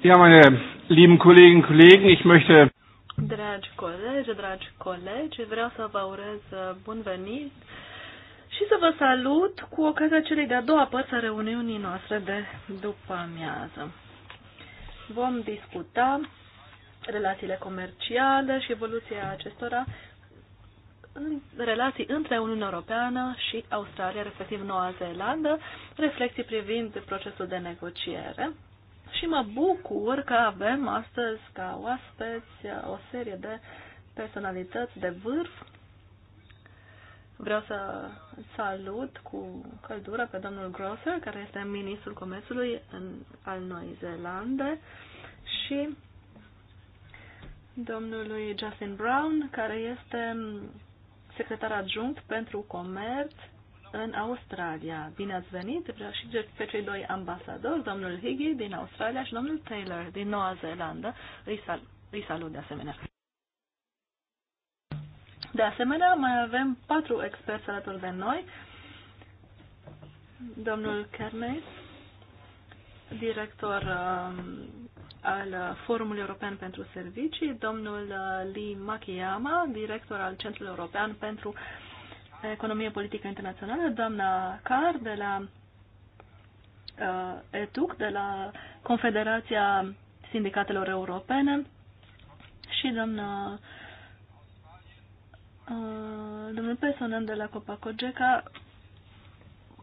Ja, meine lieben Kolleginnen und Kollegen, ich möchte. Dragi colegi, dragi colegi, vreau să vă urez uh, bun venit și să vă salut cu ocazia celei de-a doua părți a reuniunii noastre de după amiază. Vom discuta relațiile comerciale și evoluția acestora în relații între Uniunea Europeană și Australia, respectiv Noua Zeelandă, reflexii privind procesul de negociere și mă bucur că avem astăzi ca oaspeți o serie de personalități de vârf. Vreau să salut cu căldură pe domnul Grosser, care este ministrul comerțului în, al Noi Zeelande, și domnului Justin Brown, care este secretar adjunct pentru comerț în Australia. Bine ați venit și pe cei doi ambasadori, domnul Higgy din Australia și domnul Taylor din Noua Zeelandă. Îi, sal- îi salut de asemenea. De asemenea, mai avem patru experți alături de noi. Domnul Kermey, director um, al Forumului European pentru Servicii, domnul uh, Lee Makiyama, director al Centrului European pentru uh, Economie Politică Internațională, doamna Car de la uh, ETUC, de la Confederația Sindicatelor Europene și doamna uh, domnul Pesonen de la Copacogeca.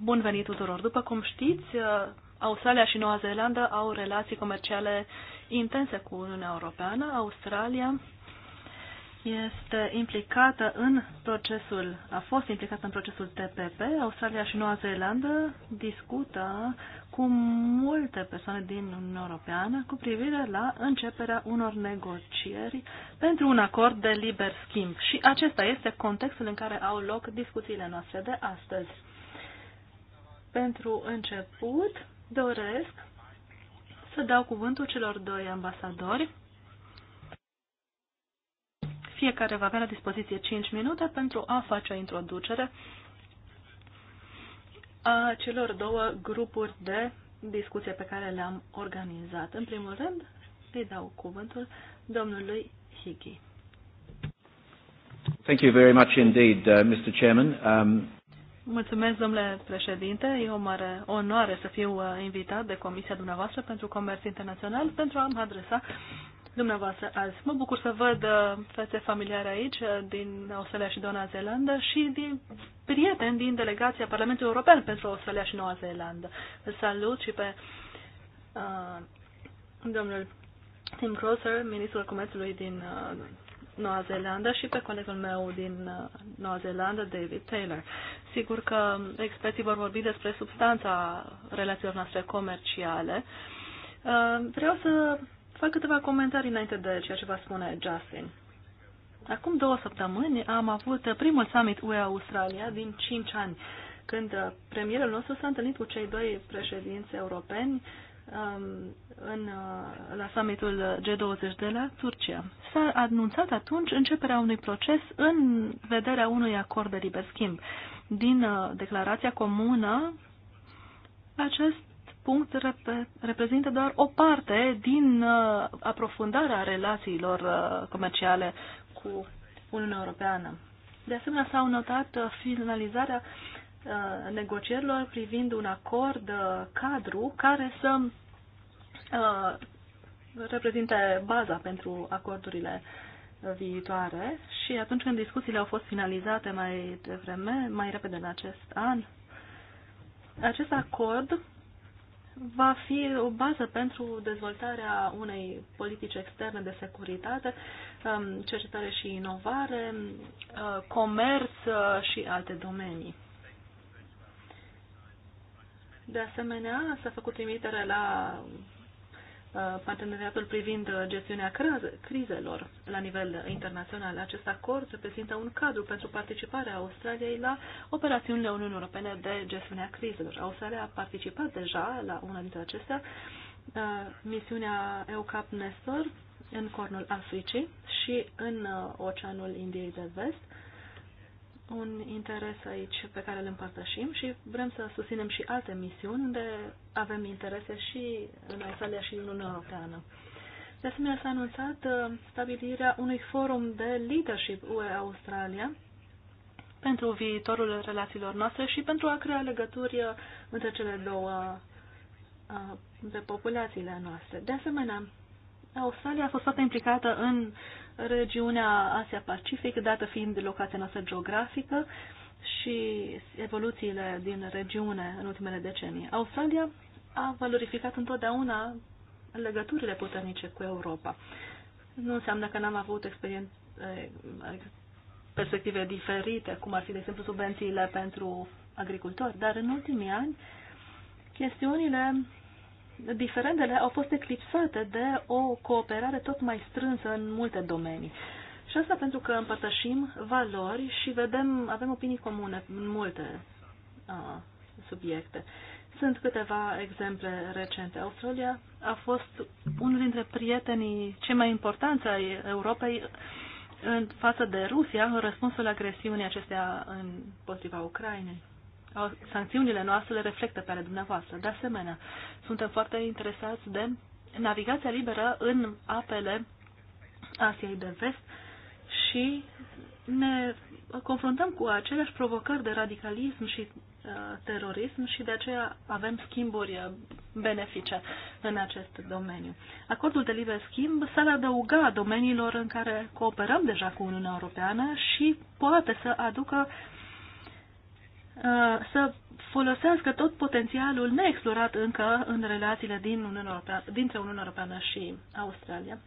Bun venit tuturor! După cum știți, uh, Australia și Noua Zeelandă au relații comerciale intense cu Uniunea Europeană. Australia este implicată în procesul, a fost implicată în procesul TPP. Australia și Noua Zeelandă discută cu multe persoane din Uniunea Europeană cu privire la începerea unor negocieri pentru un acord de liber schimb. Și acesta este contextul în care au loc discuțiile noastre de astăzi. Pentru început, doresc să dau cuvântul celor doi ambasadori fiecare va avea la dispoziție 5 minute pentru a face o introducere a celor două grupuri de discuție pe care le-am organizat. În primul rând, îi dau cuvântul domnului Higgy. Thank you very much indeed, uh, Mr. Chairman. Um... Mulțumesc, domnule președinte. E o mare onoare să fiu uh, invitat de Comisia dumneavoastră pentru Comerț Internațional pentru a-mi adresa dumneavoastră azi. Mă bucur să văd uh, fețe familiare aici, uh, din Australia și Noua Zeelandă și din prieteni din delegația Parlamentului European pentru Australia și Noua Zeelandă. Îl salut și pe uh, domnul Tim Crosser, ministrul comerțului din uh, Noua Zeelandă și pe colegul meu din uh, Noua Zeelandă, David Taylor. Sigur că experții vor vorbi despre substanța relațiilor noastre comerciale. Vreau să Fac câteva comentarii înainte de ceea ce va spune Justin. Acum două săptămâni am avut primul summit UE-Australia din 5 ani, când premierul nostru s-a întâlnit cu cei doi președinți europeni um, în, uh, la summitul G20 de la Turcia. S-a anunțat atunci începerea unui proces în vederea unui acord de liber schimb. Din uh, declarația comună, acest punct rep- reprezintă doar o parte din uh, aprofundarea relațiilor uh, comerciale cu Uniunea Europeană. De asemenea, s-au notat uh, finalizarea uh, negocierilor privind un acord uh, cadru care să uh, reprezinte baza pentru acordurile uh, viitoare și atunci când discuțiile au fost finalizate mai devreme, mai repede în acest an, acest acord va fi o bază pentru dezvoltarea unei politici externe de securitate, um, cercetare și inovare, uh, comerț uh, și alte domenii. De asemenea, s-a făcut trimitere la Uh, parteneriatul privind uh, gestiunea crizelor la nivel internațional. Acest acord reprezintă un cadru pentru participarea Australiei la operațiunile Uniunii Europene de a crizelor. Australia a participat deja la una dintre acestea, uh, misiunea EUCAP Nestor în cornul Africii și în Oceanul Indiei de Vest, un interes aici pe care îl împărtășim și vrem să susținem și alte misiuni unde avem interese și în Australia și în Uniunea Europeană. De asemenea, s-a anunțat uh, stabilirea unui forum de leadership UE-Australia pentru viitorul relațiilor noastre și pentru a crea legături uh, între cele două de uh, populațiile noastre. De asemenea, Australia a fost foarte implicată în regiunea Asia-Pacific, dată fiind locația noastră geografică și evoluțiile din regiune în ultimele decenii. Australia a valorificat întotdeauna legăturile puternice cu Europa. Nu înseamnă că n-am avut experiențe, perspective diferite, cum ar fi, de exemplu, subvențiile pentru agricultori, dar în ultimii ani chestiunile diferendele au fost eclipsate de o cooperare tot mai strânsă în multe domenii. Și asta pentru că împărtășim valori și vedem, avem opinii comune în multe a, subiecte. Sunt câteva exemple recente. Australia a fost unul dintre prietenii cei mai importanți ai Europei în față de Rusia în răspunsul agresiunii acestea împotriva Ucrainei sancțiunile noastre le reflectă pe ale dumneavoastră. De asemenea, suntem foarte interesați de navigația liberă în apele Asiei de Vest și ne confruntăm cu aceleași provocări de radicalism și uh, terorism și de aceea avem schimburi uh, benefice în acest domeniu. Acordul de liber schimb s-ar adăuga domeniilor în care cooperăm deja cu Uniunea Europeană și poate să aducă Uh, să folosească tot potențialul neexplorat încă în relațiile din Uniunea Europeană, dintre Uniunea Europeană și Australia.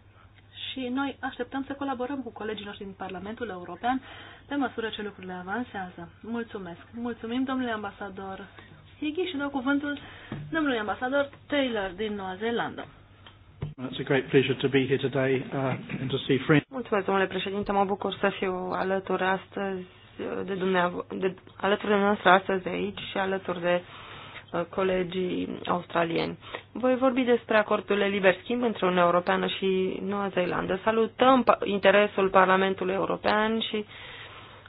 Și noi așteptăm să colaborăm cu colegii noștri din Parlamentul European pe măsură ce lucrurile avansează. Mulțumesc! Mulțumim, domnule ambasador Higgy și dau cuvântul domnului ambasador Taylor din Noua Zeelandă. It's a great pleasure to be here today uh, and to see friends. Mulțumesc, domnule președinte. Mă bucur să fiu alături astăzi de dumneavoastră, de, alături de noastră astăzi aici și alături de uh, colegii australieni. Voi vorbi despre acordurile liber schimb între Uniunea Europeană și Noua Zeelandă. Salutăm interesul Parlamentului European și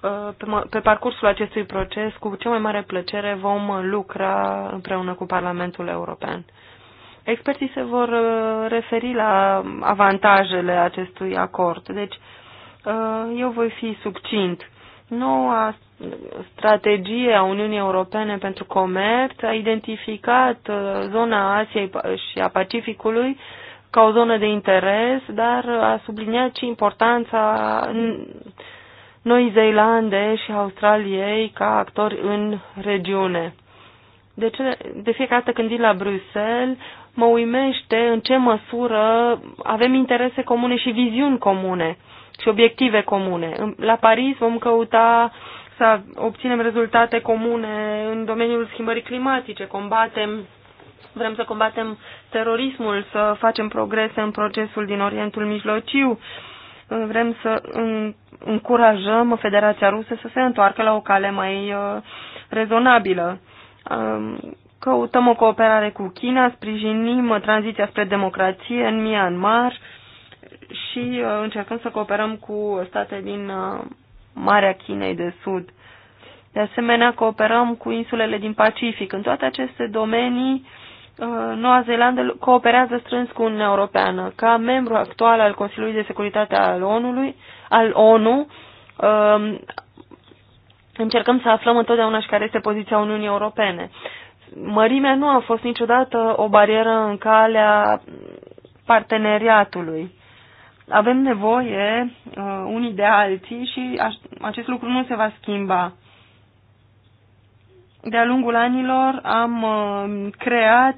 uh, pe, pe parcursul acestui proces, cu cea mai mare plăcere, vom lucra împreună cu Parlamentul European. Experții se vor uh, referi la avantajele acestui acord. Deci, uh, eu voi fi succint. Noua strategie a Uniunii Europene pentru comerț a identificat uh, zona Asiei și a Pacificului ca o zonă de interes, dar a subliniat și importanța Noi Zeelande și Australiei ca actori în regiune. De, ce, de fiecare dată când vin la Bruxelles, mă uimește în ce măsură avem interese comune și viziuni comune și obiective comune. La Paris vom căuta să obținem rezultate comune în domeniul schimbării climatice, combatem, vrem să combatem terorismul, să facem progrese în procesul din Orientul Mijlociu, vrem să încurajăm Federația Rusă să se întoarcă la o cale mai uh, rezonabilă. Um, căutăm o cooperare cu China, sprijinim tranziția spre democrație în Myanmar, și uh, încercăm să cooperăm cu state din uh, Marea Chinei de Sud. De asemenea, cooperăm cu insulele din Pacific. În toate aceste domenii, uh, Noua Zeelandă cooperează strâns cu Uniunea Europeană. Ca membru actual al Consiliului de Securitate al, onu al ONU, um, încercăm să aflăm întotdeauna și care este poziția Uniunii Europene. Mărimea nu a fost niciodată o barieră în calea parteneriatului avem nevoie uh, unii de alții și aș, acest lucru nu se va schimba. De-a lungul anilor am uh, creat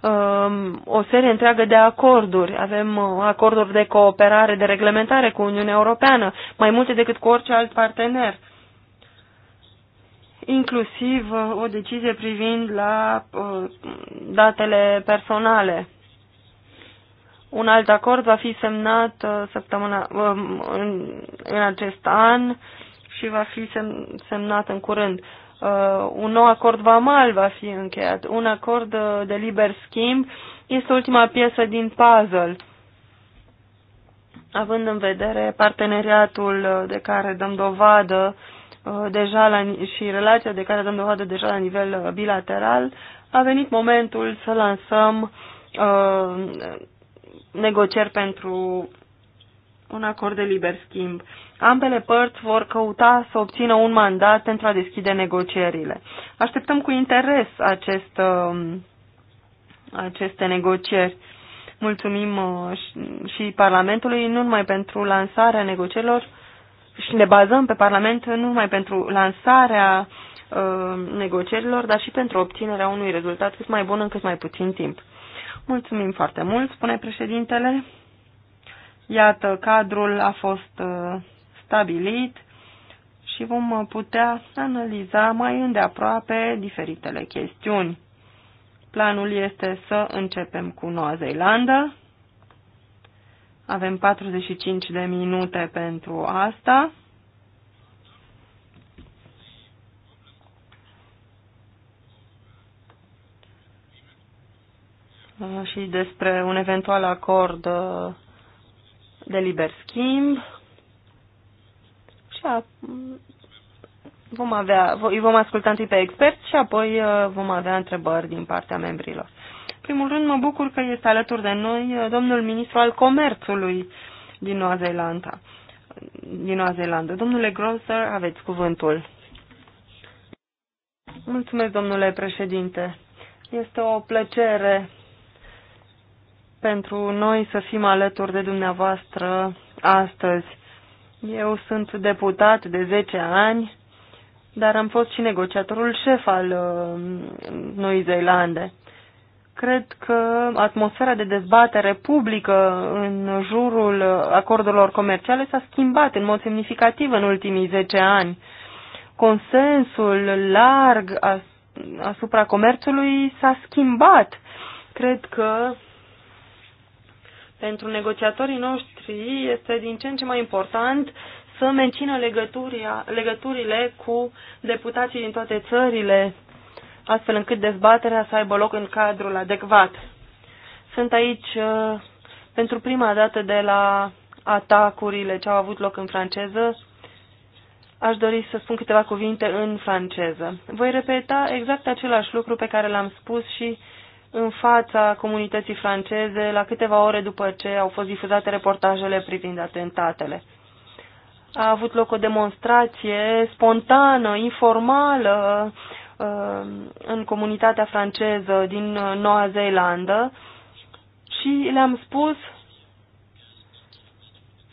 uh, o serie întreagă de acorduri. Avem uh, acorduri de cooperare, de reglementare cu Uniunea Europeană, mai multe decât cu orice alt partener. Inclusiv uh, o decizie privind la uh, datele personale un alt acord va fi semnat uh, săptămâna, um, în acest an și va fi semnat în curând. Uh, un nou acord vamal va fi încheiat. Un acord uh, de liber schimb este ultima piesă din puzzle având în vedere parteneriatul de care dăm dovadă deja la, și relația de care dăm dovadă deja la nivel bilateral, a venit momentul să lansăm uh, negocieri pentru un acord de liber schimb. Ambele părți vor căuta să obțină un mandat pentru a deschide negocierile. Așteptăm cu interes acest, um, aceste negocieri. Mulțumim uh, și Parlamentului nu numai pentru lansarea negocierilor și ne bazăm pe Parlament nu numai pentru lansarea uh, negocierilor, dar și pentru obținerea unui rezultat cât mai bun în cât mai puțin timp. Mulțumim foarte mult, spune președintele. Iată, cadrul a fost uh, stabilit și vom uh, putea analiza mai îndeaproape diferitele chestiuni. Planul este să începem cu Noua Zeelandă. Avem 45 de minute pentru asta. Uh, și despre un eventual acord uh, de liber schimb și a, vom avea, îi vom asculta întâi pe experți și apoi uh, vom avea întrebări din partea membrilor. Primul rând, mă bucur că este alături de noi domnul ministru al comerțului din Noua Zeelandă. Din Noua Zeelandă. Domnule Grosser, aveți cuvântul. Mulțumesc, domnule președinte. Este o plăcere pentru noi să fim alături de dumneavoastră astăzi. Eu sunt deputat de 10 ani, dar am fost și negociatorul șef al uh, Noii Zeelande. Cred că atmosfera de dezbatere publică în jurul acordurilor comerciale s-a schimbat în mod semnificativ în ultimii 10 ani. Consensul larg asupra comerțului s-a schimbat. Cred că pentru negociatorii noștri este din ce în ce mai important să mențină legăturile cu deputații din toate țările, astfel încât dezbaterea să aibă loc în cadrul adecvat. Sunt aici uh, pentru prima dată de la atacurile ce au avut loc în franceză. Aș dori să spun câteva cuvinte în franceză. Voi repeta exact același lucru pe care l-am spus și uh, în fața comunității franceze la câteva ore după ce au fost difuzate reportajele privind atentatele. A avut loc o demonstrație spontană, informală, uh, în comunitatea franceză din uh, Noua Zeelandă și le-am spus,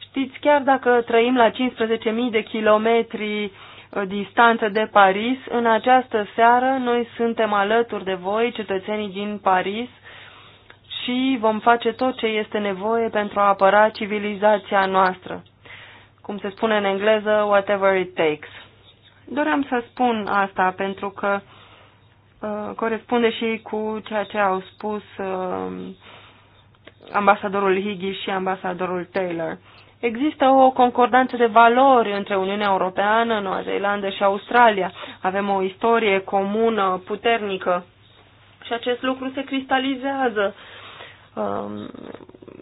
știți, chiar dacă trăim la 15.000 de kilometri Uh, distanță de Paris, în această seară noi suntem alături de voi, cetățenii din Paris, și vom face tot ce este nevoie pentru a apăra civilizația noastră. Cum se spune în engleză, whatever it takes. Doream să spun asta pentru că uh, corespunde și cu ceea ce au spus uh, ambasadorul Higgy și ambasadorul Taylor. Există o concordanță de valori între Uniunea Europeană, Noua Zeelandă și Australia. Avem o istorie comună, puternică și acest lucru se cristalizează. Um,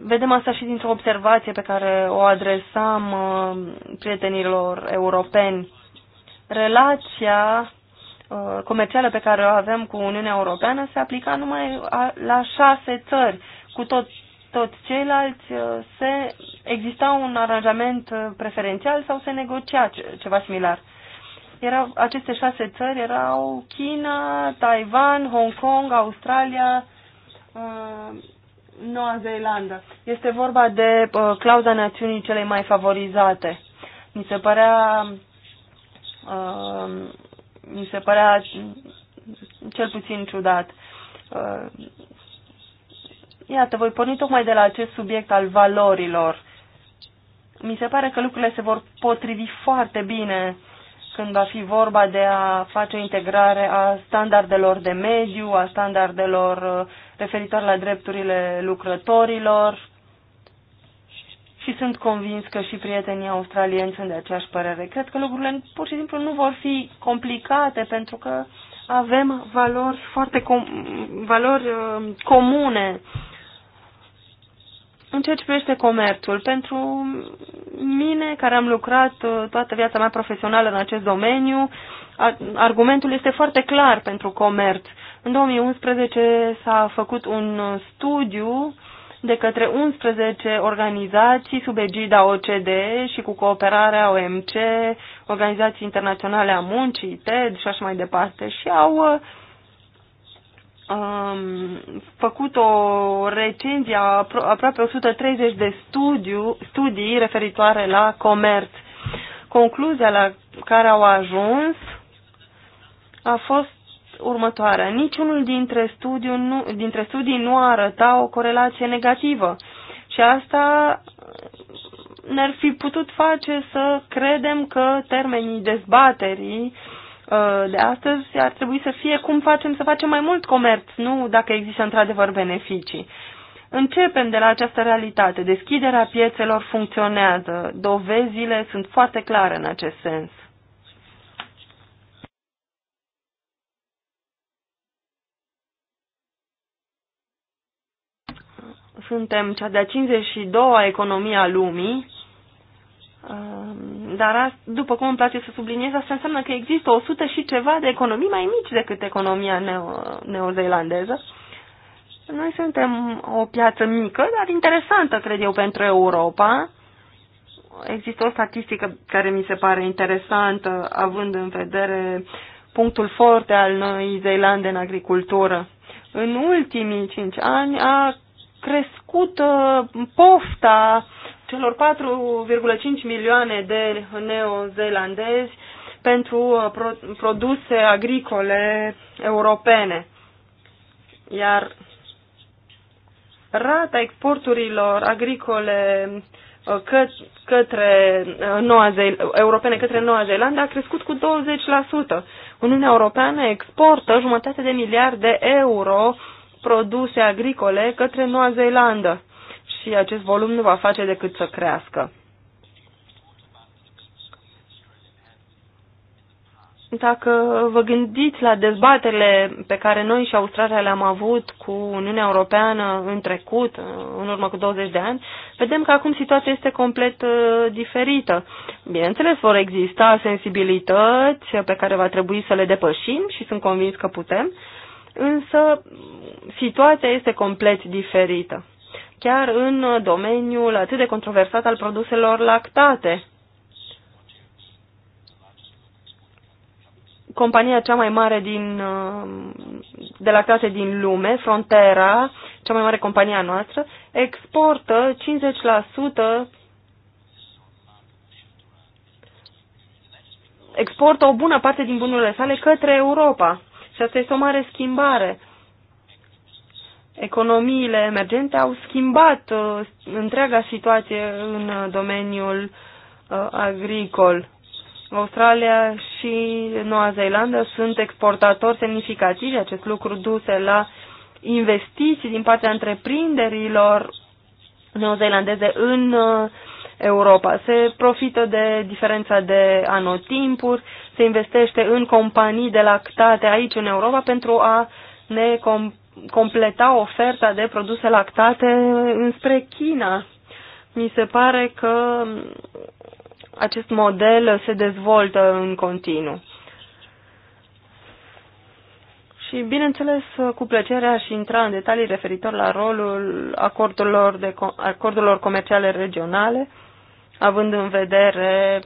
vedem asta și dintr-o observație pe care o adresam uh, prietenilor europeni. Relația uh, comercială pe care o avem cu Uniunea Europeană se aplica numai la șase țări. Cu tot toți ceilalți, uh, se exista un aranjament uh, preferențial sau se negocia ceva similar. Erau, aceste șase țări erau China, Taiwan, Hong Kong, Australia, uh, Noua Zeelandă. Este vorba de uh, clauza națiunii cele mai favorizate. Mi se părea uh, mi se părea cel puțin ciudat. Uh, Iată, voi porni tocmai de la acest subiect al valorilor. Mi se pare că lucrurile se vor potrivi foarte bine când va fi vorba de a face o integrare a standardelor de mediu, a standardelor uh, referitor la drepturile lucrătorilor. Și sunt convins că și prietenii australieni sunt de aceeași părere. Cred că lucrurile pur și simplu nu vor fi complicate pentru că avem valori foarte com valori uh, comune în ceea ce privește comerțul, pentru mine, care am lucrat uh, toată viața mea profesională în acest domeniu, argumentul este foarte clar pentru comerț. În 2011 s-a făcut un studiu de către 11 organizații sub egida OCD și cu cooperarea OMC, Organizații Internaționale a Muncii, TED și așa mai departe și au uh, um, făcut o recenzie a apro aproape 130 de studiu, studii referitoare la comerț. Concluzia la care au ajuns a fost următoarea. Niciunul dintre, studiu nu, dintre studii nu arăta o corelație negativă. Și asta ne-ar fi putut face să credem că termenii dezbaterii uh, Uh, de astăzi ar trebui să fie cum facem să facem mai mult comerț, nu dacă există într-adevăr beneficii. Începem de la această realitate. Deschiderea piețelor funcționează. Dovezile sunt foarte clare în acest sens. Suntem cea de-a 52-a economie a lumii Ehm, dar, după cum îmi place să subliniez, asta înseamnă că există 100 și ceva de economii mai mici decât economia neo- Noi suntem o piață mică, dar interesantă, cred eu, pentru Europa. Există o statistică care mi se pare interesantă, având în vedere punctul forte al Noii Zeelande în agricultură. În ultimii cinci ani a crescut uh, pofta celor 4,5 milioane de neozelandezi pentru uh, produse agricole europene. Iar rata exporturilor agricole uh, către, uh, Noua Zeelandă, europene către Noua Zeelandă a crescut cu 20%. Uniunea Europeană exportă jumătate de miliard de euro produse agricole către Noua Zeelandă și acest volum nu va face decât să crească. Dacă vă gândiți la dezbaterile pe care noi și Australia le-am avut cu Uniunea Europeană în trecut, în urmă cu 20 de ani, vedem că acum situația este complet uh, diferită. Bineînțeles, vor exista sensibilități pe care va trebui să le depășim și sunt convins că putem, însă situația este complet diferită chiar în domeniul atât de controversat al produselor lactate. Compania cea mai mare din, uh, de lactate din lume, Frontera, cea mai mare companie a noastră, exportă 50% exportă o bună parte din bunurile sale către Europa. Și asta este o mare schimbare economiile emergente au schimbat uh, întreaga situație în uh, domeniul uh, agricol. Australia și Noua Zeelandă sunt exportatori semnificativi, acest lucru duse la investiții din partea întreprinderilor neozeelandeze în uh, Europa. Se profită de diferența de anotimpuri, se investește în companii de lactate aici în Europa pentru a ne comp- completa oferta de produse lactate înspre China. Mi se pare că acest model se dezvoltă în continuu. Și, bineînțeles, cu plăcere aș intra în detalii referitor la rolul acordurilor, de, acordurilor comerciale regionale, având în vedere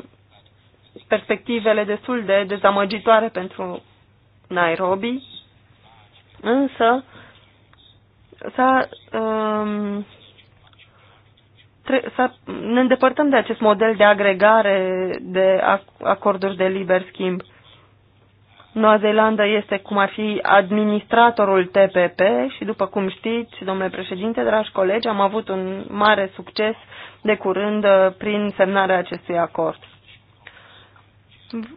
perspectivele destul de dezamăgitoare pentru Nairobi, însă s-a, um, să ne îndepărtăm de acest model de agregare de acorduri de liber schimb. Noua Zeelandă este cum ar fi administratorul TPP și după cum știți, domnule președinte, dragi colegi, am avut un mare succes de curând uh, prin semnarea acestui acord.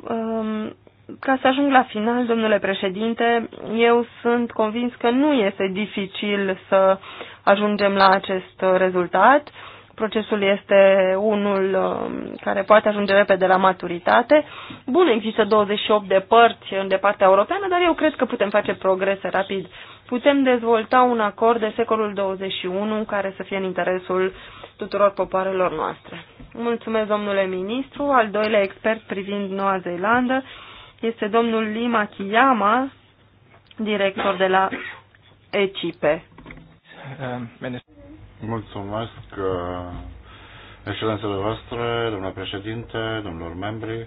Um, ca să ajung la final, domnule președinte, eu sunt convins că nu este dificil să ajungem la acest rezultat. Procesul este unul um, care poate ajunge repede la maturitate. Bun, există 28 de părți de partea europeană, dar eu cred că putem face progrese rapid. Putem dezvolta un acord de secolul 21 care să fie în interesul tuturor popoarelor noastre. Mulțumesc, domnule ministru, al doilea expert privind Noua Zeelandă este domnul Lima Chiyama, director de la ECIPE. Mulțumesc, uh, excelențele voastre, domnule președinte, domnilor membri.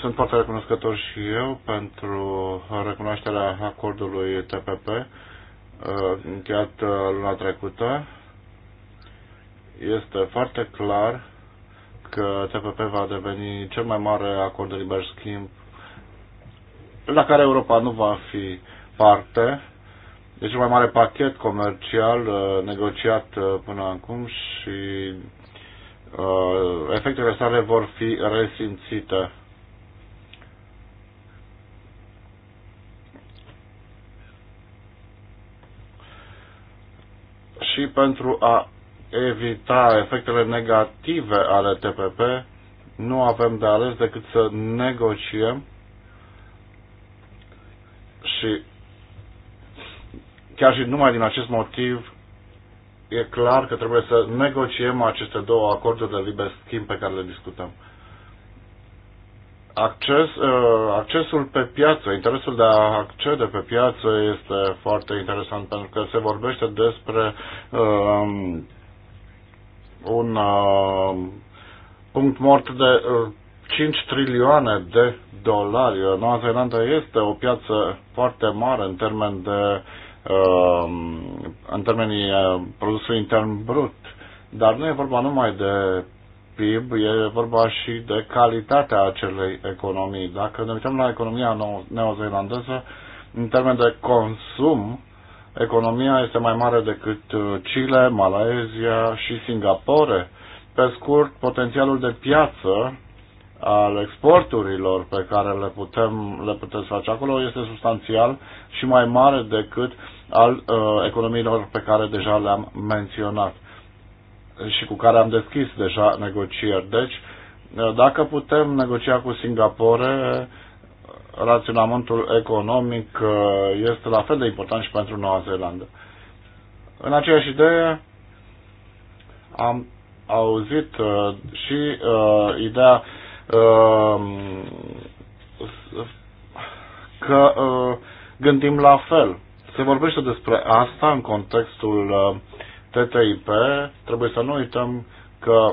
Sunt foarte recunoscător și eu pentru recunoașterea acordului TPP uh, încheiat uh, luna trecută. Este foarte clar că TPP va deveni cel mai mare acord de liber schimb la care Europa nu va fi parte. E cel mai mare pachet comercial uh, negociat uh, până acum și uh, efectele sale vor fi resimțite. și pentru a evita efectele negative ale TPP, nu avem de ales decât să negociem și chiar și numai din acest motiv e clar că trebuie să negociem aceste două acorduri de liber schimb pe care le discutăm. Acces, uh, accesul pe piață, interesul de a accede pe piață este foarte interesant pentru că se vorbește despre uh, un uh, punct mort de uh, 5 trilioane de dolari. Noua Zeelandă este o piață foarte mare în termen de uh, în termenii uh, produsului intern brut, dar nu e vorba numai de PIB, e vorba și de calitatea acelei economii. Dacă ne uităm la economia neozeelandeză, în termen de consum, Economia este mai mare decât uh, Chile, Malaezia și Singapore. Pe scurt, potențialul de piață al exporturilor pe care le, putem, le puteți face acolo este substanțial și mai mare decât al uh, economiilor pe care deja le-am menționat și cu care am deschis deja negocieri. Deci, uh, dacă putem negocia cu Singapore, raționamentul economic uh, este la fel de important și pentru Noua Zeelandă. În aceeași idee am auzit uh, și uh, ideea uh, că uh, gândim la fel. Se vorbește despre asta în contextul uh, TTIP. Trebuie să nu uităm că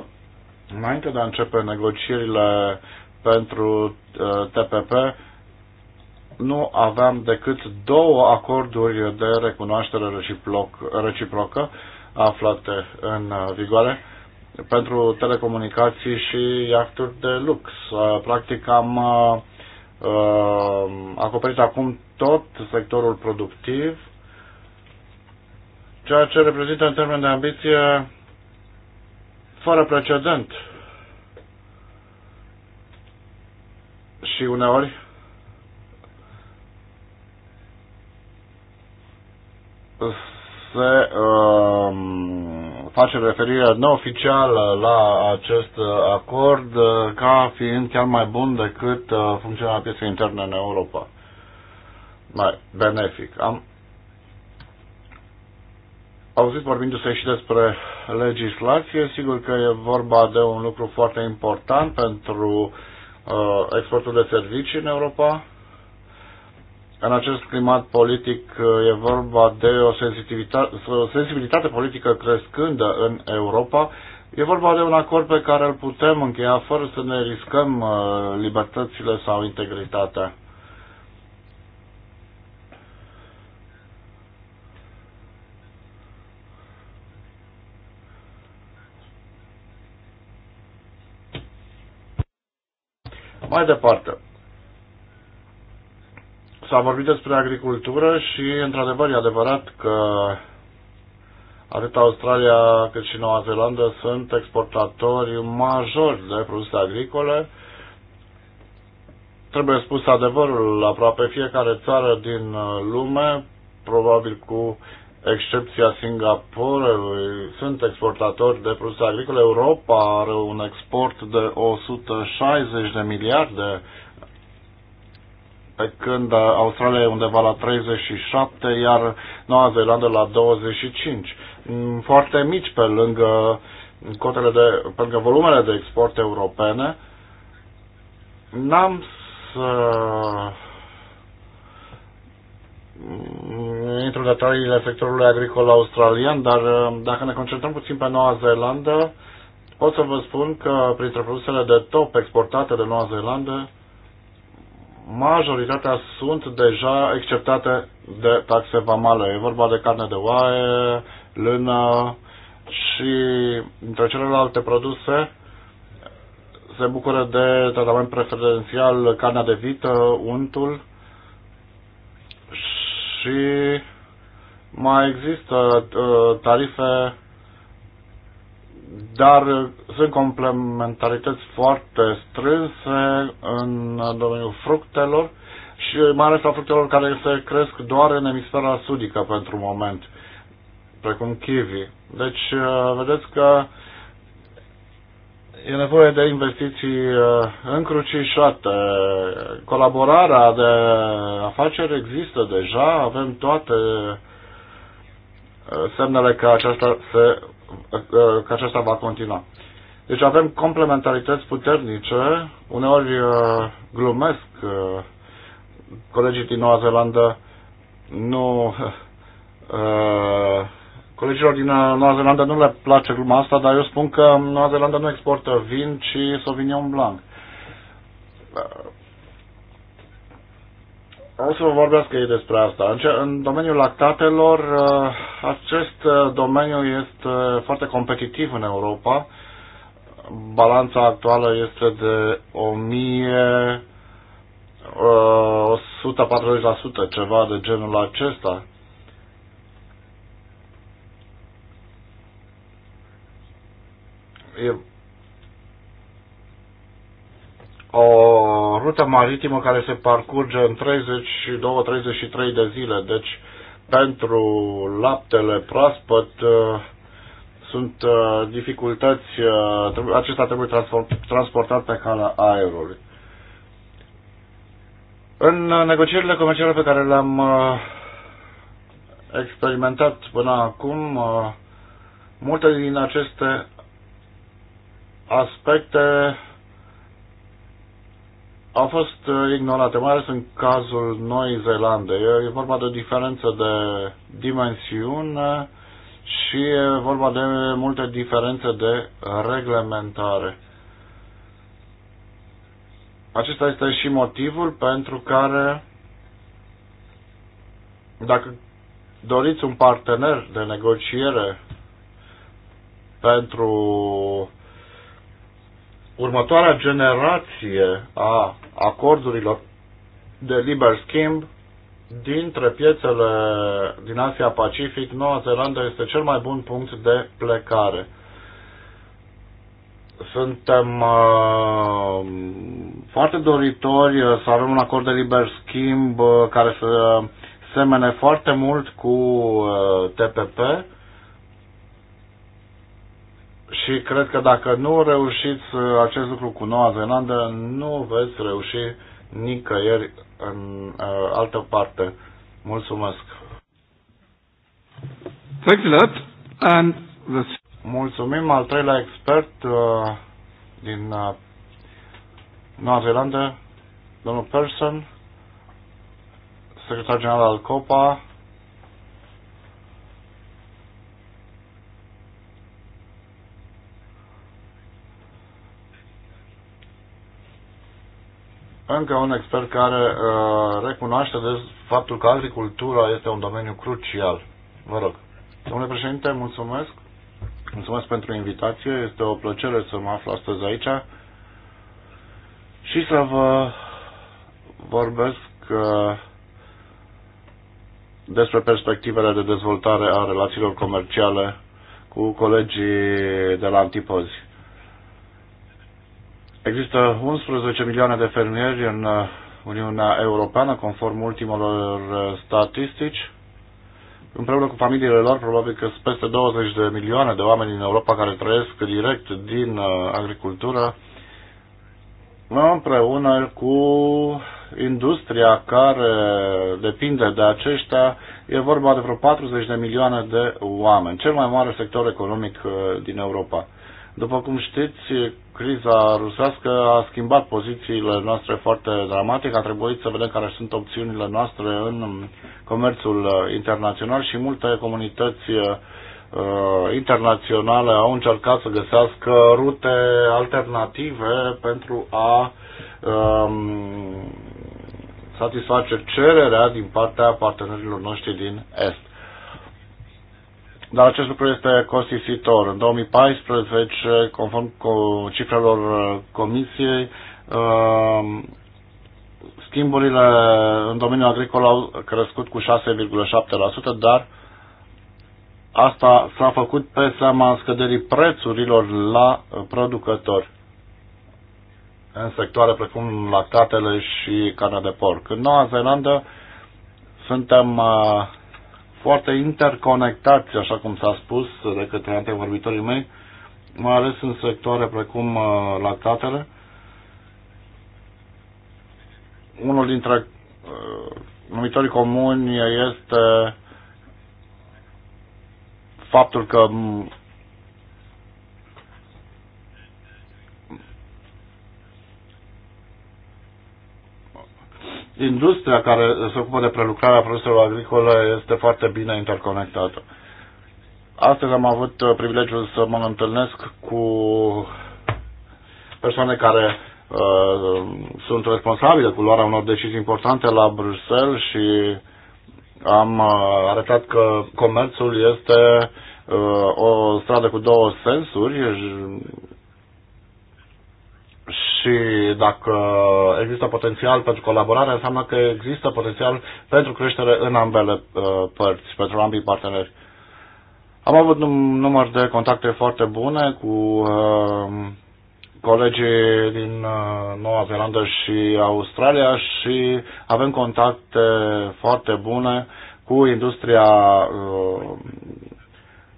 înainte de a începe negocierile pentru uh, TPP, nu aveam decât două acorduri de recunoaștere reciproc, reciprocă aflate în uh, vigoare pentru telecomunicații și iacturi de lux. Uh, practic am uh, acoperit acum tot sectorul productiv, ceea ce reprezintă în termen de ambiție fără precedent. Și uneori se uh, face referire neoficială la acest acord uh, ca fiind chiar mai bun decât uh, funcționarea pieței interne în Europa. Mai benefic. Am auzit vorbindu-se și despre legislație. Sigur că e vorba de un lucru foarte important pentru uh, exportul de servicii în Europa în acest climat politic uh, e vorba de o sensibilitate, o sensibilitate politică crescândă în Europa. E vorba de un acord pe care îl putem încheia fără să ne riscăm uh, libertățile sau integritatea. Mai departe. S-a vorbit despre agricultură și, într-adevăr, e adevărat că atât Australia cât și Noua Zeelandă sunt exportatori majori de produse agricole. Trebuie spus adevărul, aproape fiecare țară din lume, probabil cu excepția Singaporelui, sunt exportatori de produse agricole. Europa are un export de 160 de miliarde pe când uh, Australia e undeva la 37, iar Noua Zeelandă la 25. Mm, foarte mici pe lângă cotele de, pe lângă volumele de export europene. N-am să mm, intru detaliile sectorului agricol australian, dar uh, dacă ne concentrăm puțin pe Noua Zeelandă, pot să vă spun că printre produsele de top exportate de Noua Zeelandă majoritatea sunt deja exceptate de taxe vamale. E vorba de carne de oaie, lână și între celelalte produse se bucură de tratament preferențial carnea de vită, untul și mai există uh, tarife dar uh, sunt complementarități foarte strânse în domeniul fructelor și uh, mai ales a fructelor care se cresc doar în emisfera sudică pentru moment, precum kiwi. Deci, uh, vedeți că e nevoie de investiții încrucișate. Colaborarea de afaceri există deja, avem toate semnele că aceasta se că acesta va continua. Deci avem complementarități puternice, uneori uh, glumesc uh, colegii din Noua Zeelandă nu uh, colegilor din Noua Zeelandă nu le place gluma asta, dar eu spun că Noua Zeelandă nu exportă vin, ci Sauvignon Blanc. Hai să vă vorbească ei despre asta. În domeniul lactatelor, uh, acest uh, domeniu este uh, foarte competitiv în Europa. Balanța actuală este de 1140%, ceva de genul acesta. E o rută maritimă care se parcurge în 32-33 de zile. Deci, pentru laptele proaspăt uh, sunt uh, dificultăți, uh, acesta trebuie transportat pe calea aerului. În negocierile comerciale pe care le-am experimentat până acum, multe din aceste aspecte au fost uh, ignorate, mai ales în cazul Noi Zeelande. E vorba de o diferență de dimensiune și e vorba de multe diferențe de reglementare. Acesta este și motivul pentru care dacă doriți un partener de negociere pentru următoarea generație a acordurilor de liber schimb dintre piețele din Asia-Pacific, Noua Zeelandă este cel mai bun punct de plecare. Suntem uh, foarte doritori uh, să avem un acord de liber schimb uh, care să semene foarte mult cu uh, TPP și cred că dacă nu reușiți uh, acest lucru cu Noua Zeelandă, nu veți reuși nicăieri în uh, altă parte. Mulțumesc! Thank you, lot. And the... Mulțumim al treilea expert uh, din uh, Noua Zeelandă, domnul Person, secretar general al COPA, încă un expert care uh, recunoaște de faptul că agricultura este un domeniu crucial. Vă rog. Domnule președinte, mulțumesc. Mulțumesc pentru invitație. Este o plăcere să mă aflu astăzi aici și să vă vorbesc uh, despre perspectivele de dezvoltare a relațiilor comerciale cu colegii de la Antipozi. Există 11 milioane de fermieri în uh, Uniunea Europeană, conform ultimelor uh, statistici. Împreună cu familiile lor, probabil că sunt peste 20 de milioane de oameni din Europa care trăiesc direct din uh, agricultură, împreună cu industria care depinde de aceștia, e vorba de vreo 40 de milioane de oameni, cel mai mare sector economic din Europa. După cum știți, criza rusească a schimbat pozițiile noastre foarte dramatic. A trebuit să vedem care sunt opțiunile noastre în comerțul internațional și multe comunități uh, internaționale au încercat să găsească rute alternative pentru a um, satisface cererea din partea partenerilor noștri din Est dar acest lucru este costisitor. În 2014, conform cu cifrelor uh, Comisiei, uh, schimburile în domeniul agricol au crescut cu 6,7%, dar asta s-a făcut pe seama scăderii prețurilor la uh, producători în sectoare precum lactatele și carnea de porc. În Noua Zeelandă suntem foarte interconectați, așa cum s-a spus de către antevorbitorii mei, mai ales în sectoare precum uh, lactatele. Unul dintre uh, numitorii comuni este faptul că mm, industria care se ocupă de prelucrarea produselor agricole este foarte bine interconectată. Astăzi am avut uh, privilegiul să mă întâlnesc cu persoane care uh, sunt responsabile cu luarea unor decizii importante la Bruxelles și am uh, arătat că comerțul este uh, o stradă cu două sensuri și dacă există potențial pentru colaborare, înseamnă că există potențial pentru creștere în ambele uh, părți, pentru ambii parteneri. Am avut un număr de contacte foarte bune cu uh, colegii din uh, Noua Zeelandă și Australia și avem contacte foarte bune cu industria uh,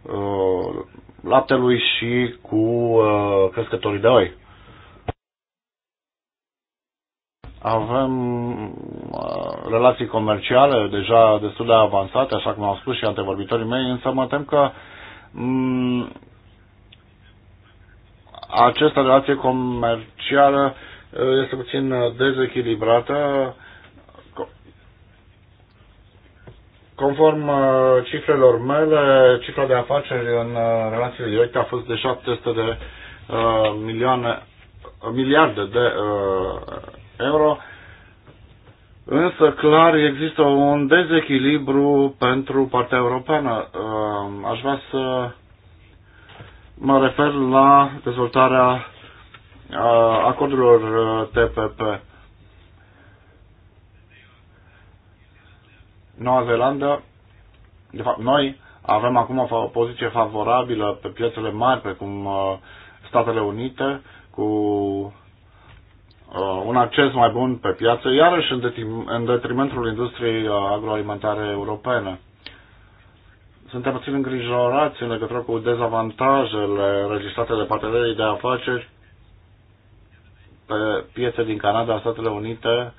uh, laptelui și cu uh, crescătorii de oi. Avem uh, relații comerciale deja destul de avansate, așa cum au spus și antevorbitorii mei, însă mă tem că mm, această relație comercială uh, este puțin dezechilibrată. Conform uh, cifrelor mele, cifra de afaceri în relațiile directe a fost de 700 de uh, milioane, miliarde de euro, însă clar există un dezechilibru pentru partea europeană. Ehm, aș vrea să mă refer la dezvoltarea acordurilor uh, TPP. Noua Zeelandă, de fapt noi avem acum o poziție favorabilă pe piețele mari, precum uh, Statele Unite, cu Uh, un acces mai bun pe piață, iarăși în detrimentul industriei uh, agroalimentare europene. Suntem puțin îngrijorați în legătură cu dezavantajele registrate de partenerii de afaceri pe piețe din Canada, Statele Unite,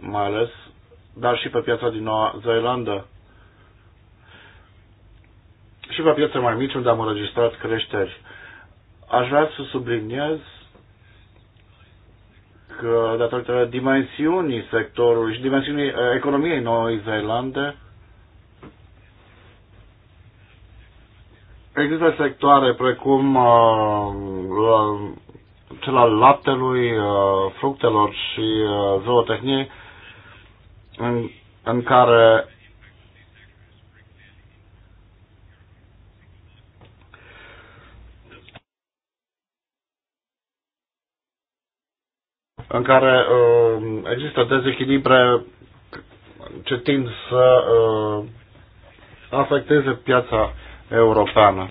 mai ales, dar și pe piața din Noua Zeelandă. Și pe piețe mai mici, unde am înregistrat creșteri. Aș vrea să subliniez datorită dimensiunii sectorului și dimensiunii eh, economiei Noii Zeelande. Există sectoare precum uh, cel al laptelui, uh, fructelor și uh, zootehniei în, în care în care uh, există dezechilibre ce tind să uh, afecteze piața europeană.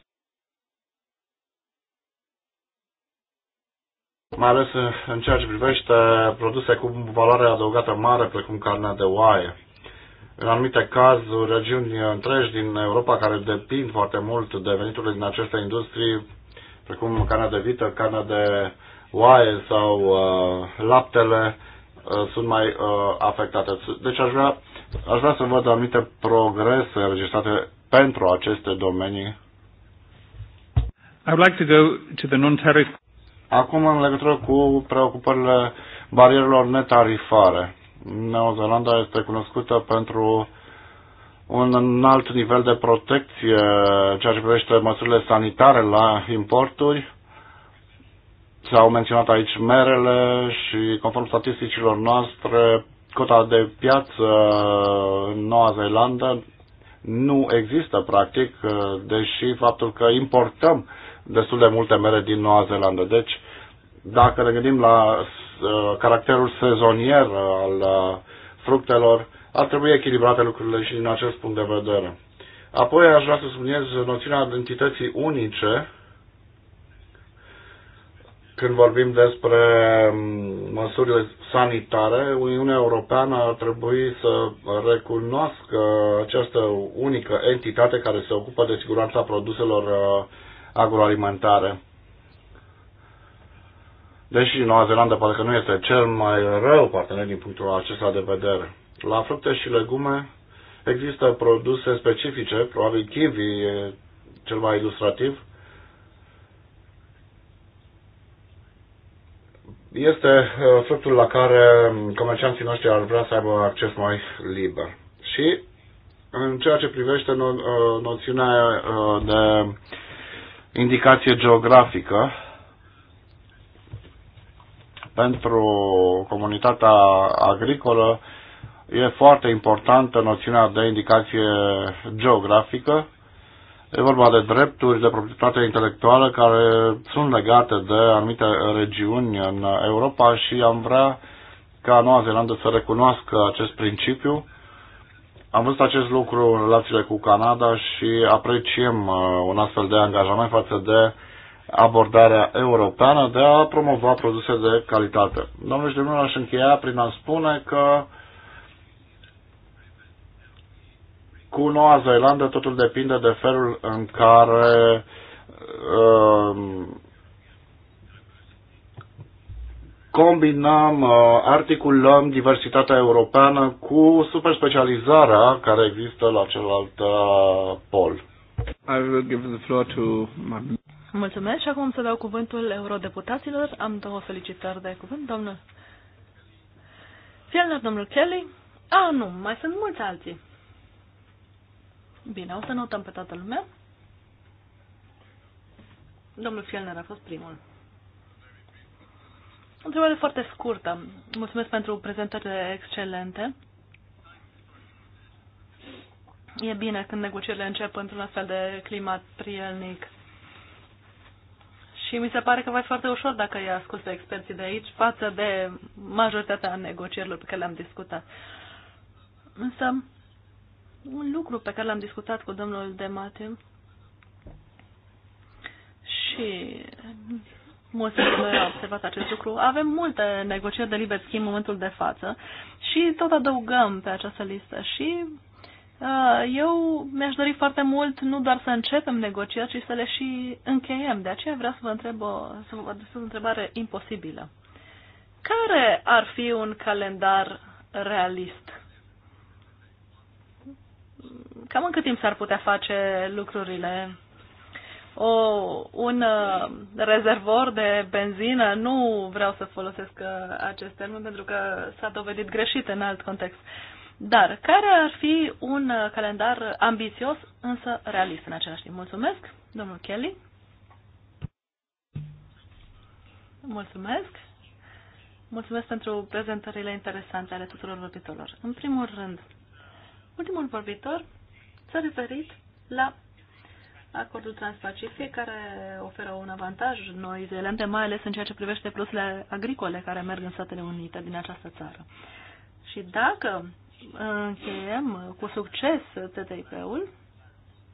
Mai ales în ceea ce privește produse cu valoare adăugată mare, precum carnea de oaie. În anumite cazuri, regiuni întregi din Europa care depind foarte mult de veniturile din aceste industrii, precum carnea de vită, carnea de oaie sau uh, laptele uh, sunt mai uh, afectate. Deci aș vrea, aș vrea să văd anumite progrese registrate pentru aceste domenii. I would like to go to the non-tariff. Acum în legătură cu preocupările barierelor netarifare. Noua Zeelandă este cunoscută pentru un înalt nivel de protecție ceea ce privește măsurile sanitare la importuri S-au menționat aici merele și conform statisticilor noastre, cota de piață în Noua Zeelandă nu există practic, deși faptul că importăm destul de multe mere din Noua Zeelandă. Deci, dacă ne gândim la uh, caracterul sezonier al uh, fructelor, ar trebui echilibrate lucrurile și din acest punct de vedere. Apoi aș vrea să subliniez noțiunea identității unice, când vorbim despre mm, măsurile sanitare, Uniunea Europeană ar trebui să recunoască această unică entitate care se ocupă de siguranța produselor uh, agroalimentare. Deși Noua Zeelandă poate că nu este cel mai rău partener din punctul acesta de vedere. La fructe și legume există produse specifice, probabil kiwi e cel mai ilustrativ, este efectul uh, la care um, comercianții noștri ar vrea să aibă acces mai liber. Și în ceea ce privește no, uh, noțiunea uh, de indicație geografică, pentru comunitatea agricolă e foarte importantă noțiunea de indicație geografică E vorba de drepturi de proprietate intelectuală care sunt legate de anumite regiuni în Europa și am vrea ca Noua Zeelandă să recunoască acest principiu. Am văzut acest lucru în relațiile cu Canada și apreciem uh, un astfel de angajament față de abordarea europeană de a promova produse de calitate. Domnule și domnule, aș încheia prin a spune că Cu Noua Zeelandă totul depinde de felul în care um, combinăm, uh, articulăm diversitatea europeană cu superspecializarea care există la celălalt uh, pol. I will give the floor to my... Mulțumesc și acum să dau cuvântul eurodeputaților. Am două felicitări de cuvânt, domnul Fielner, domnul Kelly. Ah, nu, mai sunt mulți alții. Bine, o să notăm pe toată lumea. Domnul Fielner a fost primul. O întrebare foarte scurtă. Mulțumesc pentru prezentările excelente. E bine când negocierile încep într-un astfel de climat prielnic. Și mi se pare că va fi foarte ușor dacă îi ascultă experții de aici față de majoritatea negocierilor pe care le-am discutat. Însă un lucru pe care l-am discutat cu domnul mate și mulți noi au observat acest lucru. Avem multe negocieri de liber schimb în momentul de față și tot adăugăm pe această listă și uh, eu mi-aș dori foarte mult nu doar să începem negocieri, ci să le și încheiem. De aceea vreau să vă întreb o, să vă adresez o întrebare imposibilă. Care ar fi un calendar realist? cam în cât timp s-ar putea face lucrurile? O, un uh, rezervor de benzină, nu vreau să folosesc uh, acest termen pentru că s-a dovedit greșit în alt context. Dar care ar fi un uh, calendar ambițios, însă realist în același timp? Mulțumesc, domnul Kelly. Mulțumesc. Mulțumesc pentru prezentările interesante ale tuturor vorbitorilor. În primul rând, ultimul vorbitor s-a referit la acordul transpacific care oferă un avantaj Noi zeelente, mai ales în ceea ce privește plusurile agricole care merg în Statele Unite din această țară. Și dacă încheiem cu succes TTIP-ul,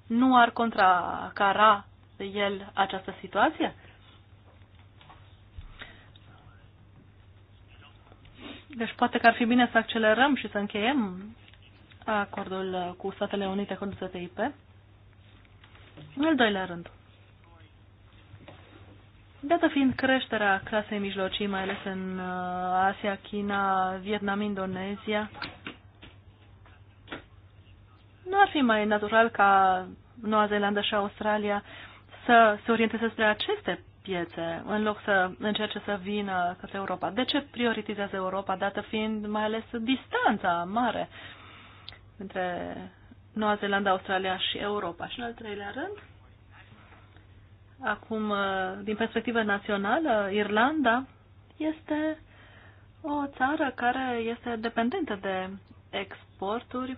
nu ar contracara el această situație? Deci poate că ar fi bine să accelerăm și să încheiem acordul cu Statele Unite, acordul TTIP. În al doilea rând, dată fiind creșterea clasei mijlocii, mai ales în uh, Asia, China, Vietnam, Indonezia, nu ar fi mai natural ca Noua Zeelandă și Australia să se orienteze spre aceste piețe, în loc să încerce să vină către Europa. De ce prioritizează Europa, dată fiind mai ales distanța mare uh, între Noua Zeelandă, Australia și Europa. Și în al treilea rând, acum, uh, din perspectivă națională, Irlanda este o țară care este dependentă de exporturi.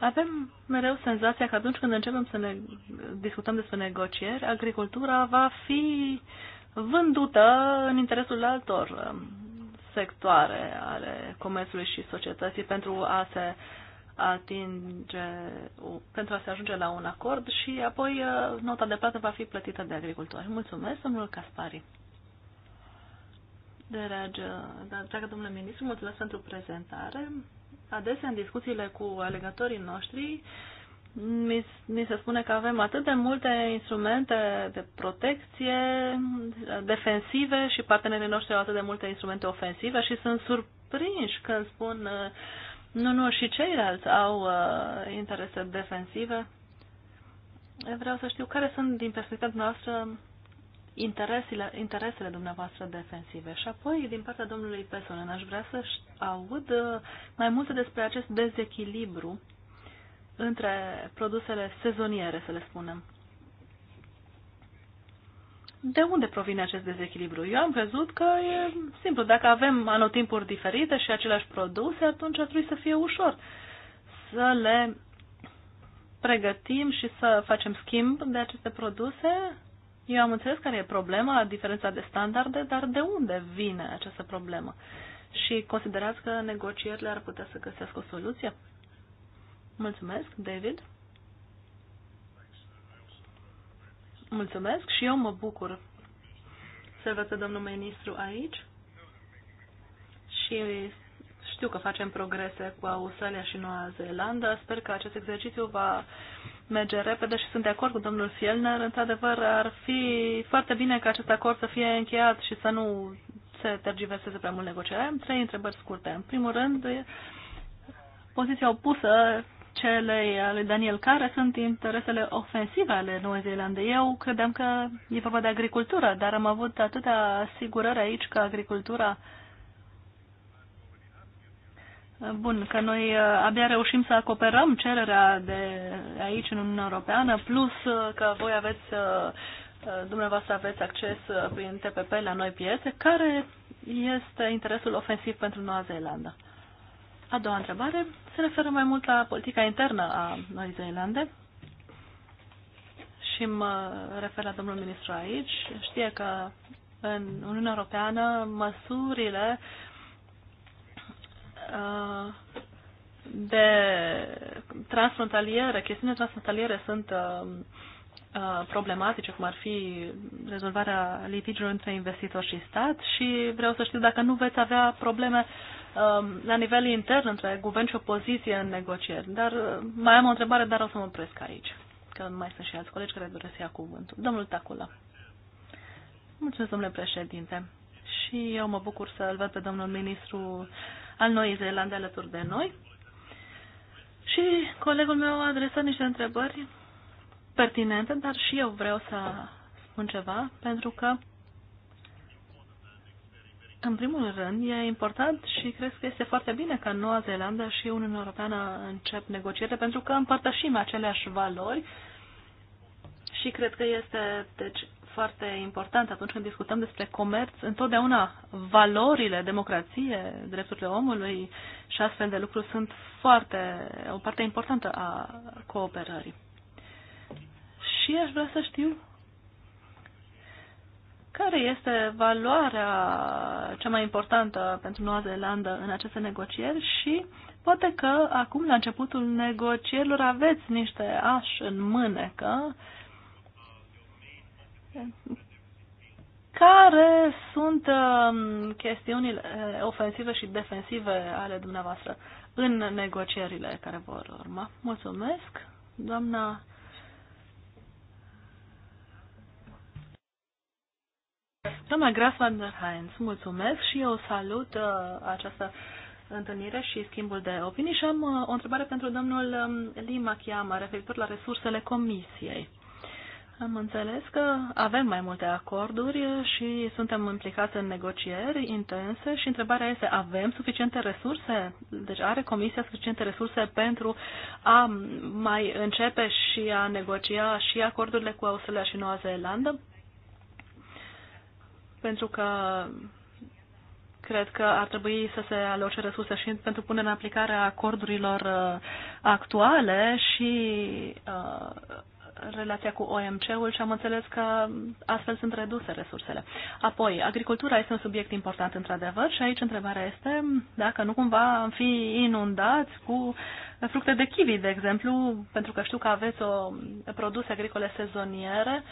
Avem mereu senzația că atunci când începem să ne discutăm despre negocieri, agricultura va fi vândută în interesul altor um, sectoare ale comerțului și societății pentru a se atinge, pentru a se ajunge la un acord și apoi uh, nota de plată va fi plătită de agricultori. Mulțumesc, domnul Caspari. Dragă, da, dragă domnule ministru, mulțumesc pentru prezentare. Adesea, în discuțiile cu alegătorii noștri, mi, mi se spune că avem atât de multe instrumente de protecție defensive și partenerii noștri au atât de multe instrumente ofensive și sunt surprinși când spun nu, nu, și ceilalți au uh, interese defensive. Vreau să știu care sunt, din perspectiva noastră, interesele, interesele dumneavoastră defensive. Și apoi, din partea domnului Pesonen, aș vrea să aud uh, mai multe despre acest dezechilibru între produsele sezoniere, să le spunem. De unde provine acest dezechilibru? Eu am crezut că e simplu. Dacă avem anotimpuri diferite și aceleași produse, atunci ar trebui să fie ușor să le pregătim și să facem schimb de aceste produse. Eu am înțeles care e problema, diferența de standarde, dar de unde vine această problemă? Și considerați că negocierile ar putea să găsească o soluție? Mulțumesc, David. Mulțumesc și eu mă bucur să văd pe domnul ministru aici și știu că facem progrese cu Australia și Noua Zeelandă. Sper că acest exercițiu va merge repede și sunt de acord cu domnul Fielner. Într-adevăr, ar fi foarte bine ca acest acord să fie încheiat și să nu se tergiverseze prea mult negocierea. Am trei întrebări scurte. În primul rând, poziția opusă cele ale Daniel, care sunt interesele ofensive ale noii Zeelande. Eu credeam că e vorba de agricultură, dar am avut atâtea asigurări aici că agricultura Bun, că noi uh, abia reușim să acoperăm cererea de aici în Uniunea Europeană, plus uh, că voi aveți, uh, dumneavoastră aveți acces prin TPP la noi piețe. Care este interesul ofensiv pentru Noua Zeelandă? A doua întrebare se referă mai mult la politica internă a Noii Zeelande și mă refer la domnul ministru aici. Știe că în Uniunea Europeană măsurile uh, de transfrontaliere, chestiunile transfrontaliere sunt uh, uh, problematice, cum ar fi rezolvarea litigiilor între investitor și stat și vreau să știu dacă nu veți avea probleme uh, Um, la nivel intern între guvern și opoziție în negocieri. Dar uh, mai am o întrebare, dar o să mă opresc aici, că mai sunt și alți colegi care doresc să ia cuvântul. Domnul Tacula. Mulțumesc, domnule președinte. Și eu mă bucur să-l văd pe domnul ministru al Noii Zeelande alături de noi. Și colegul meu a adresat niște întrebări pertinente, dar și eu vreau să spun ceva, pentru că în primul rând, e important și cred că este foarte bine că Noua Zeelandă și Uniunea Europeană încep negocierile pentru că împărtășim aceleași valori și cred că este deci, foarte important atunci când discutăm despre comerț, întotdeauna valorile, democrație, drepturile omului și astfel de lucruri sunt foarte, o parte importantă a cooperării. Și aș vrea să știu care este valoarea cea mai importantă pentru Noua Zeelandă în aceste negocieri și poate că acum, la începutul negocierilor, aveți niște ași în mânecă care sunt um, chestiunile ofensive și defensive ale dumneavoastră în negocierile care vor urma. Mulțumesc, doamna Doamna Graf van der Heinz, mulțumesc și eu salut uh, această întâlnire și schimbul de opinii și am uh, o întrebare pentru domnul um, Lima Chiama referitor la resursele comisiei. Am înțeles că avem mai multe acorduri și suntem implicați în negocieri intense și întrebarea este, avem suficiente resurse? Deci are Comisia suficiente resurse pentru a mai începe și a negocia și acordurile cu Australia și Noua Zeelandă? pentru că cred că ar trebui să se aloce resurse și pentru punerea în aplicare a acordurilor uh, actuale și uh, relația cu OMC-ul și am înțeles că astfel sunt reduse resursele. Apoi, agricultura este un subiect important într-adevăr și aici întrebarea este dacă nu cumva am fi inundați cu fructe de kiwi, de exemplu, pentru că știu că aveți o produse agricole sezoniere uh,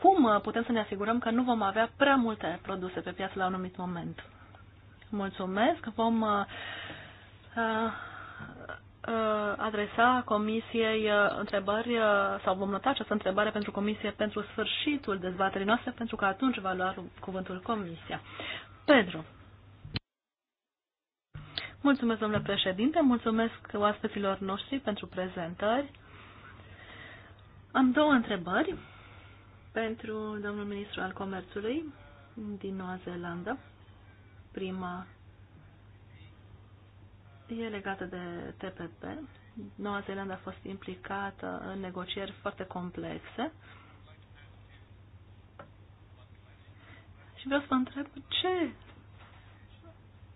cum uh, putem să ne asigurăm că nu vom avea prea multe produse pe piață la un anumit moment. Mulțumesc. Vom uh, uh, uh adresa comisiei uh, întrebări sau vom nota această întrebare pentru comisie pentru sfârșitul dezbaterii noastre, pentru că atunci va lua cuvântul comisia. Pedro. Mulțumesc, domnule președinte, mulțumesc oaspeților noștri pentru prezentări. Am două întrebări pentru domnul ministru al comerțului din Noua Zeelandă. Prima e legată de TPP. Noua Zeelandă a fost implicată în negocieri foarte complexe. Și vreau să vă întreb ce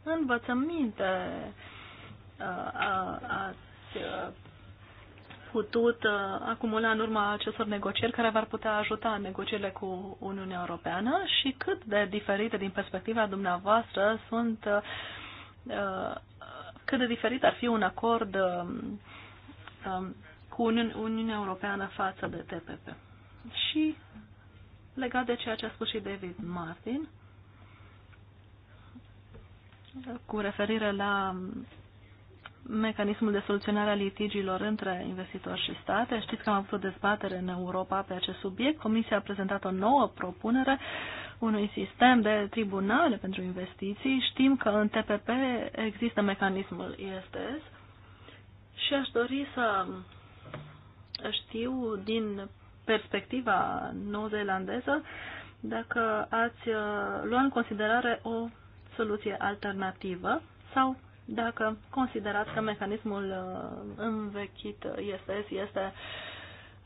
învățăminte uh, ați uh, putut uh, acumula în urma acestor negocieri care v-ar putea ajuta în negocierile cu Uniunea Europeană și cât de diferite din perspectiva dumneavoastră sunt uh, cât de diferit ar fi un acord uh, um, cu Uniunea Europeană față de TPP. Și legat de ceea ce a spus și David Martin, cu referire la mecanismul de soluționare a litigiilor între investitori și state. Știți că am avut o dezbatere în Europa pe acest subiect. Comisia a prezentat o nouă propunere unui sistem de tribunale pentru investiții. Știm că în TPP există mecanismul ISTS și aș dori să știu din perspectiva nou dacă ați uh, luat în considerare o soluție alternativă sau dacă considerați că mecanismul uh, învechit ISS este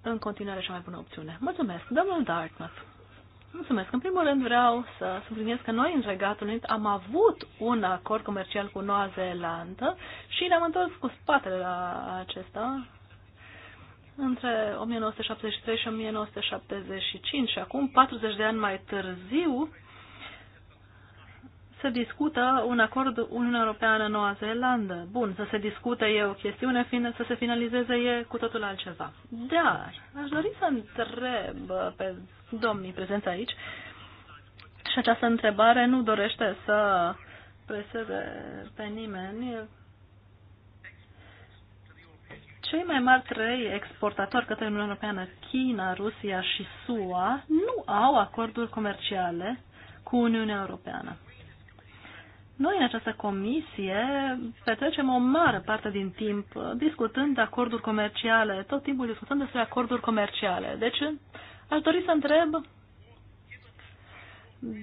în continuare cea mai bună opțiune. Mulțumesc, domnul Dartmouth. Mulțumesc. În primul rând vreau să subliniez că noi în Regatul Unit am avut un acord comercial cu Noua Zeelandă și ne-am întors cu spatele la acesta între 1973 și 1975 și acum, 40 de ani mai târziu, se discută un acord Uniunea Europeană-Noua Zeelandă. Bun, să se discute e o chestiune, să se finalizeze e cu totul altceva. Dar aș dori să întreb uh, pe domnii prezenți aici și această întrebare nu dorește să preseze pe nimeni. Cei mai mari trei exportatori către Uniunea Europeană, China, Rusia și SUA, nu au acorduri comerciale cu Uniunea Europeană. Noi, în această comisie, petrecem o mare parte din timp discutând acorduri comerciale, tot timpul discutând despre acorduri comerciale. Deci, aș dori să întreb,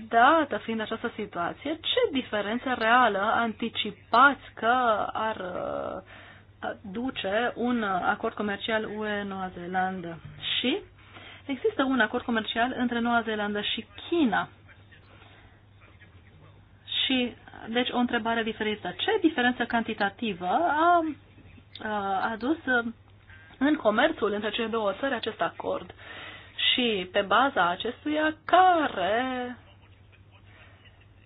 dată fiind această situație, ce diferență reală anticipați că ar uh, duce un acord comercial UE-Noua Zeelandă? Și există un acord comercial între Noua Zeelandă și China. Și deci o întrebare diferită. Ce diferență cantitativă a, adus uh, în comerțul între cele două țări acest acord? Și pe baza acestuia, care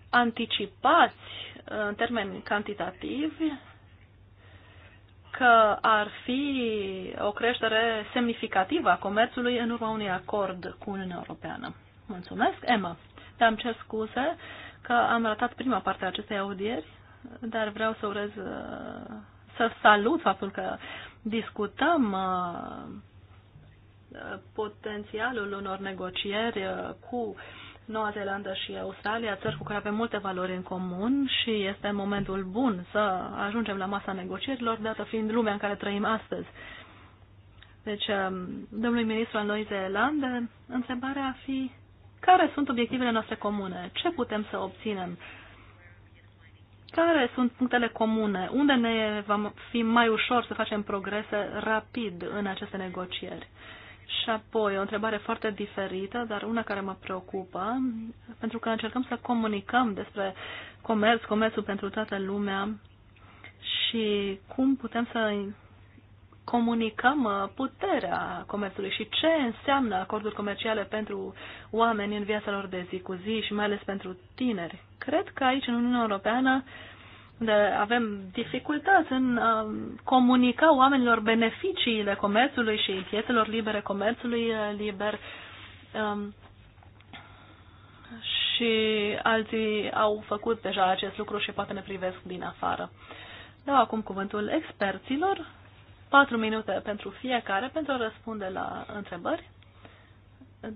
anticipați uh, în termeni cantitativi că ar fi o creștere semnificativă a comerțului în urma unui acord cu Uniunea Europeană. Mulțumesc, Emma. Te-am cer scuze că am ratat prima parte a acestei audieri, dar vreau să urez uh, să salut faptul că discutăm uh, uh, potențialul unor negocieri cu Noua Zeelandă și Australia, țări cu care avem multe valori în comun și este momentul bun să ajungem la masa negocierilor, dată fiind lumea în care trăim astăzi. Deci, um, domnului ministru al Noii Zeelande, întrebarea a fi care sunt obiectivele noastre comune, ce putem să obținem, care sunt punctele comune, unde ne va fi mai ușor să facem progrese rapid în aceste negocieri. Și apoi, o întrebare foarte diferită, dar una care mă preocupă, pentru că încercăm să comunicăm despre comerț, comerțul pentru toată lumea și cum putem să comunicăm uh, puterea comerțului și ce înseamnă acorduri comerciale pentru oameni în viața lor de zi cu zi și mai ales pentru tineri. Cred că aici, în Uniunea Europeană, de, avem dificultăți în a uh, comunica oamenilor beneficiile comerțului și pietelor libere, comerțului uh, liber. Um, și alții au făcut deja acest lucru și poate ne privesc din afară. Dau acum cuvântul experților Patru minute pentru fiecare pentru a răspunde la întrebări.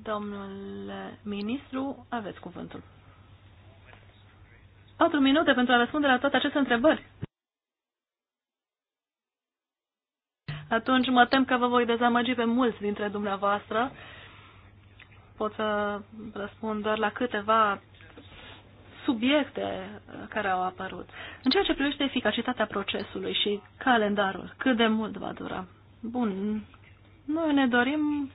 Domnule ministru, aveți cuvântul. Patru minute pentru a răspunde la toate aceste întrebări. Atunci mă tem că vă voi dezamăgi pe mulți dintre dumneavoastră. Pot să răspund doar la câteva subiecte uh, care au apărut. În ceea ce privește eficacitatea procesului și calendarul, cât de mult va dura? Bun, noi ne dorim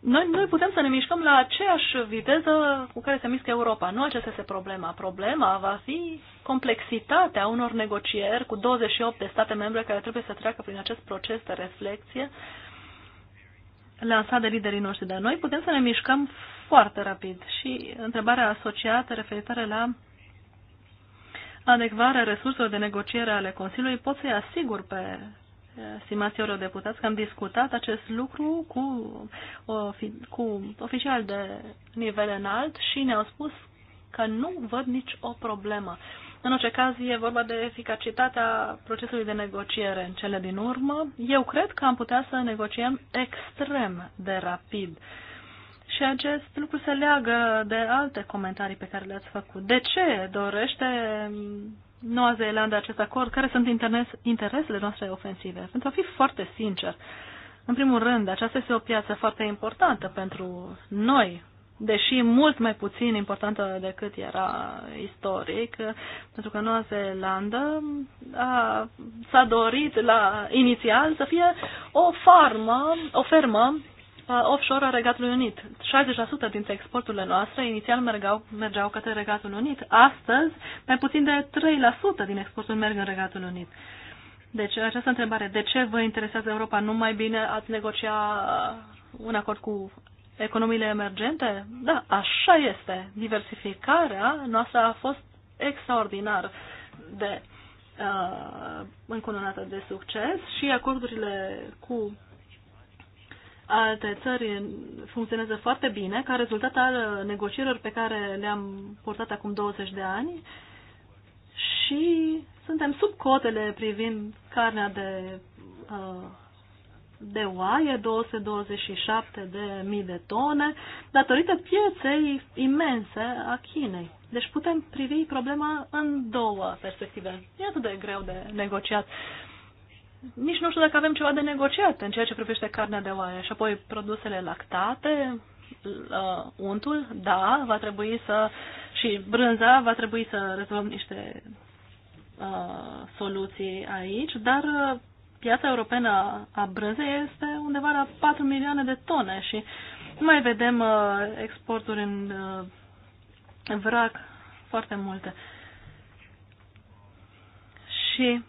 noi, noi putem să ne mișcăm la aceeași viteză cu care se mișcă Europa. Nu aceasta este problema. Problema va fi complexitatea unor negocieri cu 28 de state membre care trebuie să treacă prin acest proces de reflexie uh, lansat de liderii noștri, dar noi putem să ne mișcăm foarte rapid. Și întrebarea asociată referitoare la adecvarea resurselor de negociere ale Consiliului, pot să-i asigur pe eh, stimați eurodeputați că am discutat acest lucru cu, ofi, cu oficial de nivel înalt și ne-au spus că nu văd nici o problemă. Uh, în orice caz, e vorba de eficacitatea procesului de negociere în cele din urmă. Eu cred că am putea să negociem extrem de rapid. Și acest lucru se leagă de alte comentarii pe care le-ați făcut. De ce dorește Noua Zeelandă acest acord? Care sunt interesele noastre ofensive? Pentru a fi foarte sincer, în primul rând, aceasta este o piață foarte importantă pentru noi, deși mult mai puțin importantă decât era istoric, pentru că Noua Zeelandă a, s-a dorit la inițial să fie o farmă, o fermă offshore a Regatului Unit. 60% dintre exporturile noastre inițial mergeau, mergeau către Regatul Unit. Astăzi, mai puțin de 3% din exportul merg în Regatul Unit. Deci, această întrebare, de ce vă interesează Europa? Nu mai bine ați negocia un acord cu economiile emergente? Da, așa este. Diversificarea noastră a fost extraordinar de uh, încununată de succes și acordurile cu alte țări funcționează foarte bine ca rezultat al negocierilor pe care le-am portat acum 20 de ani și suntem sub cotele privind carnea de uh, de oaie, 227.000 de mii de tone, datorită pieței imense a Chinei. Deci putem privi problema în două perspective. E atât de greu de negociat. Nici nu știu dacă avem ceva de negociat în ceea ce privește carnea de oaie. Și apoi produsele lactate, uh, untul, da, va trebui să și brânza va trebui să rezolvăm niște uh, soluții aici, dar uh, piața europeană a brânzei este undeva la 4 milioane de tone și nu mai vedem uh, exporturi în uh, vrac foarte multe. Și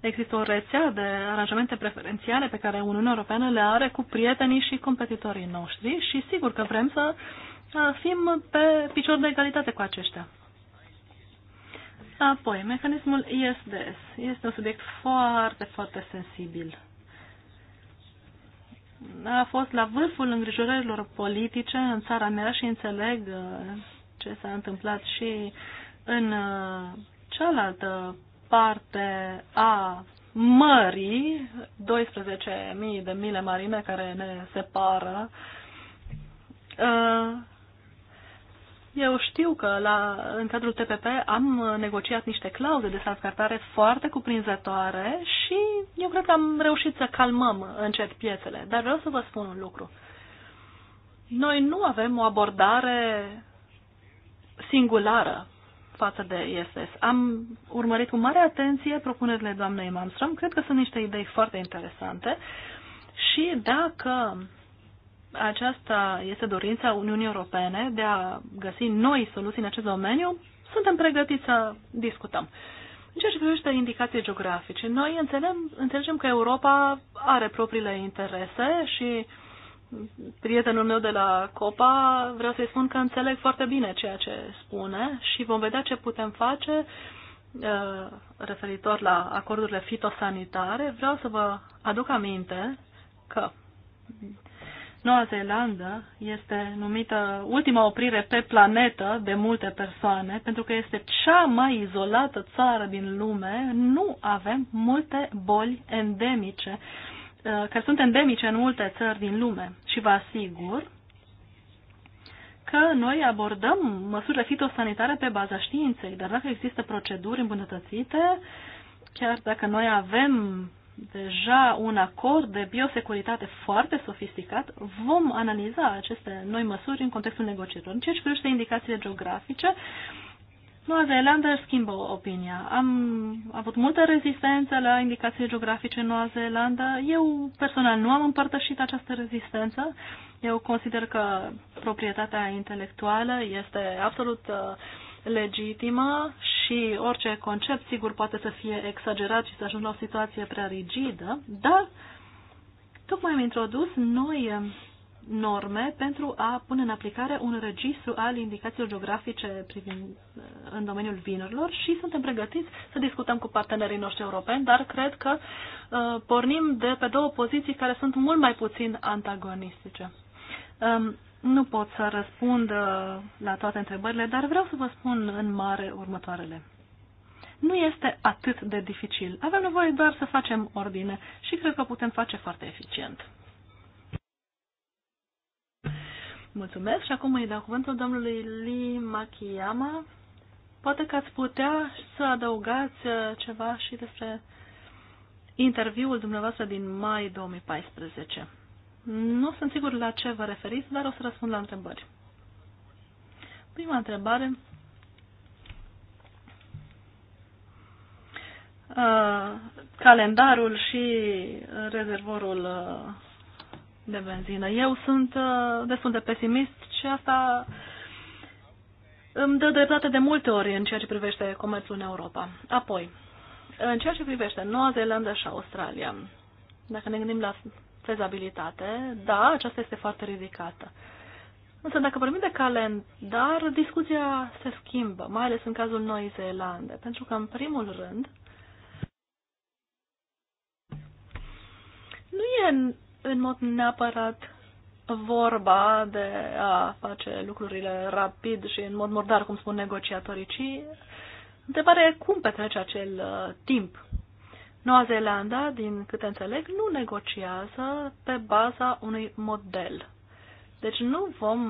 există o rețea de aranjamente preferențiale pe care Uniunea Europeană le are cu prietenii și competitorii noștri și sigur că vrem să uh, fim pe picior de egalitate cu aceștia. Apoi, mecanismul ISDS este un subiect foarte, foarte sensibil. A fost la vârful îngrijorărilor politice în țara mea și înțeleg uh, ce s-a întâmplat și în uh, cealaltă parte a mării, 12.000 de mile marine care ne separă, uh, eu știu că la, în cadrul TPP am negociat niște clauze de salvgardare foarte cuprinzătoare și eu cred că am reușit să calmăm încet piețele. Dar vreau să vă spun un lucru. Noi nu avem o abordare singulară față de ISS. Am urmărit cu mare atenție propunerile doamnei Malmström. Cred că sunt niște idei foarte interesante și dacă aceasta este dorința Uniunii Europene de a găsi noi soluții în acest domeniu, suntem pregătiți să discutăm. În ceea ce privește indicații geografice, noi înțelegem, înțelegem că Europa are propriile interese și prietenul meu de la COPA vreau să-i spun că înțeleg foarte bine ceea ce spune și vom vedea ce putem face uh, referitor la acordurile fitosanitare. Vreau să vă aduc aminte că Noua Zeelandă este numită ultima oprire pe planetă de multe persoane, pentru că este cea mai izolată țară din lume. Nu avem multe boli endemice, uh, care sunt endemice în multe țări din lume. Și vă asigur că noi abordăm măsurile fitosanitare pe baza științei, dar dacă există proceduri îmbunătățite, chiar dacă noi avem deja un acord de biosecuritate foarte sofisticat, vom analiza aceste noi măsuri în contextul negocierilor. În ceea ce privește indicațiile geografice, Noua Zeelandă schimbă opinia. Am avut multă rezistență la indicațiile geografice în Noua Zeelandă. Eu personal nu am împărtășit această rezistență. Eu consider că proprietatea intelectuală este absolut uh, legitimă și orice concept, sigur, poate să fie exagerat și să ajungă la o situație prea rigidă, dar tocmai am introdus noi eh, norme pentru a pune în aplicare un registru al indicațiilor geografice privind, eh, în domeniul vinurilor și suntem pregătiți să discutăm cu partenerii noștri europeni, dar cred că uh, pornim de pe două poziții care sunt mult mai puțin antagonistice. Um, nu pot să răspund la toate întrebările, dar vreau să vă spun în mare următoarele. Nu este atât de dificil. Avem nevoie doar să facem ordine și cred că putem face foarte eficient. Mulțumesc și acum îi dau cuvântul domnului Lee Makiyama. Poate că ați putea să adăugați uh, ceva și despre interviul dumneavoastră din mai 2014. Nu sunt sigur la ce vă referiți, dar o să răspund la întrebări. Prima întrebare. Uh, calendarul și rezervorul uh, de benzină. Eu sunt uh, destul de pesimist și asta îmi dă dreptate de multe ori în ceea ce privește comerțul în Europa. Apoi, în ceea ce privește Noua Zeelandă și Australia, dacă ne gândim la fezabilitate, da, aceasta este foarte ridicată. Însă dacă vorbim de calendar, discuția se schimbă, mai ales în cazul Noii Zeelande, pentru că în primul rând nu e în, în mod neapărat vorba de a face lucrurile rapid și în mod murdar, cum spun negociatorii, ci întrebarea e cum petrece acel uh, timp Noua Zeelandă, din câte înțeleg, nu negociază pe baza unui model. Deci nu vom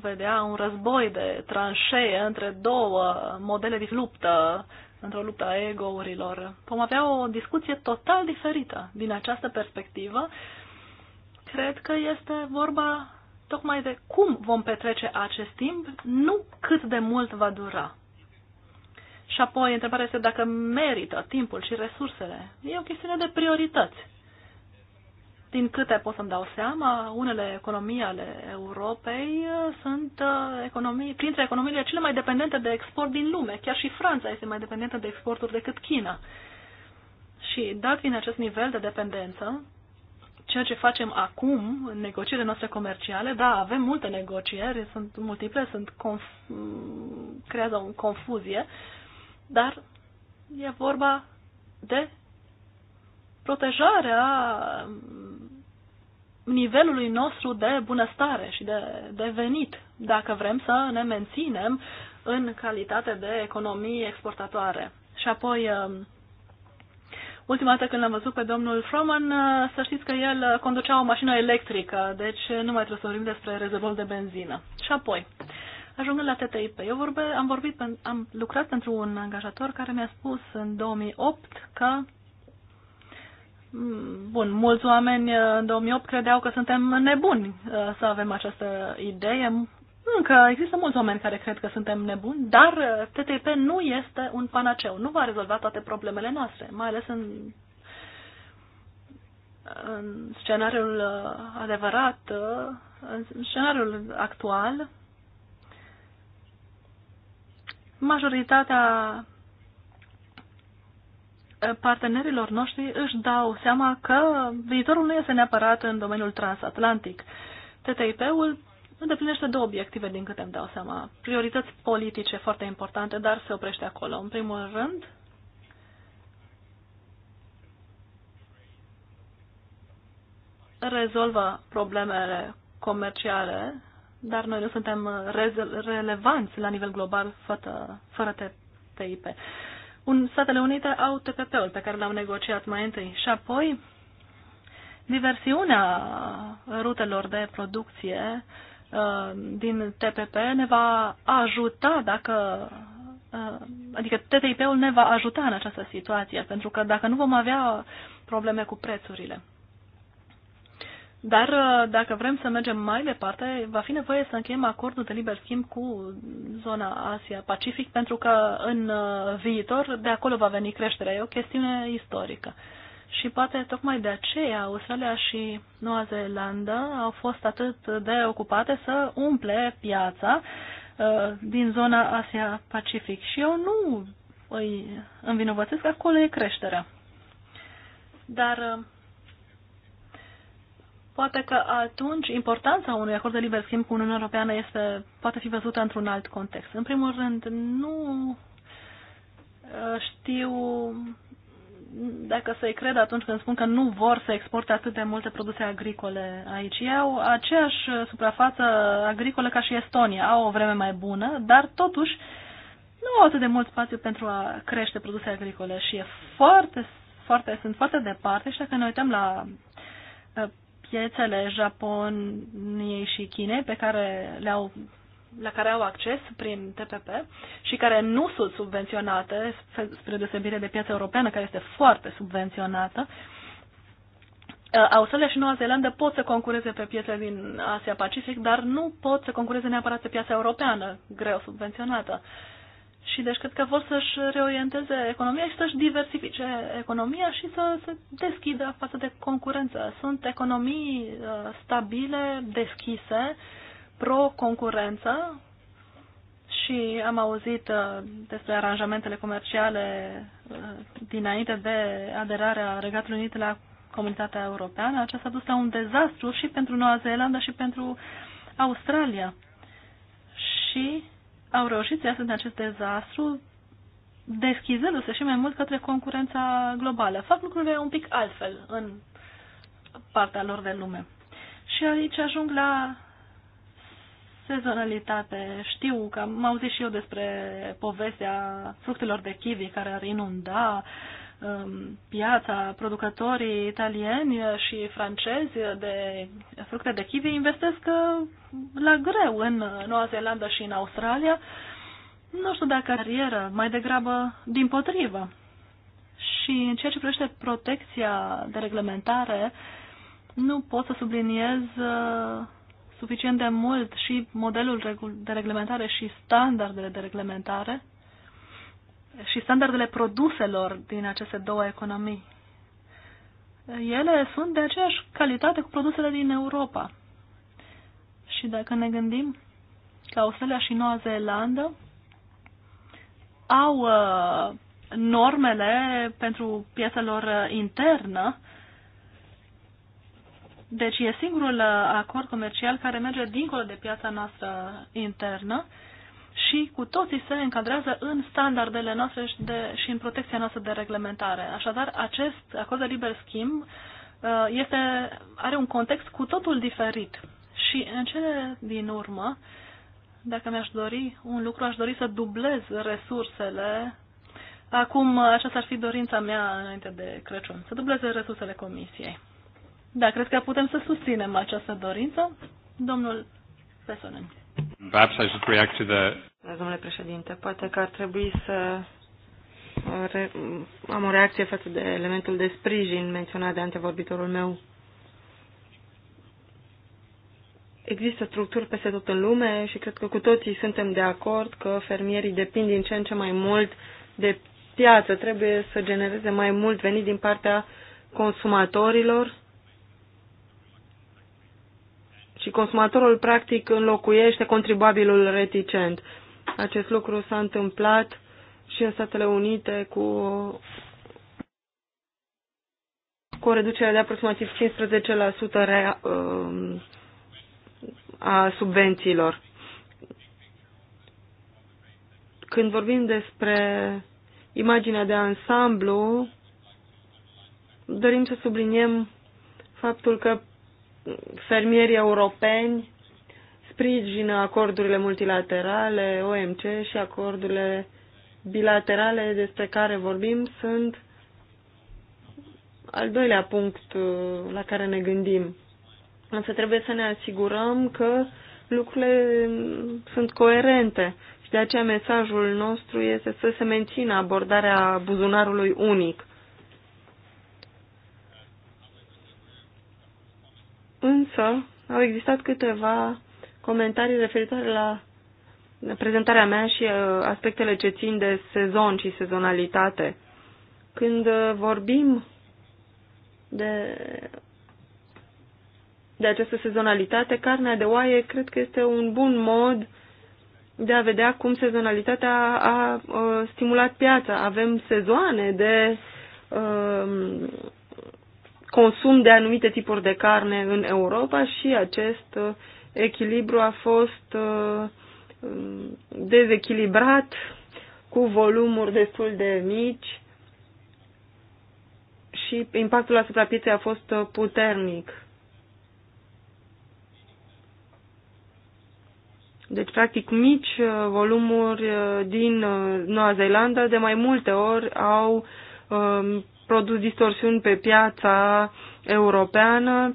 vedea un război de tranșee între două modele de luptă, într-o luptă a egourilor. Vom avea o discuție total diferită din această perspectivă. Cred că este vorba tocmai de cum vom petrece acest timp, nu cât de mult va dura. Și apoi, întrebarea este dacă merită timpul și resursele. E o chestiune de priorități. Din câte pot să-mi dau seama, unele economii ale Europei uh, sunt uh, economii, printre economiile cele mai dependente de export din lume. Chiar și Franța este mai dependentă de exporturi decât China. Și dat fiind acest nivel de dependență, ceea ce facem acum în negocierile noastre comerciale, da, avem multe negocieri, sunt multiple, sunt conf- mm, creează o confuzie, dar e vorba de protejarea nivelului nostru de bunăstare și de, de venit, dacă vrem să ne menținem în calitate de economie exportatoare. Și apoi, um, ultima dată când l-am văzut pe domnul Froman, uh, să știți că el uh, conducea o mașină electrică, deci nu mai trebuie să vorbim despre rezervor de benzină. Și apoi, Ajungând la TTIP, eu vorbe, am, vorbit, am lucrat pentru un angajator care mi-a spus în 2008 că mm, Bun, mulți oameni uh, în 2008 credeau că suntem nebuni uh, să avem această idee. Încă există mulți oameni care cred că suntem nebuni, dar uh, TTIP nu este un panaceu. Nu va rezolva toate problemele noastre, mai ales în, în scenariul adevărat, în scenariul actual majoritatea eh, partenerilor noștri își dau seama că viitorul nu este neapărat în domeniul transatlantic. TTIP-ul îndeplinește două obiective, din câte îmi dau seama. Priorități politice foarte importante, dar se oprește acolo. În primul rând, rezolvă problemele comerciale dar noi nu suntem uh, relevanți la nivel global fără, fără TTIP. Un, Statele Unite au TPP-ul pe care l-au negociat mai întâi și apoi diversiunea rutelor de producție uh, din TPP ne va ajuta dacă uh, adică TTIP-ul ne va ajuta în această situație, pentru că dacă nu vom avea probleme cu prețurile. Dar uh, dacă vrem să mergem mai departe, va fi nevoie să încheiem acordul de liber schimb cu zona Asia-Pacific, pentru că în uh, viitor de acolo va veni creșterea. E o chestiune istorică. Și poate tocmai de aceea Australia și Noua Zeelandă au fost atât de ocupate să umple piața uh, din zona Asia-Pacific. Și eu nu îi învinovățesc, acolo e creșterea. Dar Poate că atunci importanța unui acord de liber schimb cu Uniunea Europeană este, poate fi văzută într-un alt context. În primul rând, nu uh, știu dacă să-i cred atunci când spun că nu vor să exporte atât de multe produse agricole aici. Ei au aceeași suprafață agricolă ca și Estonia, au o vreme mai bună, dar totuși nu au atât de mult spațiu pentru a crește produse agricole și e foarte, foarte, sunt foarte departe și dacă ne uităm la uh, piețele Japoniei și Chinei pe care le-au la care au acces prin TPP și care nu sunt subvenționate, spre deosebire de piața europeană, care este foarte subvenționată, uh, Australia și Noua Zeelandă pot să concureze pe piețele din Asia Pacific, dar nu pot să concureze neapărat pe piața europeană, greu subvenționată. Uh, și deci cred că vor să-și reorienteze economia și să-și diversifice economia și să se deschidă față de concurență. Sunt economii uh, stabile, deschise, pro-concurență și am auzit uh, despre aranjamentele comerciale uh, dinainte de aderarea Regatului Unit la Comunitatea Europeană. Aceasta a dus la un dezastru și pentru Noua Zeelandă și pentru Australia. Și au reușit să iasă din acest dezastru deschizându-se și mai mult către concurența globală. Fac lucrurile un pic altfel în partea lor de lume. Și aici ajung la sezonalitate. Știu că am auzit și eu despre povestea fructelor de kiwi care ar inunda uh, Um, piața, producătorii italieni și francezi de fructe de kiwi investesc uh, la greu în Noua Zeelandă și în Australia. Nu știu dacă carieră, mai degrabă din potrivă. Și în ceea ce privește protecția de reglementare, nu pot să subliniez uh, suficient de mult și modelul de reglementare și standardele de reglementare și standardele produselor din aceste două economii. Ele sunt de aceeași calitate cu produsele din Europa. Și dacă ne gândim că Australia și Noua Zeelandă au uh, normele pentru piețelor lor uh, internă, deci e singurul uh, acord comercial care merge dincolo de piața noastră internă și cu toții se încadrează în standardele noastre și, de, și în protecția noastră de reglementare. Așadar, acest acord de liber schimb uh, este, are un context cu totul diferit. Și în cele din urmă, dacă mi-aș dori un lucru, aș dori să dublez resursele. Acum, aceasta ar fi dorința mea înainte de Crăciun, să dubleze resursele comisiei. Da, cred că putem să susținem această dorință. Domnul Pesonen. Perhaps I should react to the domnule președinte. Poate că ar trebui să am o reacție față de elementul de sprijin menționat de antevorbitorul meu. Există structuri peste tot în lume și cred că cu toții suntem de acord că fermierii depind din ce în ce mai mult de piață. Trebuie să genereze mai mult venit din partea consumatorilor și consumatorul practic înlocuiește contribuabilul reticent. Acest lucru s-a întâmplat și în Statele Unite cu, cu o reducere de aproximativ 15% rea, um, a subvențiilor. Când vorbim despre imaginea de ansamblu, dorim să subliniem faptul că fermierii europeni sprijină acordurile multilaterale, OMC și acordurile bilaterale despre care vorbim sunt al doilea punct uh, la care ne gândim. Însă trebuie să ne asigurăm că lucrurile mm, sunt coerente și de aceea mesajul nostru este să se mențină abordarea buzunarului unic. Însă au existat câteva comentarii referitoare la prezentarea mea și uh, aspectele ce țin de sezon și sezonalitate. Când uh, vorbim de, de această sezonalitate, carnea de oaie cred că este un bun mod de a vedea cum sezonalitatea a, a, uh, a stimulat piața. Avem sezoane de a, um, consum de anumite tipuri de carne în Europa și acest echilibru a fost uh, dezechilibrat cu volumuri destul de mici și impactul asupra pieței a fost uh, puternic. Deci, practic, mici uh, volumuri din Noua Zeelandă de mai multe ori au um, produs distorsiuni pe piața europeană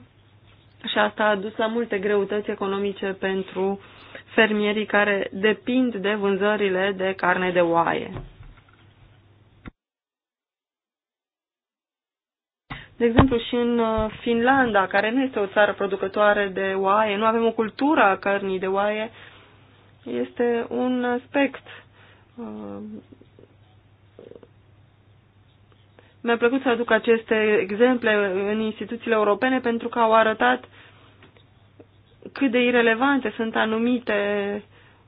și asta a dus la multe greutăți economice pentru fermierii care depind de vânzările de carne de oaie. De exemplu, și în uh, Finlanda, care nu este o țară producătoare de oaie, nu avem o cultură a cărnii de oaie, este un aspect uh, mi-a plăcut să aduc aceste exemple în instituțiile europene pentru că au arătat cât de irelevante sunt anumite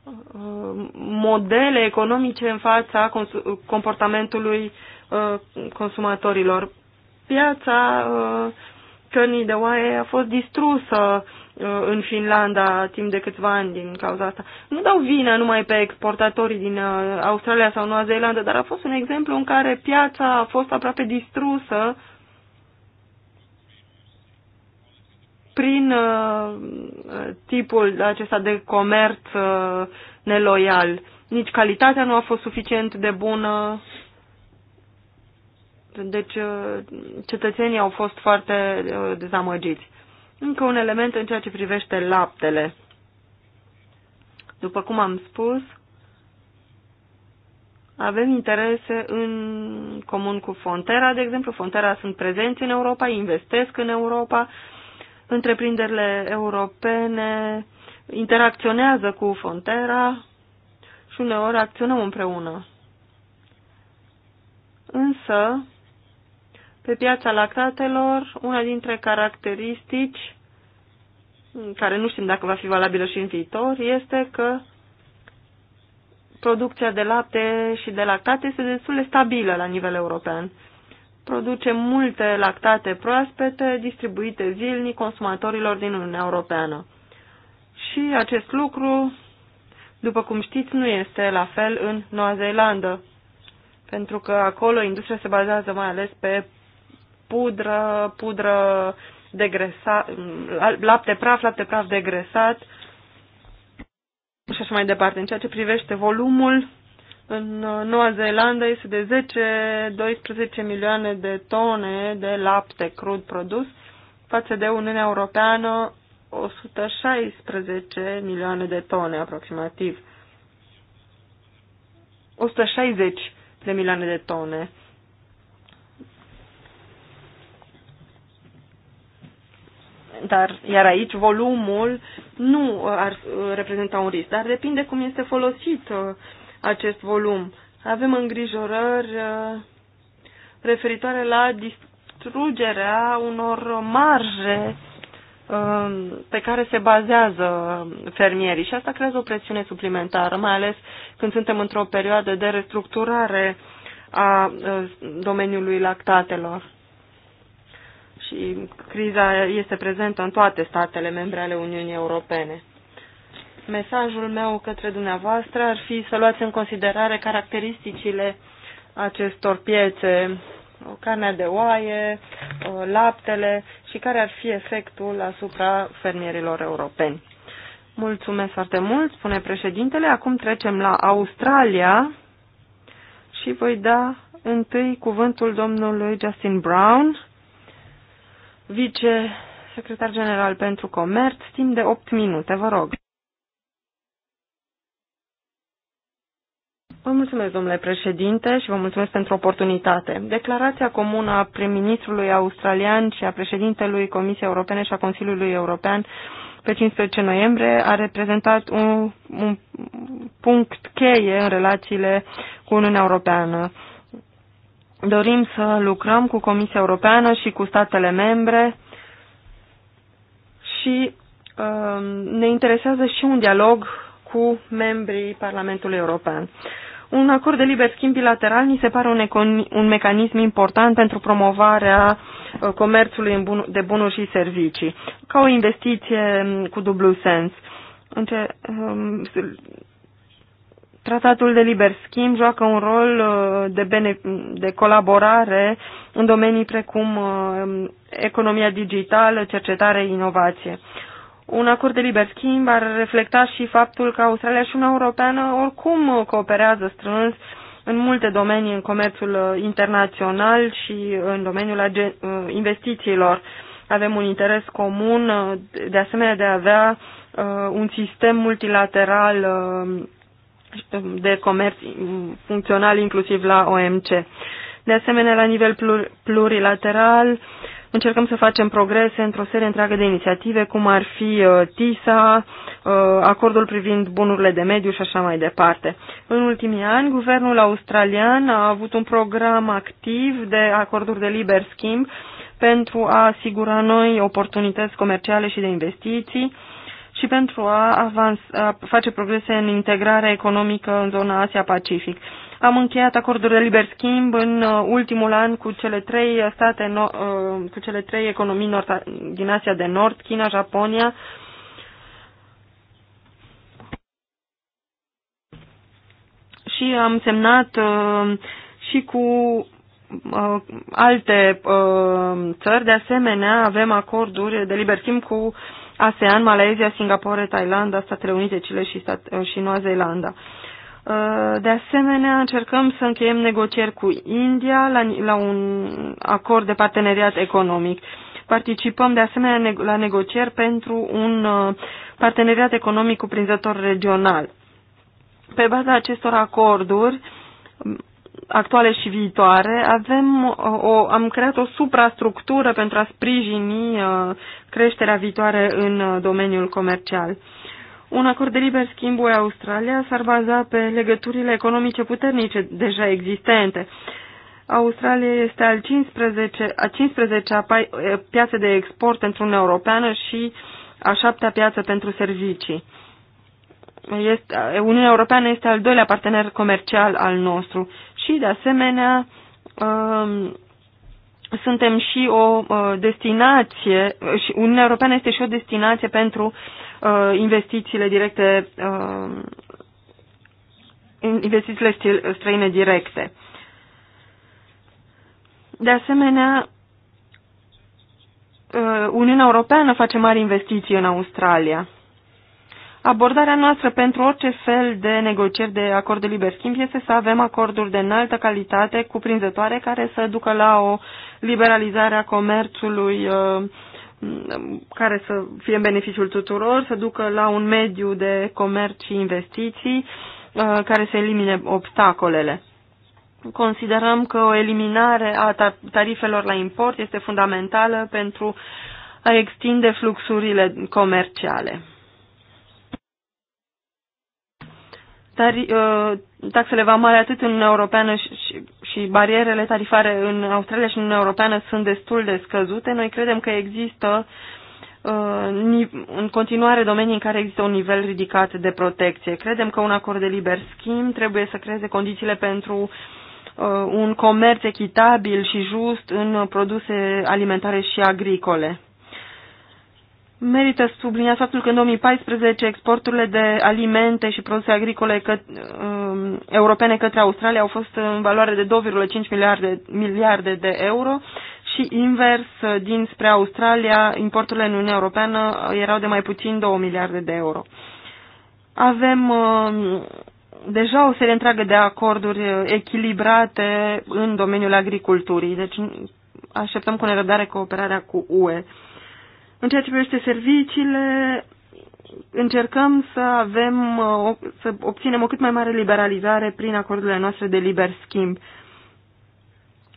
uh, modele economice în fața comportamentului uh, consumatorilor. Piața uh, cărnii de oaie a fost distrusă în Finlanda timp de câțiva ani din cauza asta. Nu dau vina numai pe exportatorii din uh, Australia sau Noua Zeelandă, dar a fost un exemplu în care piața a fost aproape distrusă prin uh, tipul acesta de comerț uh, neloial. Nici calitatea nu a fost suficient de bună. Deci cetățenii au fost foarte dezamăgiți. Încă un element în ceea ce privește laptele. După cum am spus, avem interese în comun cu Fontera, de exemplu. Fontera sunt prezenți în Europa, investesc în Europa, întreprinderile europene interacționează cu Fontera și uneori acționăm împreună. Însă, pe piața lactatelor, una dintre caracteristici care nu știm dacă va fi valabilă și în viitor, este că producția de lapte și de lactate este destul de stabilă la nivel european. Produce multe lactate proaspete distribuite zilnic consumatorilor din Uniunea Europeană. Și acest lucru, după cum știți, nu este la fel în Noua Zeelandă, pentru că acolo industria se bazează mai ales pe pudră, pudră degresat, lapte praf, lapte praf degresat și așa mai departe. În ceea ce privește volumul, în Noua Zeelandă este de 10-12 milioane de tone de lapte crud produs, față de Uniunea Europeană 116 milioane de tone aproximativ. 160 de milioane de tone. dar, iar aici volumul nu ar uh, reprezenta un risc, dar depinde cum este folosit uh, acest volum. Avem îngrijorări uh, referitoare la distrugerea unor marje um, pe care se bazează fermierii și asta creează o presiune suplimentară, mai ales când suntem într-o perioadă de restructurare a domeniului lactatelor și criza este prezentă în toate statele membre ale Uniunii Europene. Mesajul meu către dumneavoastră ar fi să luați în considerare caracteristicile acestor piețe, carnea de oaie, laptele și care ar fi efectul asupra fermierilor europeni. Mulțumesc foarte mult, spune președintele. Acum trecem la Australia și voi da întâi cuvântul domnului Justin Brown, Vice Secretar general pentru comerț, timp de 8 minute, vă rog. Vă mulțumesc, domnule președinte, și vă mulțumesc pentru oportunitate. Declarația comună a prim-ministrului australian și a președintelui Comisiei Europene și a Consiliului European pe 15 noiembrie a reprezentat un, un punct cheie în relațiile cu Uniunea Europeană Dorim să lucrăm cu Comisia Europeană și cu statele membre și um, ne interesează și un dialog cu membrii Parlamentului European. Un acord de liber schimb bilateral ni se pare un, un mecanism important pentru promovarea uh, comerțului de bunuri și servicii, ca o investiție mm, cu dublu sens. Înce, um, Tratatul de liber schimb joacă un rol uh, de, bene, de colaborare în domenii precum uh, economia digitală, cercetare, inovație. Un acord de liber schimb ar reflecta și faptul că Australia și Uniunea Europeană oricum cooperează strâns în multe domenii în comerțul uh, internațional și în domeniul investițiilor. Avem un interes comun, de asemenea, de a avea un sistem multilateral de comerț funcțional inclusiv la OMC. De asemenea, la nivel plurilateral, încercăm să facem progrese într-o serie întreagă de inițiative, cum ar fi uh, TISA, uh, acordul privind bunurile de mediu și așa mai departe. În ultimii ani, guvernul australian a avut un program activ de acorduri de liber schimb pentru a asigura noi oportunități comerciale și de investiții, și pentru a, avans, a face progrese în integrarea economică în zona Asia-Pacific. Am încheiat acorduri de liber schimb în uh, ultimul an cu cele trei state, no, uh, cu cele trei economii nord, din Asia de Nord, China, Japonia, și am semnat uh, și cu alte țări. De asemenea, avem acorduri de liber schimb cu ASEAN, Malezia, Singapore, Thailanda, Statele Unite, Chile și, Stat și Noua Zeelandă. Uh, de asemenea, încercăm să încheiem negocieri cu India la, la un acord de parteneriat economic. Participăm de asemenea la negocieri pentru un uh, parteneriat economic cuprinzător regional. Pe baza acestor acorduri, actuale și viitoare, avem uh, o, am creat o suprastructură pentru a sprijini uh, creșterea viitoare în uh, domeniul comercial. Un acord de liber schimb UE Australia s-ar baza pe legăturile economice puternice deja existente. Australia este al 15, a 15-a eh, piață de export pentru Uniunea Europeană și a șaptea piață pentru servicii. Este, Uniunea Europeană este al doilea partener comercial al nostru și, de asemenea, um, suntem și o uh, destinație, și Uniunea Europeană este și o destinație pentru uh, investițiile directe, um, investițiile străine directe. De asemenea, uh, Uniunea Europeană face mari investiții în Australia. Abordarea noastră pentru orice fel de negocieri de acord de liber schimb este să avem acorduri de înaltă calitate, cuprinzătoare, care să ducă la o liberalizare a comerțului uh, mm, care să fie în beneficiul tuturor, să ducă la un mediu de comerț și investiții uh, care să elimine obstacolele. Considerăm că o eliminare a tarifelor la import este fundamentală pentru a extinde fluxurile comerciale. tari, uh, taxele vamale atât în Uniunea Europeană și, și, și barierele tarifare în Australia și în Uniunea Europeană sunt destul de scăzute. Noi credem că există uh, în continuare domenii în care există un nivel ridicat de protecție. Credem că un acord de liber schimb trebuie să creeze condițiile pentru uh, un comerț echitabil și just în produse alimentare și agricole. Merită subliniat faptul că în 2014 exporturile de alimente și produse agricole că, um, europene către Australia au fost în valoare de 2,5 miliarde, miliarde de euro și invers, uh, dinspre Australia, importurile în Uniunea Europeană uh, erau de mai puțin 2 miliarde de euro. Avem um, deja o serie întreagă de acorduri uh, echilibrate în domeniul agriculturii, deci așteptăm cu nerăbdare cooperarea cu UE. În ceea ce privește serviciile, încercăm să avem, uh, să obținem o cât mai mare liberalizare prin acordurile noastre de liber schimb.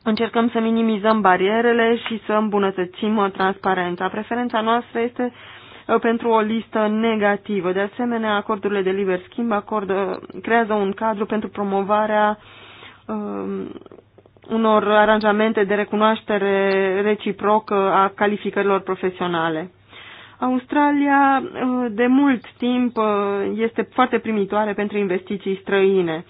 Încercăm să minimizăm barierele și să îmbunătățim uh, transparența. Preferența noastră este uh, pentru o listă negativă. De asemenea, acordurile de liber schimb acordă, creează un cadru pentru promovarea um, unor aranjamente de recunoaștere reciprocă a calificărilor profesionale. Australia uh, de mult timp uh, este foarte primitoare pentru investiții străine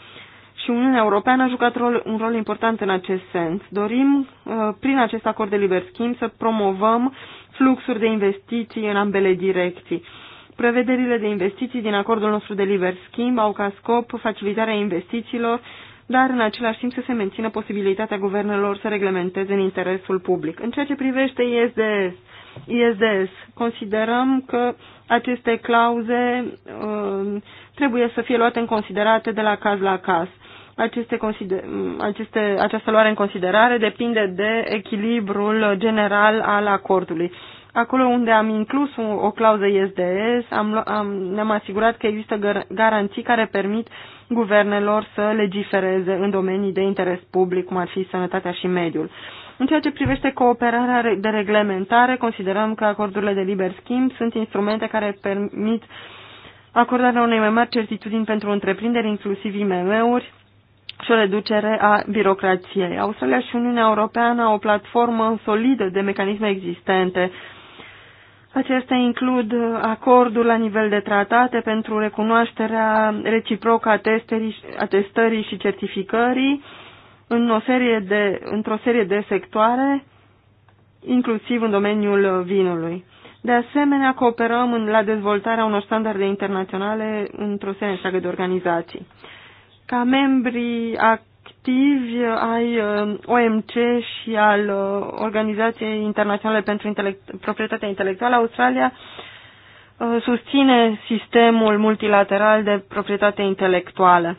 și Uniunea Europeană a jucat rol, un rol important în acest sens. Dorim, uh, prin acest acord de liber schimb, să promovăm fluxuri de investiții în ambele direcții. Prevederile de investiții din acordul nostru de liber schimb au ca scop facilitarea investițiilor dar în același timp să se mențină posibilitatea guvernelor să reglementeze în interesul public. În ceea ce privește ISDS, ISDS considerăm că aceste clauze uh, trebuie să fie luate în considerate de la caz la caz. Aceste consider, aceste, această luare în considerare depinde de echilibrul general al acordului. Acolo unde am inclus o, o clauză ISDS, am, am, ne-am asigurat că există garanții care permit uh, guvernelor să legifereze în domenii de interes public, cum ar fi sănătatea și mediul. În ceea ce privește cooperarea de reglementare, considerăm că acordurile de liber schimb sunt instrumente care permit acordarea unei mai mari certitudini pentru întreprinderi, inclusiv IMM-uri, și o reducere a birocrației. Australia și Uniunea Europeană au o platformă solidă de mecanisme existente Acestea includ uh, acordul la nivel de tratate pentru recunoașterea reciprocă a, testerii, a testării și certificării în o serie de, într-o serie de sectoare, inclusiv în domeniul vinului. De asemenea, cooperăm în, la dezvoltarea unor standarde internaționale într-o serie de organizații. Ca membri a activi ai uh, OMC și al uh, Organizației Internaționale pentru Intelect Proprietatea Intelectuală, Australia uh, susține sistemul multilateral de proprietate intelectuală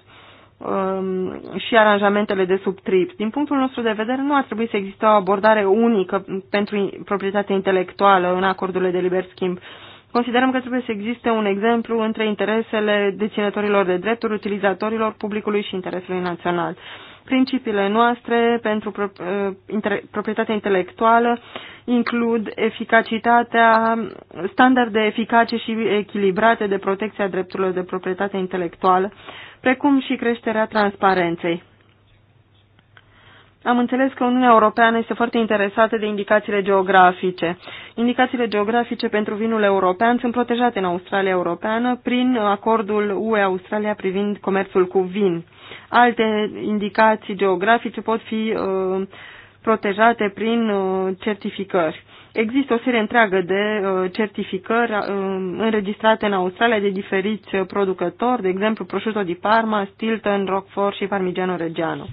um, și aranjamentele de subtrips. Din punctul nostru de vedere, nu ar trebui să existe o abordare unică pentru proprietatea intelectuală în acordurile de liber schimb. Considerăm că trebuie să existe un exemplu între interesele deținătorilor de drepturi, utilizatorilor, publicului și interesului național. Principiile noastre pentru eh, proprietatea intelectuală includ eficacitatea, standarde eficace și echilibrate de protecție a drepturilor de proprietate intelectuală, precum și creșterea transparenței. Am înțeles că Uniunea Europeană este foarte interesată de indicațiile geografice. Indicațiile geografice pentru vinul european sunt protejate în Australia Europeană prin acordul UE-Australia privind comerțul cu vin alte indicații geografice pot fi uh, protejate prin uh, certificări. Există o serie întreagă de uh, certificări înregistrate în Australia de diferiți producători, de exemplu prosciutto di Parma, Stilton, Roquefort și Parmigiano Reggiano.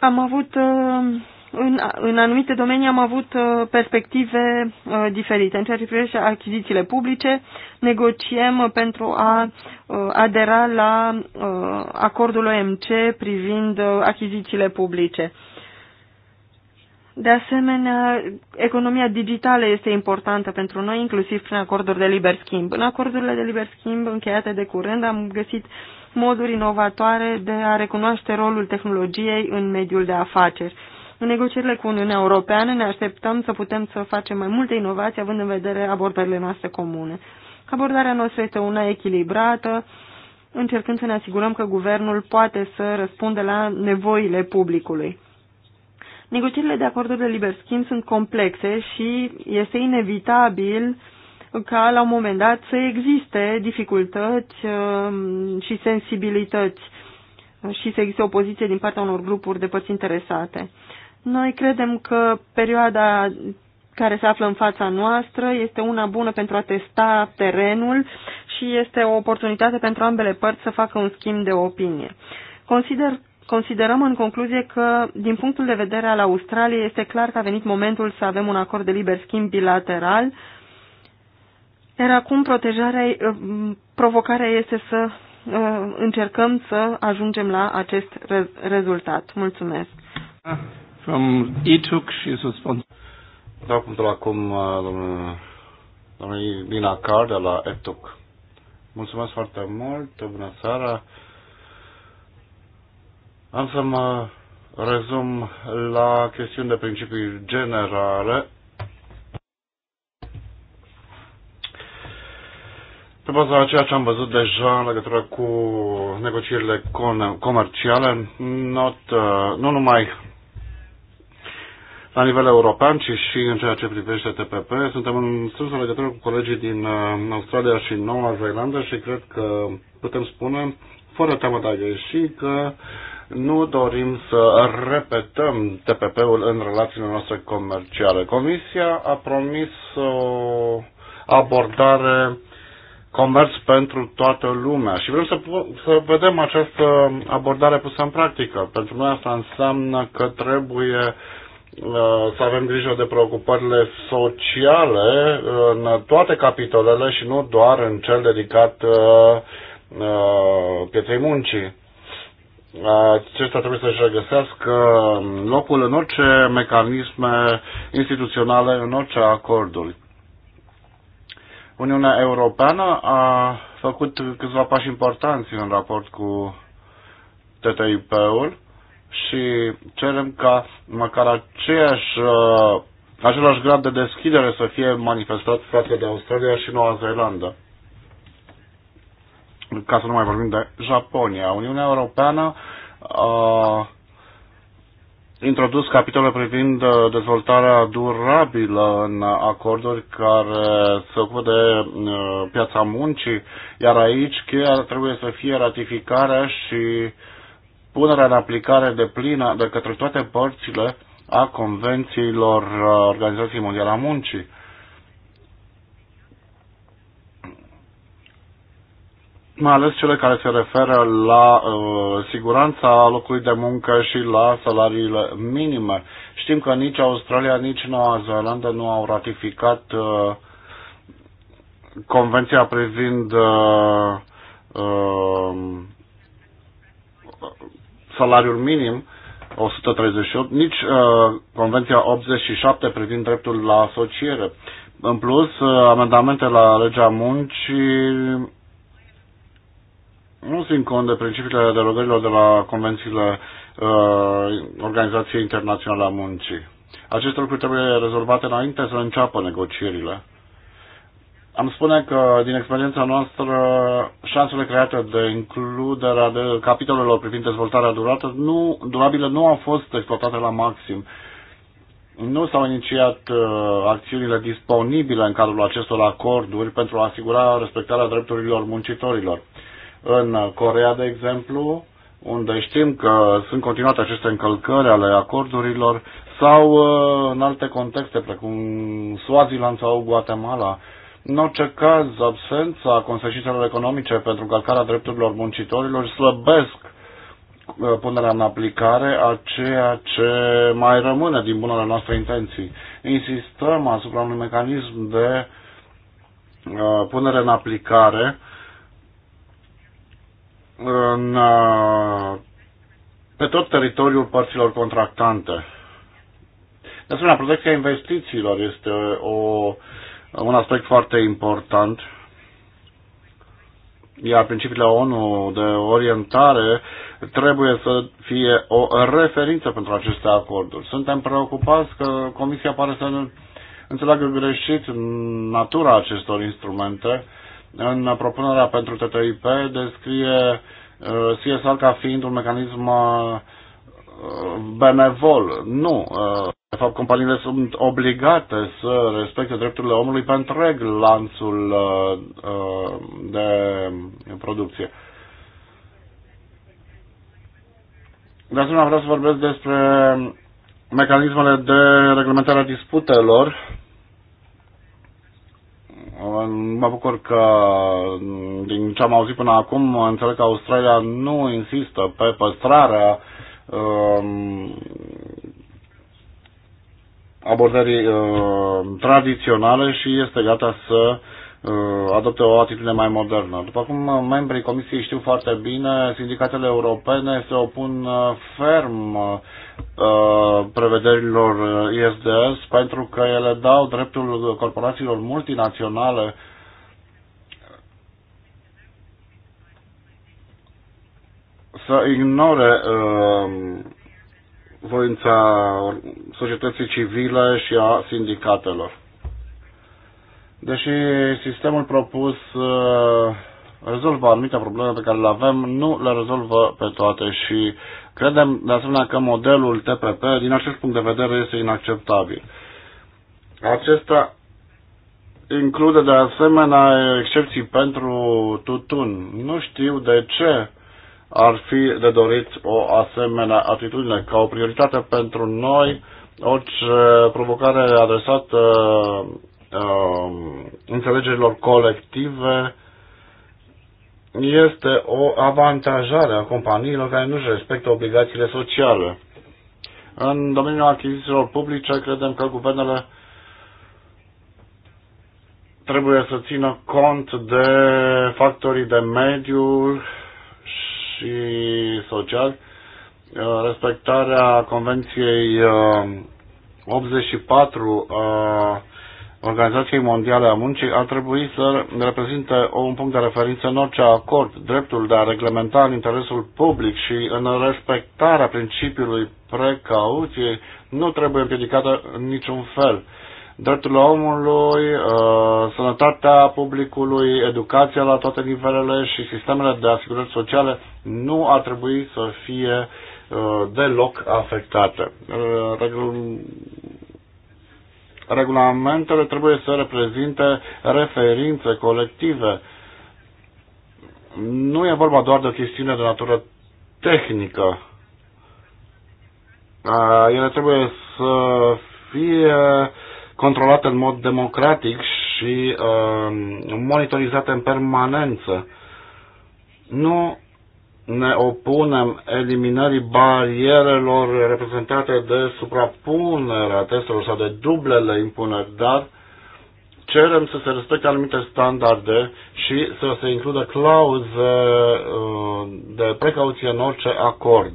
Am avut uh, în, în anumite domenii am avut uh, perspective uh, diferite. În ceea ce privește achizițiile publice, negociem uh, pentru a adera la acordul OMC privind achizițiile publice. De asemenea, economia digitală este importantă pentru noi, inclusiv prin acorduri de liber schimb. În acordurile de liber schimb încheiate de curând am găsit moduri inovatoare de a recunoaște rolul tehnologiei în mediul de afaceri în negocierile cu Uniunea Europeană ne așteptăm să putem să facem mai multe inovații având în vedere abordările noastre comune. Abordarea noastră este una echilibrată, încercând să ne asigurăm că guvernul poate să răspundă la nevoile publicului. Negocierile de acorduri de liber schimb sunt complexe și este inevitabil ca la un moment dat să existe dificultăți um, și sensibilități și să existe opoziție din partea unor grupuri de părți interesate. Noi credem că perioada care se află în fața noastră este una bună pentru a testa terenul și este o oportunitate pentru ambele părți să facă un schimb de opinie. Consider, considerăm în concluzie că, din punctul de vedere al Australiei, este clar că a venit momentul să avem un acord de liber schimb bilateral, iar acum protejarea, provocarea este să uh, încercăm să ajungem la acest rezultat. Mulțumesc! Ah. From ETUC și is responsible. cum cuvântul acum cum Lina Car de la ETUC. Mulțumesc foarte mult, bună seara. Am să mă rezum la chestiuni de principii generale. Pe baza a ceea ce am văzut deja în legătură cu negocierile comerciale, not, uh, nu numai la nivel european, ci și în ceea ce privește TPP. Suntem în strânsă legătură cu colegii din uh, Australia și Noua Zeelandă și cred că putem spune, fără teamă de a ieși, că nu dorim să repetăm TPP-ul în relațiile noastre comerciale. Comisia a promis o abordare comerț pentru toată lumea și vrem să, să vedem această abordare pusă în practică. Pentru noi asta înseamnă că trebuie Uh, să avem grijă de preocupările sociale în toate capitolele și nu doar în cel dedicat uh, uh, pieței muncii. Acesta trebuie să-și regăsească locul în orice mecanisme instituționale, în orice acorduri. Uniunea Europeană a făcut câțiva pași importanți în raport cu TTIP-ul și cerem ca măcar aceeași, uh, același grad de deschidere să fie manifestat față de Australia și Noua Zeelandă. Ca să nu mai vorbim de Japonia. Uniunea Europeană a introdus capitole privind uh, dezvoltarea durabilă în acorduri care se ocupă de uh, piața muncii, iar aici cheia trebuie să fie ratificarea și uh, punerea în aplicare de plină de către toate părțile a convențiilor Organizației Mondiale a Muncii. mai ales cele care se referă la uh, siguranța locului de muncă și la salariile minime. Știm că nici Australia, nici Noua Zeelandă nu au ratificat uh, convenția privind uh, uh, salariul minim 138, nici uh, Convenția 87 privind dreptul la asociere. În plus, uh, amendamente la legea muncii nu țin cont de principiile derogărilor de la convențiile uh, Organizației Internaționale a Muncii. Aceste lucruri trebuie rezolvate înainte să înceapă negocierile. Am spune că, din experiența noastră, șansele create de includerea de capitolelor privind dezvoltarea durată nu, durabilă nu au fost exploatate la maxim. Nu s-au inițiat uh, acțiunile disponibile în cadrul acestor acorduri pentru a asigura respectarea drepturilor muncitorilor. În Corea, de exemplu, unde știm că sunt continuate aceste încălcări ale acordurilor, sau uh, în alte contexte, precum Swaziland sau Guatemala, uh, în orice caz, absența consecințelor economice pentru încălcarea drepturilor muncitorilor slăbesc uh, punerea în aplicare a ceea ce mai rămâne din bunele noastre intenții. Insistăm asupra unui mecanism de uh, punere în aplicare în, uh, pe tot teritoriul părților contractante. De asemenea, protecția investițiilor este o un aspect foarte important, iar principiile ONU de orientare trebuie să fie o referință pentru aceste acorduri. Suntem preocupați că Comisia pare să înțeleagă greșit natura acestor instrumente. În propunerea pentru TTIP descrie uh, CSR ca fiind un mecanism uh, benevol. Nu. Uh, de fapt, companiile sunt obligate să respecte drepturile omului pe întreg lanțul uh, uh, de producție. De asemenea, vreau să vorbesc despre mecanismele de reglementare a disputelor. Mă bucur că, din ce am auzit până acum, înțeleg că Australia nu insistă pe păstrarea um, abordării uh, tradiționale și este gata să uh, adopte o atitudine mai modernă. După cum membrii Comisiei știu foarte bine, sindicatele europene se opun uh, ferm uh, prevederilor uh, ISDS pentru că ele dau dreptul corporațiilor multinaționale să ignore uh, voința societății civile și a sindicatelor. Deși sistemul propus uh, rezolvă anumite probleme pe care le avem, nu le rezolvă pe toate și credem de asemenea că modelul TPP din acest punct de vedere este inacceptabil. Acesta include de asemenea excepții pentru tutun. Nu știu de ce ar fi de dorit o asemenea atitudine. Ca o prioritate pentru noi, orice provocare adresată uh, înțelegerilor colective este o avantajare a companiilor care nu-și respectă obligațiile sociale. În domeniul achizițiilor publice, credem că guvernele trebuie să țină cont de factorii de mediu, și social, uh, respectarea Convenției 84 uh, a Organizației Mondiale a Muncii ar trebui să reprezinte un punct de referință în orice acord, dreptul de a reglementa în interesul public și în respectarea principiului precauției nu trebuie împiedicată în niciun fel drepturile omului, uh, sănătatea publicului, educația la toate nivelele și sistemele de asigurări sociale nu ar trebui să fie uh, deloc afectate. Uh, regulamentele trebuie să reprezinte referințe colective. Nu e vorba doar de o chestiune de natură tehnică. Ele trebuie să fie uh, controlate în mod democratic și uh, monitorizate în permanență. Nu ne opunem eliminării barierelor reprezentate de suprapunerea testelor sau de dublele impuneri, dar cerem să se respecte anumite standarde și să se includă clauze uh, de precauție în orice acord.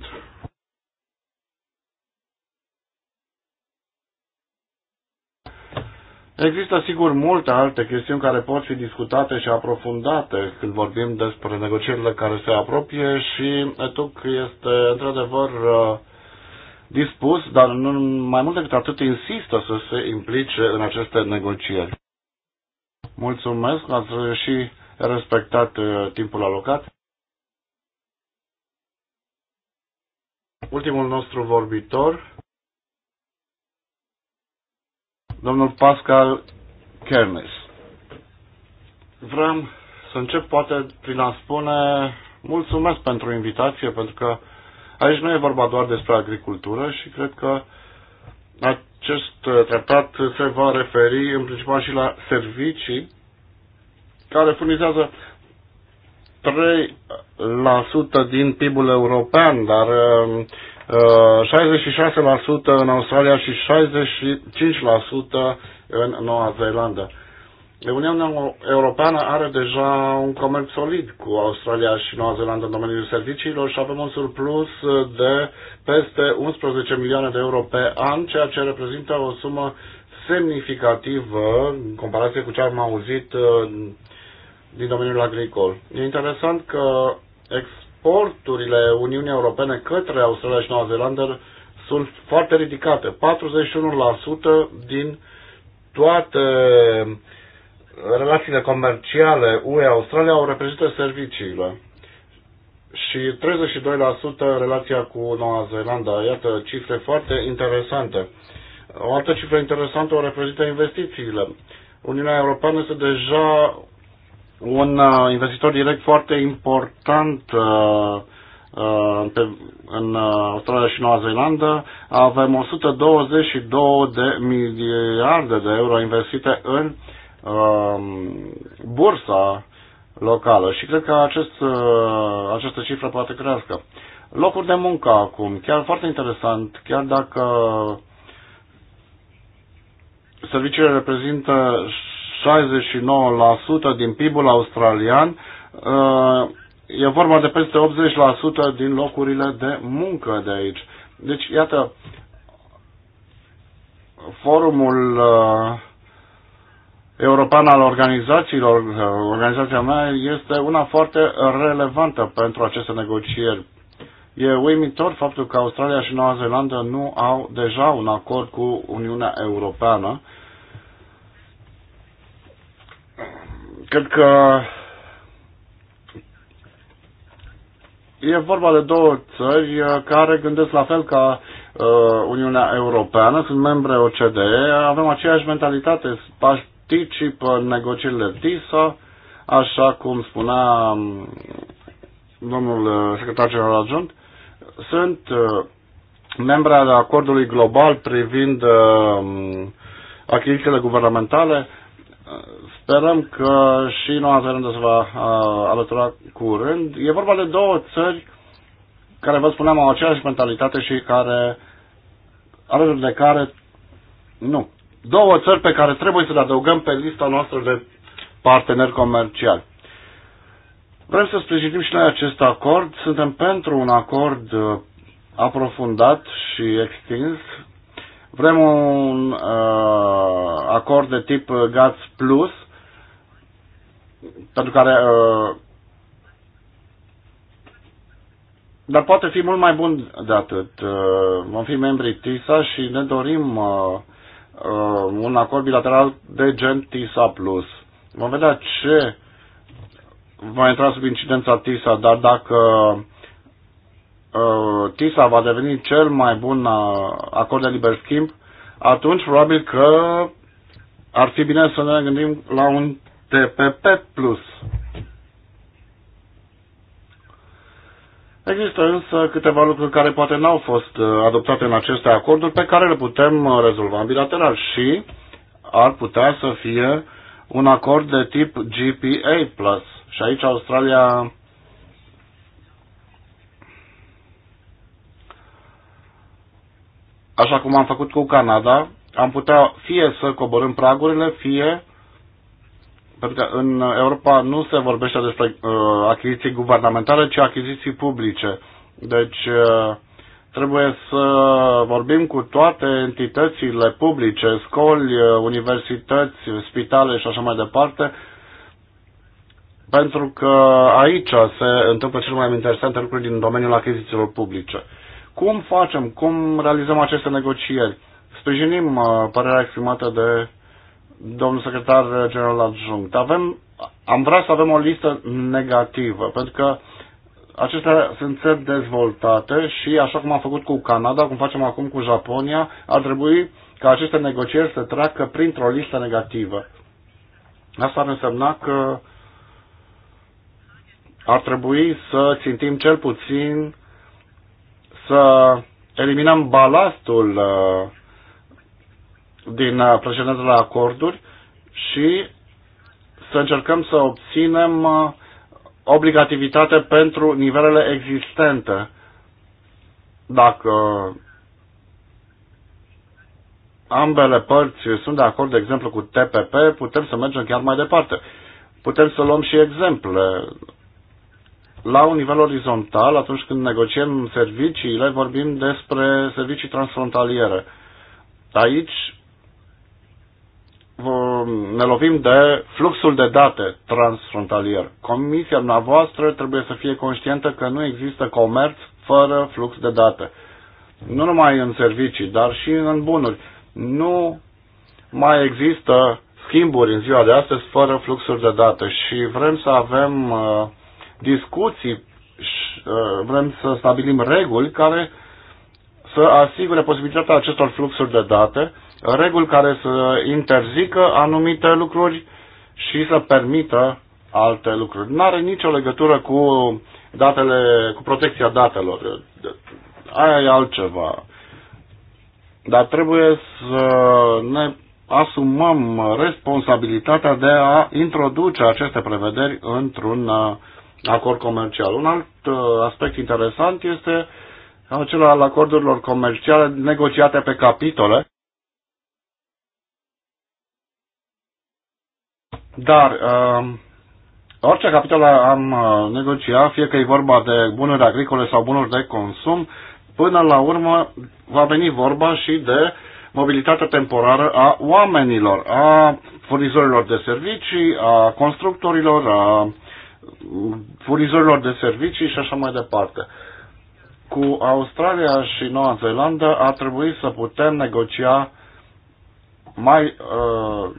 Există sigur multe alte chestiuni care pot fi discutate și aprofundate când vorbim despre negocierile care se apropie și ETUC este într-adevăr uh, dispus, dar nu, mai mult decât atât insistă să se implice în aceste negocieri. Mulțumesc, ați și respectat uh, timpul alocat. Ultimul nostru vorbitor Domnul Pascal Kernes. Vreau să încep poate prin a spune mulțumesc pentru invitație, pentru că aici nu e vorba doar despre agricultură și cred că acest uh, tratat se va referi în principal și la servicii care furnizează 3% din PIB-ul european, dar um, 66% în Australia și 65% în Noua Zeelandă. Uniunea Europeană are deja un comerț solid cu Australia și Noua Zeelandă în domeniul serviciilor și avem un surplus de peste 11 milioane de euro pe an, ceea ce reprezintă o sumă semnificativă în comparație cu ce am auzit uh, din domeniul agricol. E interesant că ex exporturile Uniunii Europene către Australia și Noua Zeelandă sunt foarte ridicate. 41% din toate relațiile comerciale UE-Australia au reprezintă serviciile și 32% relația cu Noua Zeelandă. Iată, cifre foarte interesante. O altă cifră interesantă o reprezintă investițiile. Uniunea Europeană este deja un uh, investitor direct foarte important uh, uh, pe, în uh, Australia și Noua Zeelandă. Avem 122 de miliarde de euro investite în uh, bursa locală și cred că acest, uh, această cifră poate crească. Locuri de muncă acum, chiar foarte interesant, chiar dacă serviciile reprezintă 69% din PIB-ul australian. Uh, e vorba de peste 80% din locurile de muncă de aici. Deci, iată, forumul uh, european al organizațiilor, uh, organizația mea, este una foarte relevantă pentru aceste negocieri. E uimitor faptul că Australia și Noua Zeelandă nu au deja un acord cu Uniunea Europeană Cred că e vorba de două țări uh, care gândesc la fel ca uh, Uniunea Europeană, sunt membre OCDE, avem aceeași mentalitate, participă în negocierile TISA, așa cum spunea um, domnul uh, secretar general adjunct, sunt membre ale acordului global privind um, achizițiile guvernamentale, Sperăm că și Noua Zeelandă se va alătura curând. E vorba de două țări care, vă spuneam, au aceeași mentalitate și care, alături de care, nu, două țări pe care trebuie să le adăugăm pe lista noastră de parteneri comerciali. Vrem să sprijinim și noi acest acord. Suntem pentru un acord uh, aprofundat și extins Vrem un uh, acord de tip GATS Plus, pentru care uh, dar poate fi mult mai bun de atât. Uh, vom fi membrii TISA și ne dorim uh, uh, un acord bilateral de gen TISA Plus. Vom vedea ce va intra sub incidența TISA, dar dacă Uh, TISA va deveni cel mai bun uh, acord de liber schimb, atunci probabil că ar fi bine să ne gândim la un TPP+. Există însă câteva lucruri care poate n-au fost uh, adoptate în aceste acorduri pe care le putem rezolva bilateral și ar putea să fie un acord de tip GPA+. Și aici Australia așa cum am făcut cu Canada, am putea fie să coborâm pragurile, fie pentru că în Europa nu se vorbește despre uh, achiziții guvernamentale, ci achiziții publice. Deci uh, trebuie să vorbim cu toate entitățile publice, școli, uh, universități, spitale și așa mai departe, pentru că aici se întâmplă cel mai interesante lucruri din domeniul achizițiilor publice. Cum facem? Cum realizăm aceste negocieri? Sprijinim uh, părerea exprimată de domnul secretar general adjunct. Avem, am vrea să avem o listă negativă, pentru că acestea sunt țări dezvoltate și, așa cum am făcut cu Canada, cum facem acum cu Japonia, ar trebui ca aceste negocieri să treacă printr-o listă negativă. Asta ar însemna că ar trebui să țintim cel puțin să eliminăm balastul uh, din uh, precedentele acorduri și să încercăm să obținem uh, obligativitate pentru nivelele existente. Dacă ambele părți sunt de acord, de exemplu, cu TPP, putem să mergem chiar mai departe. Putem să luăm și exemple la un nivel orizontal, atunci când negociem serviciile, vorbim despre servicii transfrontaliere. Aici ne lovim de fluxul de date transfrontalier. Comisia noastră trebuie să fie conștientă că nu există comerț fără flux de date. Nu numai în servicii, dar și în bunuri. Nu mai există schimburi în ziua de astăzi fără fluxuri de date și vrem să avem uh, discuții, uh, vrem să stabilim reguli care să asigure posibilitatea acestor fluxuri de date, reguli care să interzică anumite lucruri și să permită alte lucruri. Nu are nicio legătură cu datele, cu protecția datelor. Aia e altceva. Dar trebuie să ne asumăm responsabilitatea de a introduce aceste prevederi într-un uh, acord comercial. Un alt uh, aspect interesant este acela al acordurilor comerciale negociate pe capitole, dar uh, orice capitol am uh, negociat, fie că e vorba de bunuri agricole sau bunuri de consum, până la urmă va veni vorba și de mobilitatea temporară a oamenilor, a furnizorilor de servicii, a constructorilor, a furnizorilor de servicii și așa mai departe. Cu Australia și Noua Zeelandă ar trebui să putem negocia mai uh,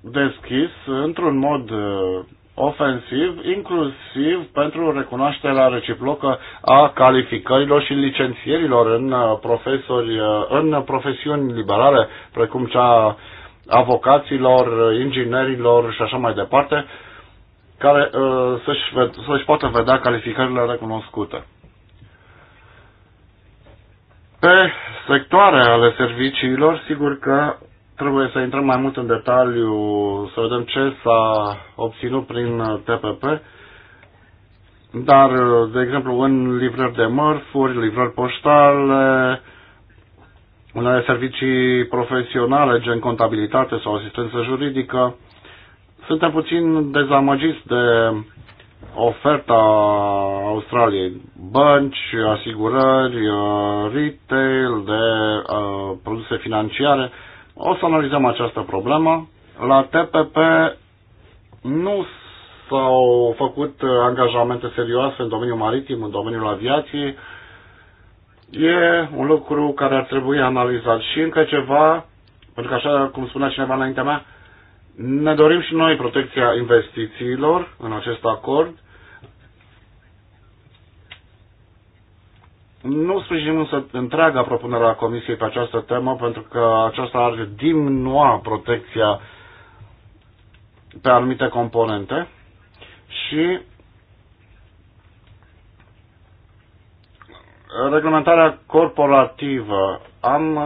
deschis, într-un mod uh, ofensiv, inclusiv pentru recunoașterea reciprocă a calificărilor și licențierilor în, uh, profesori, uh, în profesiuni liberale, precum cea avocaților, uh, inginerilor și așa mai departe, care uh, să-și, să-și poată vedea calificările recunoscute. Pe sectoare ale serviciilor, sigur că trebuie să intrăm mai mult în detaliu, să vedem ce s-a obținut prin TPP, dar, uh, de exemplu, în livrări de mărfuri, livrări poștale, unele servicii profesionale, gen contabilitate sau asistență juridică, suntem puțin dezamăgiți de oferta Australiei. Bănci, asigurări, uh, retail, de uh, produse financiare. O să analizăm această problemă. La TPP nu s-au făcut angajamente serioase în domeniul maritim, în domeniul aviației. E un lucru care ar trebui analizat. Și încă ceva, pentru că așa cum spunea cineva înaintea mea, ne dorim și noi protecția investițiilor în acest acord. Nu sprijinim însă întreaga propunere a Comisiei pe această temă, pentru că aceasta ar diminua protecția pe anumite componente și reglementarea corporativă. Am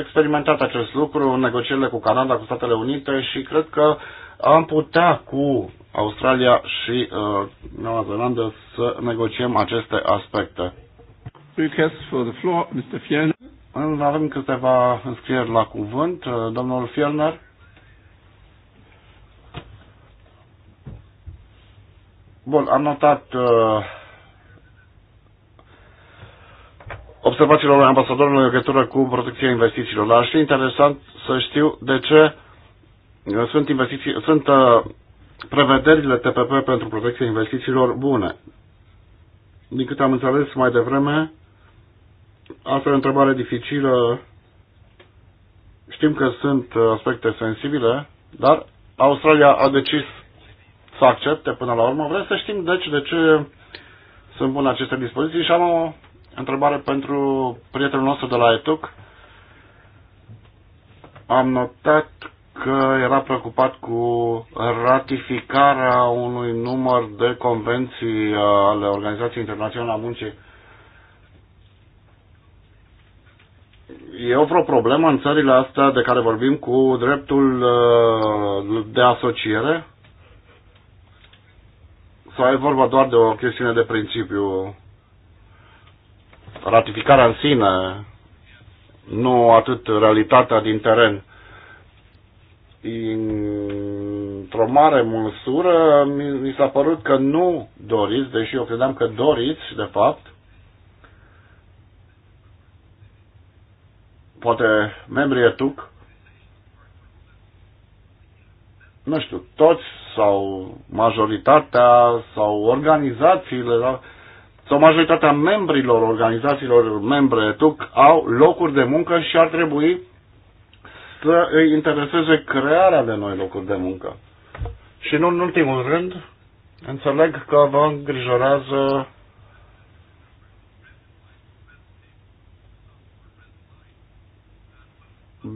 experimentat acest lucru în negocierile cu Canada, cu Statele Unite și cred că am putea cu Australia și uh, Noua Zeelandă să negociem aceste aspecte. for the floor, Mr. Fjellner. Avem câteva înscrieri la cuvânt. Uh, domnul Fjellner. Bun, am notat uh, observațiilor ambasadorului în legătură cu protecția investițiilor. Dar ar fi interesant să știu de ce sunt, investiții, sunt uh, prevederile TPP pentru protecția investițiilor bune. Din câte am înțeles mai devreme, asta e o întrebare dificilă. Știm că sunt uh, aspecte sensibile, dar Australia a decis să accepte până la urmă. Vreau să știm deci de ce sunt bune aceste dispoziții și am o întrebare pentru prietenul nostru de la ETUC. Am notat că era preocupat cu ratificarea unui număr de convenții uh, ale Organizației Internaționale a Muncii. E o vreo problemă în țările astea de care vorbim cu dreptul uh, de asociere? Sau e vorba doar de o chestiune de principiu? ratificarea în sine, nu atât realitatea din teren. Într-o mare măsură mi s-a părut că nu doriți, deși eu credeam că doriți, de fapt, poate membrii ETUC, nu știu, toți sau majoritatea sau organizațiile, dar sau majoritatea membrilor organizațiilor membre TUC au locuri de muncă și ar trebui să îi intereseze crearea de noi locuri de muncă. Și nu în ultimul rând, înțeleg că vă îngrijorează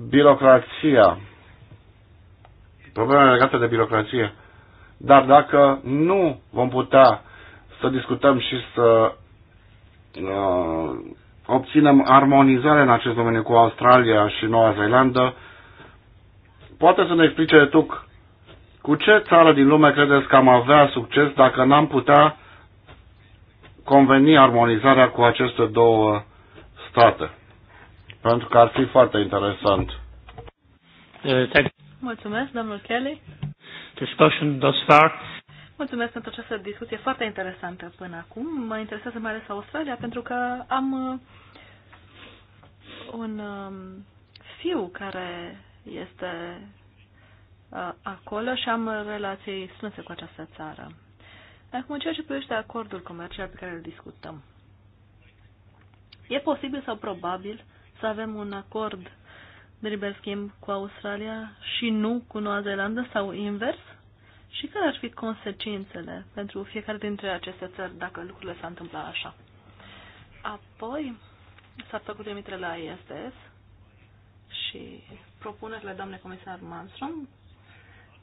birocrația, problemele legate de birocrație. Dar dacă nu vom putea să discutăm și să uh, obținem armonizare în acest domeniu cu Australia și Noua Zeelandă. Poate să ne explice, Tuc, cu ce țară din lume credeți că am avea succes dacă n-am putea conveni armonizarea cu aceste două state? Pentru că ar fi foarte interesant. Uh, Mulțumesc, domnul Kelly. Discussion thus far. Mulțumesc pentru această discuție foarte interesantă până acum. Mă interesează mai ales Australia pentru că am uh, un um, fiu care este uh, acolo și am relații strânse cu această țară. Acum, în ceea ce privește acordul comercial pe care îl discutăm, e posibil sau probabil să avem un acord de liber schimb cu Australia și nu cu Noua Zeelandă sau invers? Și care ar fi consecințele pentru fiecare dintre aceste țări dacă lucrurile s-ar întâmpla așa? Apoi s-a făcut trimitere la ISDS și propunerile doamnei comisar Manstrom,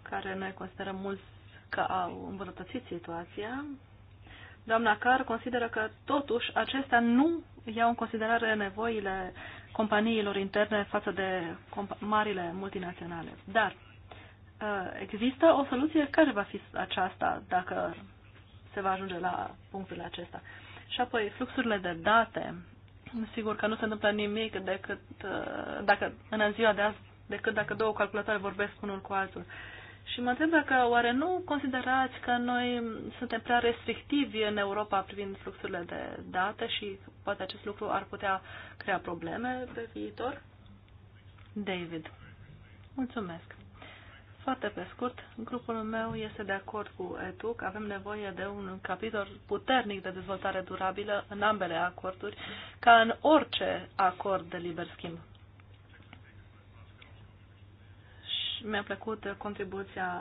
care noi considerăm mulți că au îmbunătățit situația. Doamna Carr consideră că totuși acestea nu iau în considerare nevoile companiilor interne față de marile multinaționale. Dar Uh, există o soluție, care va fi aceasta dacă se va ajunge la punctul acesta? Și apoi, fluxurile de date. Sigur că nu se întâmplă nimic decât uh, dacă în ziua de azi, decât dacă două calculatoare vorbesc unul cu altul. Și mă întreb dacă oare nu considerați că noi suntem prea restrictivi în Europa privind fluxurile de date și poate acest lucru ar putea crea probleme pe viitor? David. Mulțumesc. Foarte pe scurt, grupul meu este de acord cu ETUC. Avem nevoie de un capitol puternic de dezvoltare durabilă în ambele acorduri, ca în orice acord de liber schimb. Și mi-a plăcut contribuția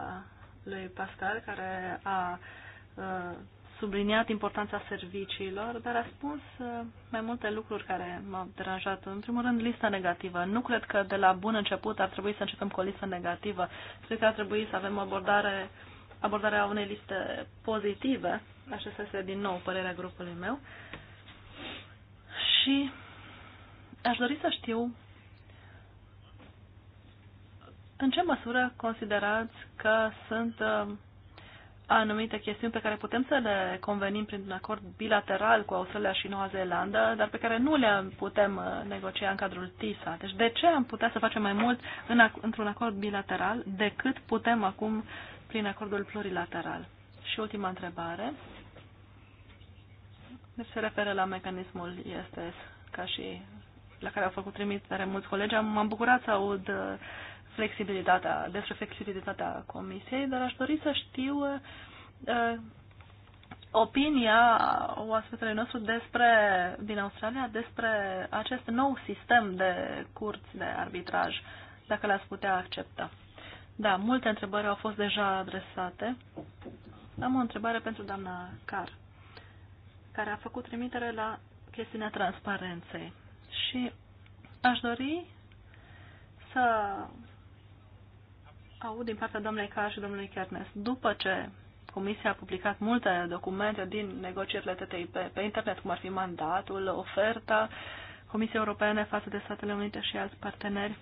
lui Pascal, care a uh, subliniat importanța serviciilor, dar a spus uh, mai multe lucruri care m-au deranjat. În primul rând, lista negativă. Nu cred că de la bun început ar trebui să începem cu o listă negativă. Cred că ar trebui să avem o abordare, abordarea unei liste pozitive. Așa este din nou părerea grupului meu. Și aș dori să știu în ce măsură considerați că sunt uh, anumite chestiuni pe care putem să le convenim printr-un acord bilateral cu Australia și Noua Zeelandă, dar pe care nu le putem uh, negocia în cadrul TISA. Deci de ce am putea să facem mai mult în, într-un acord bilateral decât putem acum prin acordul plurilateral? Și ultima întrebare. Deci se referă la mecanismul este ca și la care au făcut trimitere mulți colegi. M-am bucurat să aud uh, flexibilitatea, despre flexibilitatea comisiei, dar aș dori să știu uh, opinia oaspetelui nostru despre, din Australia, despre acest nou sistem de curți de arbitraj, dacă l-ați putea accepta. Da, multe întrebări au fost deja adresate. Am o întrebare pentru doamna Car, care a făcut trimitere la chestiunea transparenței. Și aș dori să aud din partea doamnei Ca și domnului Kernes, după ce Comisia a publicat multe documente din negocierile TTIP pe internet, cum ar fi mandatul, oferta Comisiei Europene față de Statele Unite și alți parteneri,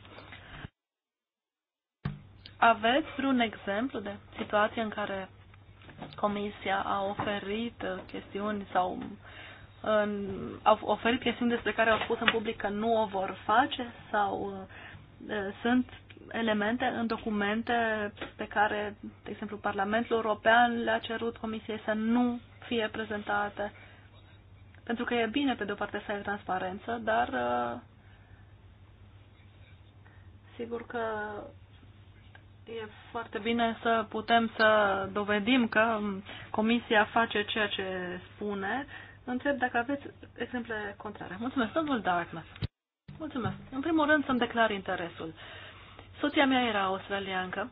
aveți vreun exemplu de situație în care Comisia a oferit uh, chestiuni sau în, oferit chestiuni despre care au spus în public că nu o vor face sau uh, sunt elemente în documente pe care, de exemplu, Parlamentul European le-a cerut Comisiei să nu fie prezentate. Pentru că e bine, pe de-o parte, să ai transparență, dar uh, sigur că e foarte bine să putem să dovedim că Comisia face ceea ce spune. Întreb dacă aveți exemple contrare. Mulțumesc, domnul Dartmouth. Mulțumesc. În primul rând să-mi declar interesul. Uh, Soția mea era australiancă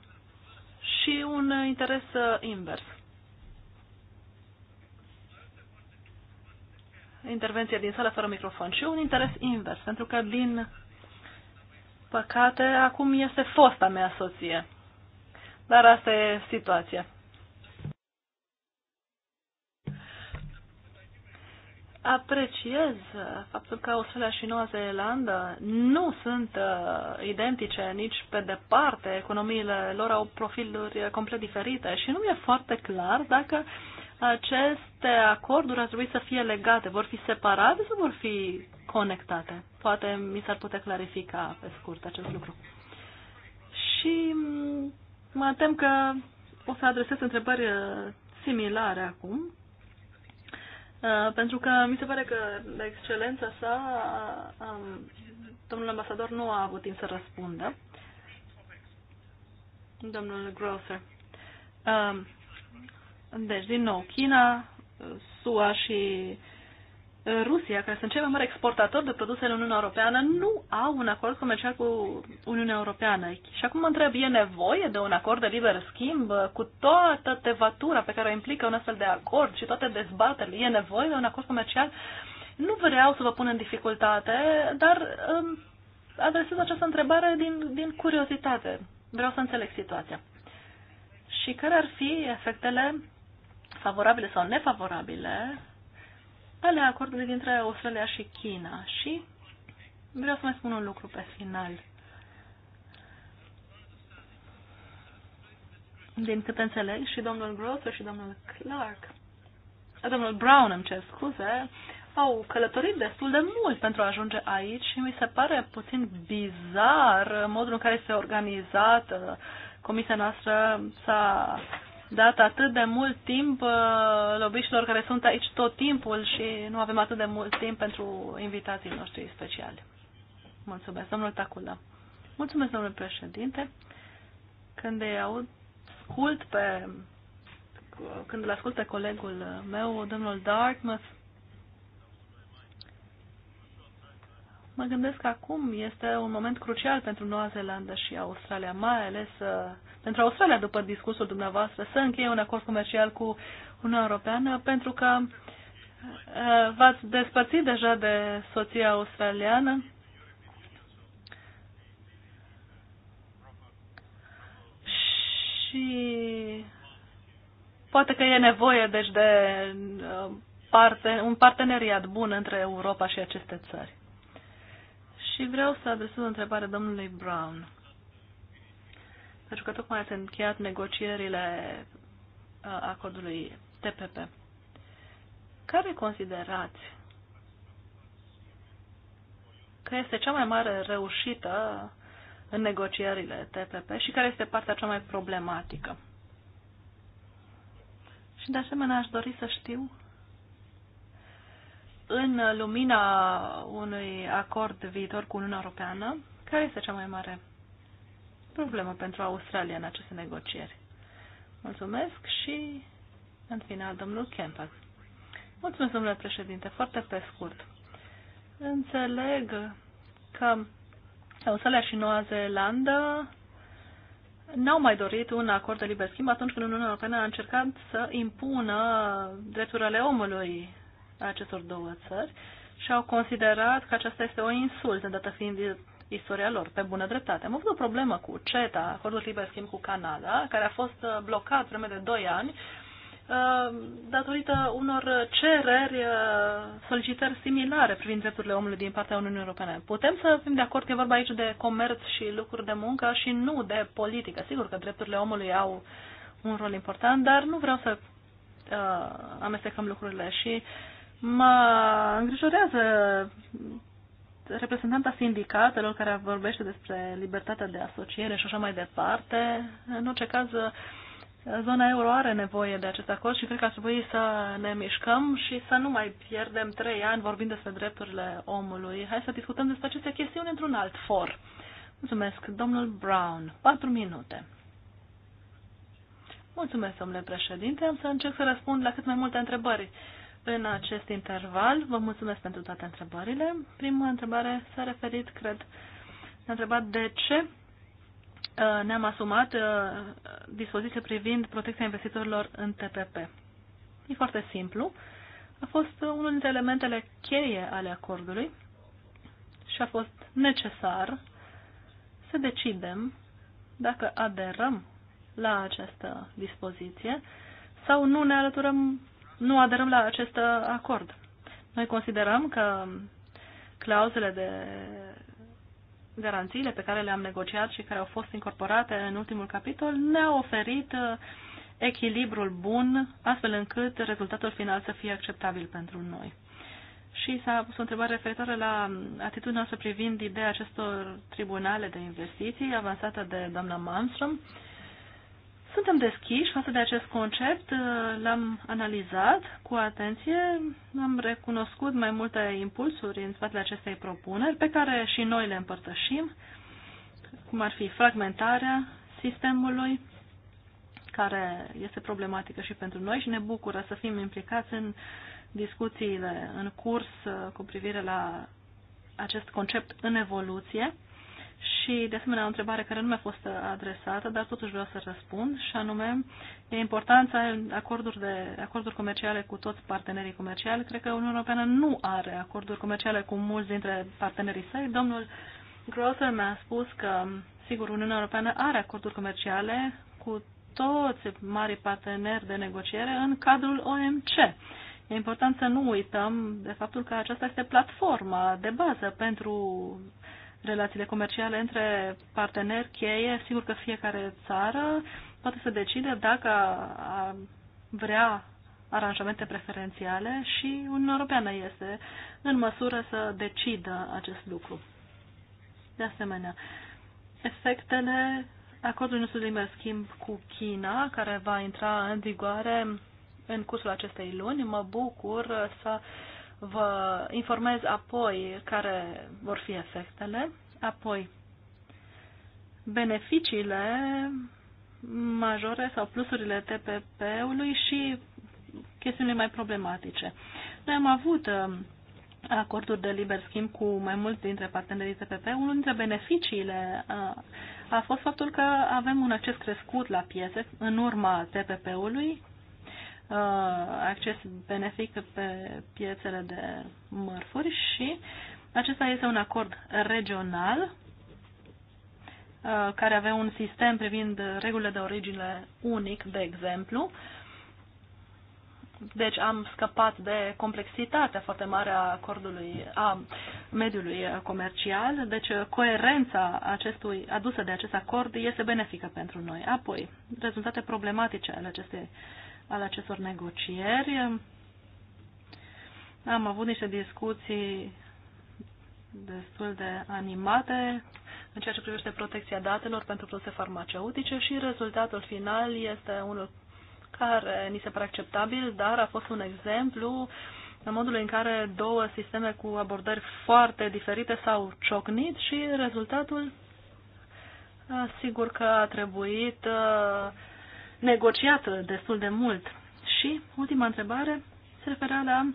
și un interes uh, invers. Intervenție din sală fără microfon și un interes invers, pentru că din păcate acum este fosta mea soție. Dar asta e situația. apreciez uh, faptul că Australia și Noua Zeelandă nu sunt uh, identice nici pe departe, economiile lor au profiluri uh, complet diferite și nu mi-e foarte clar dacă aceste acorduri ar trebui să fie legate, vor fi separate sau vor fi conectate. Poate mi s-ar putea clarifica pe scurt acest lucru. Și mm, mă tem că o să adresez întrebări uh, similare acum, Uh, pentru că mi se pare că la excelența sa uh, um, domnul ambasador nu a avut timp să răspundă. Domnul Grosser. Uh, deci, din nou, China, SUA și Rusia, care sunt cei mai mari exportatori de produse în Uniunea Europeană, nu au un acord comercial cu Uniunea Europeană. Și acum mă întreb, e nevoie de un acord de liber schimb cu toată tevatura pe care o implică un astfel de acord și toate dezbaterile? E nevoie de un acord comercial? Nu vreau să vă pun în dificultate, dar um, adresez această întrebare din, din curiozitate. Vreau să înțeleg situația. Și care ar fi efectele favorabile sau nefavorabile ale acordului dintre Australia și China și vreau să mai spun un lucru pe final. Din câte înțeleg, și domnul Grosser și domnul Clark, domnul Brown, îmi cer scuze, au călătorit destul de mult pentru a ajunge aici și mi se pare puțin bizar modul în care este organizată. Comisia noastră s-a dat atât de mult timp uh, lobiștilor care sunt aici tot timpul și nu avem atât de mult timp pentru invitații noștri speciali. Mulțumesc, domnul Tacula. Mulțumesc, domnul președinte. Când îi ascult pe când îl ascult pe colegul meu, domnul Dartmouth, Mă gândesc că acum este un moment crucial pentru Noua Zeelandă și Australia, mai ales uh, pentru Australia, după discursul dumneavoastră, să încheie un acord comercial cu Uniunea Europeană, pentru că uh, v-ați despărțit deja de soția australiană. Și poate că e nevoie, deci, de uh, parte, un parteneriat bun între Europa și aceste țări. Și vreau să adresez o întrebare domnului Brown. Pentru că tocmai ați încheiat negocierile uh, acordului TPP. Care considerați că este cea mai mare reușită în negocierile TPP și care este partea cea mai problematică? Și de asemenea aș dori să știu în lumina unui acord viitor cu Uniunea Europeană, care este cea mai mare problemă pentru Australia în aceste negocieri? Mulțumesc și, în final, domnul Campbell. Mulțumesc, domnule președinte. Foarte pe scurt. Înțeleg că Australia și Noua Zeelandă n-au mai dorit un acord de liber schimb atunci când Uniunea Europeană a încercat să impună drepturile omului a acestor două țări și au considerat că aceasta este o insultă, dată fiind istoria lor, pe bună dreptate. Am avut o problemă cu CETA, acordul liber schimb cu Canada, care a fost uh, blocat vreme de 2 ani uh, datorită unor cereri, uh, solicitări similare privind drepturile omului din partea Uniunii Europene. Putem să fim de acord că e vorba aici de comerț și lucruri de muncă și nu de politică. Sigur că drepturile omului au un rol important, dar nu vreau să uh, amestecăm lucrurile și uh, Mă îngrijorează reprezentanta sindicatelor care vorbește despre libertatea de asociere și așa mai departe. În orice caz, zona euro are nevoie de acest acord și cred că ar trebui să ne mișcăm și să nu mai pierdem trei ani vorbind despre drepturile omului. Hai să discutăm despre aceste chestiuni într-un alt for. Mulțumesc, domnul Brown. Patru minute. Mulțumesc, domnule președinte. Am să încerc să răspund la cât mai multe întrebări. Uh, în acest interval. Vă mulțumesc pentru toate întrebările. Prima întrebare s-a referit, cred, s-a întrebat de ce uh, ne-am asumat uh, dispoziție privind protecția investitorilor în TPP. E foarte simplu. A fost unul dintre elementele cheie ale acordului și a fost necesar să decidem dacă aderăm la această dispoziție sau nu ne alăturăm nu aderăm la acest uh, acord. Noi considerăm că clauzele de garanțiile pe care le-am negociat și care au fost incorporate în ultimul capitol ne-au oferit uh, echilibrul bun, astfel încât rezultatul final să fie acceptabil pentru noi. Și s-a pus o întrebare referitoare la atitudinea noastră privind ideea acestor tribunale de investiții avansată de doamna Malmström. Suntem deschiși față de acest concept, uh, l-am analizat cu atenție, am recunoscut mai multe impulsuri în spatele acestei propuneri, pe care și noi le împărtășim, cum ar fi fragmentarea sistemului, care este problematică și pentru noi și ne bucură să fim implicați în discuțiile în curs uh, cu privire la acest concept în evoluție. Și, de asemenea, o întrebare care nu mi-a fost adresată, dar totuși vreau să răspund, și anume, e importanța acorduri, de, acorduri comerciale cu toți partenerii comerciali. Cred că Uniunea Europeană nu are acorduri comerciale cu mulți dintre partenerii săi. Domnul Grosser mi-a spus că, sigur, Uniunea Europeană are acorduri comerciale cu toți marii parteneri de negociere în cadrul OMC. E important să nu uităm de faptul că aceasta este platforma de bază pentru relațiile comerciale între parteneri cheie, sigur că fiecare țară poate să decide dacă vrea aranjamente preferențiale și Uniunea Europeană este în măsură să decidă acest lucru. De asemenea, efectele acordului nostru de liber schimb cu China, care va intra în vigoare în cursul acestei luni, mă bucur să uh, Vă informez apoi care vor fi efectele, apoi beneficiile majore sau plusurile TPP-ului și chestiunile mai problematice. Noi am avut um, acorduri de liber schimb cu mai mulți dintre partenerii TPP. Unul dintre beneficiile uh, a fost faptul că avem un acces crescut la piețe în urma TPP-ului, Uh, acces benefic pe piețele de mărfuri și acesta este un acord regional uh, care avea un sistem privind regulile de origine unic, de exemplu. Deci am scăpat de complexitatea foarte mare a acordului, a mediului comercial, deci uh, coerența acestui, adusă de acest acord este benefică pentru noi. Apoi, rezultate problematice ale acestei uh, al acestor negocieri. Am avut niște discuții destul de animate în ceea ce privește protecția datelor pentru produse farmaceutice și rezultatul final este unul care ni se pare acceptabil, dar a fost un exemplu în modul în care două sisteme cu abordări foarte diferite s-au ciocnit și rezultatul sigur că a trebuit uh, negociată destul de mult. Și ultima întrebare se referă la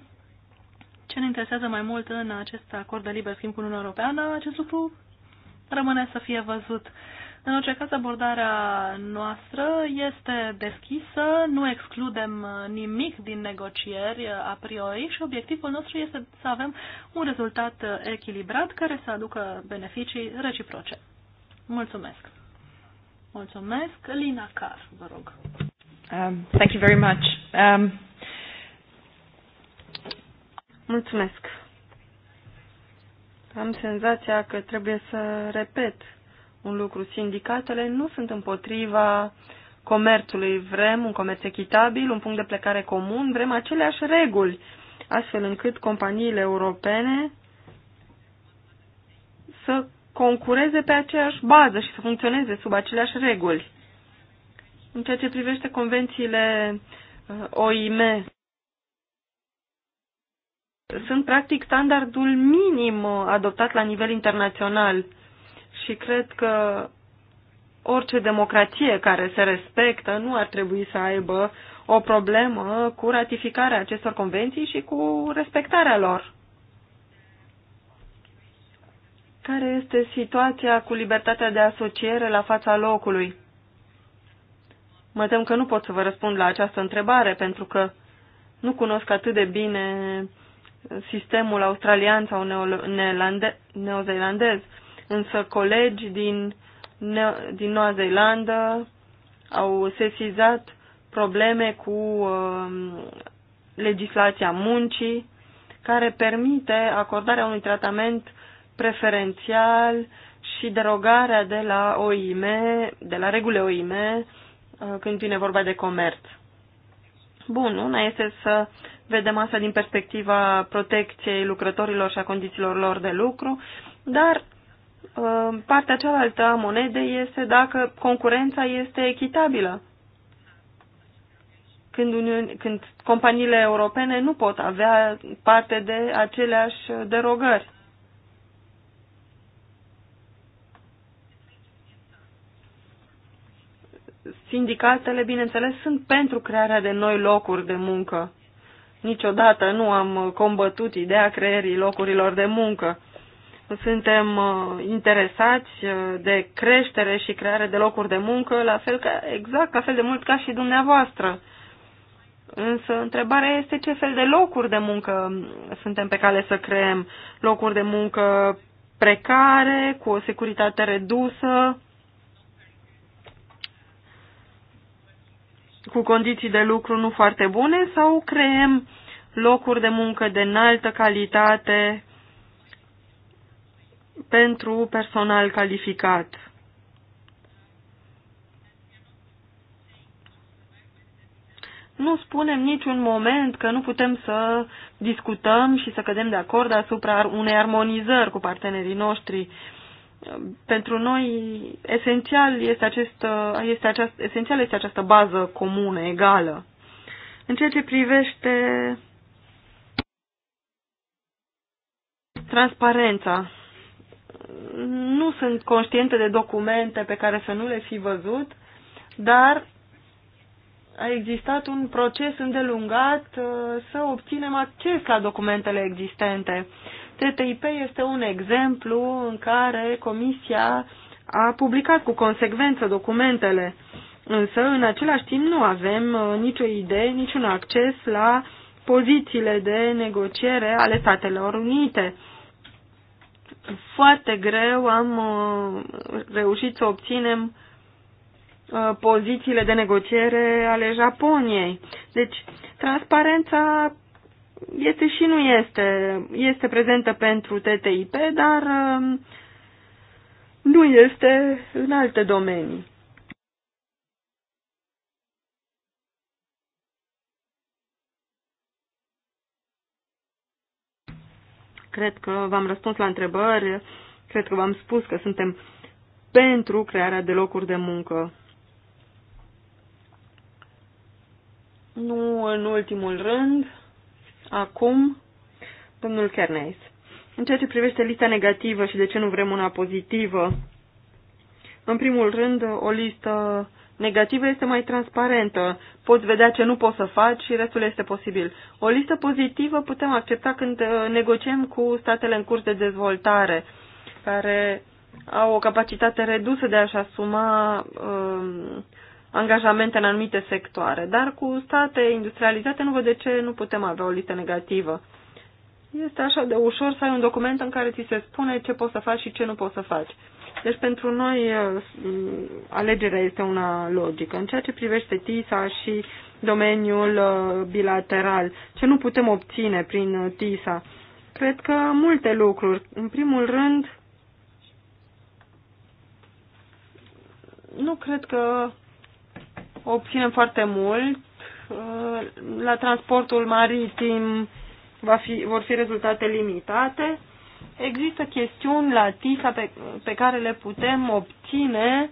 ce ne interesează mai mult în acest acord de liber schimb cu Uniunea Europeană. Acest lucru rămâne să fie văzut. În orice caz, abordarea noastră este deschisă, nu excludem nimic din negocieri a priori și obiectivul nostru este să avem un rezultat echilibrat care să aducă beneficii reciproce. Mulțumesc! Mulțumesc. Lina Car, vă rog. Um, thank you very much. Um, Mulțumesc. Am senzația că trebuie să repet un lucru. Sindicatele nu sunt împotriva comerțului. Vrem un comerț echitabil, un punct de plecare comun, vrem aceleași reguli, astfel încât companiile europene să concureze pe aceeași bază și să funcționeze sub aceleași reguli. În ceea ce privește convențiile uh, OIM, sunt practic standardul minim uh, adoptat la nivel internațional și cred că orice democrație care se respectă nu ar trebui să aibă o problemă cu ratificarea acestor convenții și cu respectarea lor. Care este situația cu libertatea de asociere la fața locului? Mă tem că nu pot să vă răspund la această întrebare, pentru că nu cunosc atât de bine sistemul australian sau neozeelandez, însă colegi din, ne din Noua Zeelandă au sesizat probleme cu uh, legislația muncii, care permite acordarea unui tratament preferențial și derogarea de la OIM, de la regulile OIM, uh, când vine vorba de comerț. Bun, una este să vedem asta din perspectiva protecției lucrătorilor și a condițiilor lor de lucru, dar uh, partea cealaltă a monedei este dacă concurența este echitabilă. Când, Uniune, când companiile europene nu pot avea parte de aceleași derogări. Sindicatele, bineînțeles, sunt pentru crearea de noi locuri de muncă. Niciodată nu am combătut ideea creierii locurilor de muncă. Suntem uh, interesați uh, de creștere și creare de locuri de muncă, la fel ca, exact la fel de mult ca și dumneavoastră. Însă întrebarea este ce fel de locuri de muncă suntem pe cale să creăm. Locuri de muncă precare, cu o securitate redusă, cu condiții de lucru nu foarte bune sau creăm locuri de muncă de înaltă calitate pentru personal calificat. nu spunem niciun moment că nu putem să discutăm și să cădem de acord asupra unei armonizări cu partenerii noștri pentru noi esențial este, acest, este, aceast, esențial este această bază comună, egală. În ceea ce privește transparența, nu sunt conștientă de documente pe care să nu le fi văzut, dar a existat un proces îndelungat uh, să obținem acces la documentele existente TTIP este un exemplu în care Comisia a publicat cu consecvență documentele, însă în același timp nu avem uh, nicio idee, niciun acces la pozițiile de negociere ale Statelor Unite. Foarte greu am uh, reușit să obținem uh, pozițiile de negociere ale Japoniei. Deci, transparența este și nu este. Este prezentă pentru TTIP, dar um, nu este în alte domenii. Cred că v-am răspuns la întrebări, cred că v-am spus că suntem pentru crearea de locuri de muncă. Nu în ultimul rând, Acum, domnul Kerneis. În ceea ce privește lista negativă și de ce nu vrem una pozitivă, în primul rând, o listă negativă este mai transparentă. Poți vedea ce nu poți să faci și restul este posibil. O listă pozitivă putem accepta când uh, negociem cu statele în curs de dezvoltare, care au o capacitate redusă de a-și asuma uh, angajamente în anumite sectoare, dar cu state industrializate nu văd de ce nu putem avea o listă negativă. Este așa de ușor să ai un document în care ți se spune ce poți să faci și ce nu poți să faci. Deci pentru noi eh, mm, alegerea este una logică. În ceea ce privește TISA și domeniul eh, bilateral, ce nu putem obține prin eh, TISA, cred că multe lucruri. În primul rând, nu cred că obținem foarte mult. Uh, la transportul maritim va fi, vor fi rezultate limitate. Există chestiuni la TISA pe, pe care le putem obține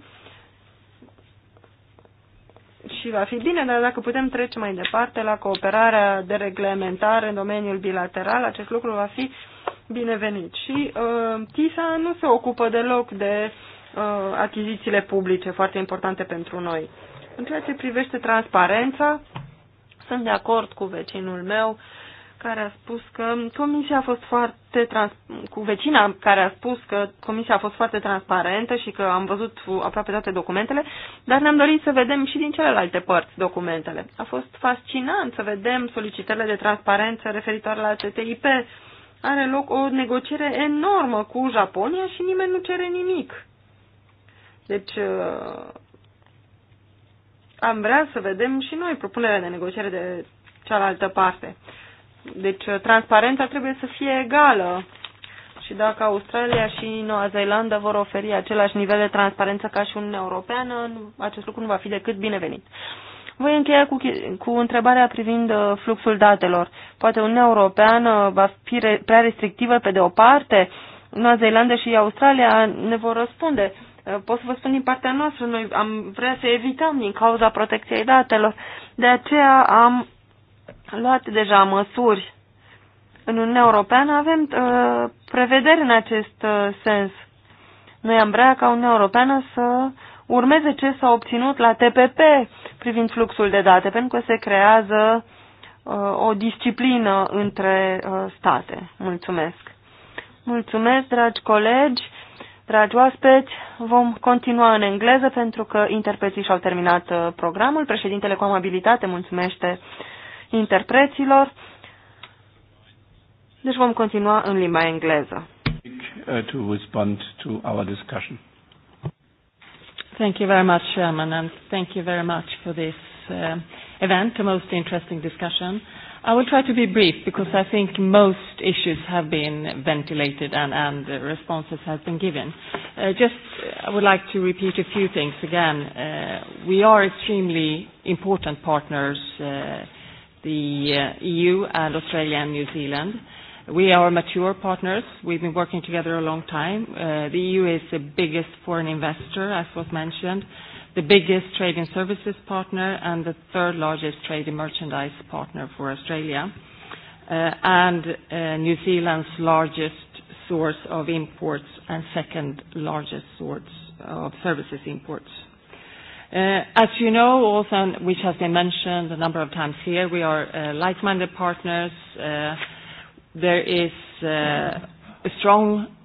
și va fi bine, dar dacă putem trece mai departe la cooperarea de reglementare în domeniul bilateral, acest lucru va fi binevenit. Și uh, TISA nu se ocupă deloc de uh, achizițiile publice, foarte importante pentru noi. În ceea ce privește transparența, sunt de acord cu vecinul meu care a spus că comisia a fost foarte trans... cu vecina care a spus că comisia a fost foarte transparentă și că am văzut aproape toate documentele, dar ne-am dorit să vedem și din celelalte părți documentele. A fost fascinant să vedem solicitările de transparență referitoare la TTIP. Are loc o negociere enormă cu Japonia și nimeni nu cere nimic. Deci am vrea să vedem și noi propunerea de negociere de cealaltă parte. Deci uh, transparența trebuie să fie egală și dacă Australia și Noua Zeelandă vor oferi același nivel de transparență ca și Uniunea Europeană, acest lucru nu va fi decât binevenit. Voi încheia cu, cu întrebarea privind uh, fluxul datelor. Poate Uniunea Europeană va fi re, prea restrictivă pe de o parte? Noua Zeelandă și Australia ne vor răspunde. Uh, Eh, pot să vă spun din partea noastră, noi am vrea să evităm din cauza protecției datelor. De aceea am luat deja măsuri. În Uniunea Europeană avem uh, prevederi în acest uh, sens. Noi am vrea ca Uniunea Europeană să urmeze ce s-a obținut la TPP privind fluxul de date, pentru că se creează uh, o disciplină între uh, state. Mulțumesc! Mulțumesc, dragi colegi! Dragi oaspeți, vom continua în engleză pentru că interpreții și-au terminat uh, programul. Președintele cu amabilitate mulțumește interpreților. Deci vom continua în limba engleză. Uh, to respond to our discussion. Thank you very much, Chairman, and thank you very much for this uh, event, a most interesting discussion. I will try to be brief because I think most issues have been ventilated and, and responses have been given. Uh, just I would like to repeat a few things again. Uh, we are extremely important partners, uh, the uh, EU and Australia and New Zealand. We are mature partners. We've been working together a long time. Uh, the EU is the biggest foreign investor, as was mentioned. Uh, the biggest trade services partner and the third largest trade merchandise partner for Australia, uh, and uh, New Zealand's largest source of imports and second largest source of services imports. Uh, as you know, also, which has been mentioned a number of times here, we are uh, like-minded partners. Uh, there is uh, a strong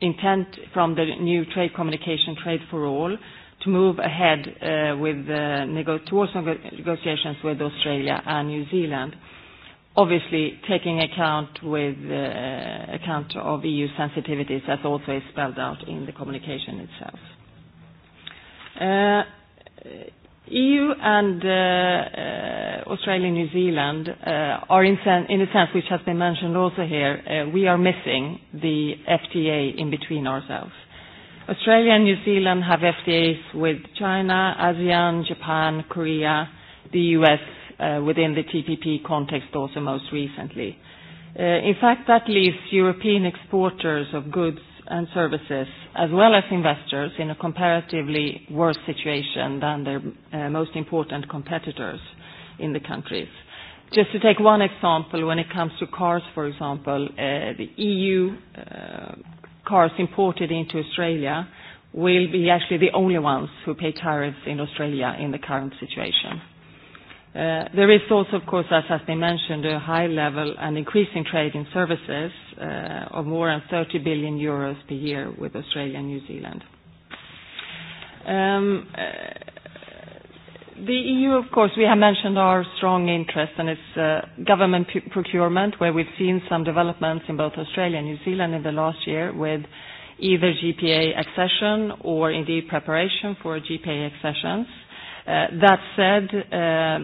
intent from the new trade communication, Trade for All, to move ahead uh, with the nego towards negotiations with Australia and New Zealand, obviously taking account with uh, account of EU sensitivities, as also is spelled out in the communication itself. Uh, EU and uh, uh, Australia and New Zealand uh, are in, sen in a sense, which has been mentioned also here, uh, we are missing the FTA in between ourselves. Australia and New Zealand have FTAs with China, ASEAN, Japan, Korea, the US uh, within the TPP context also most recently. Uh, in fact, that leaves European exporters of goods and services, as well as investors, in a comparatively worse situation than their uh, most important competitors in the countries. Just to take one example, when it comes to cars, for example, uh, the EU uh, cars imported into Australia will be actually the only ones who pay tariffs in Australia in the current situation. Uh, there is also, of course, as has been mentioned, a high level and increasing trade in services uh, of more than 30 billion euros per year with Australia and New Zealand. Um, uh, The EU, of course, we have mentioned our strong interest, and it's uh, government procurement, where we've seen some developments in both Australia and New Zealand in the last year with either GPA accession or indeed preparation for GPA accessions. Uh, that said, uh,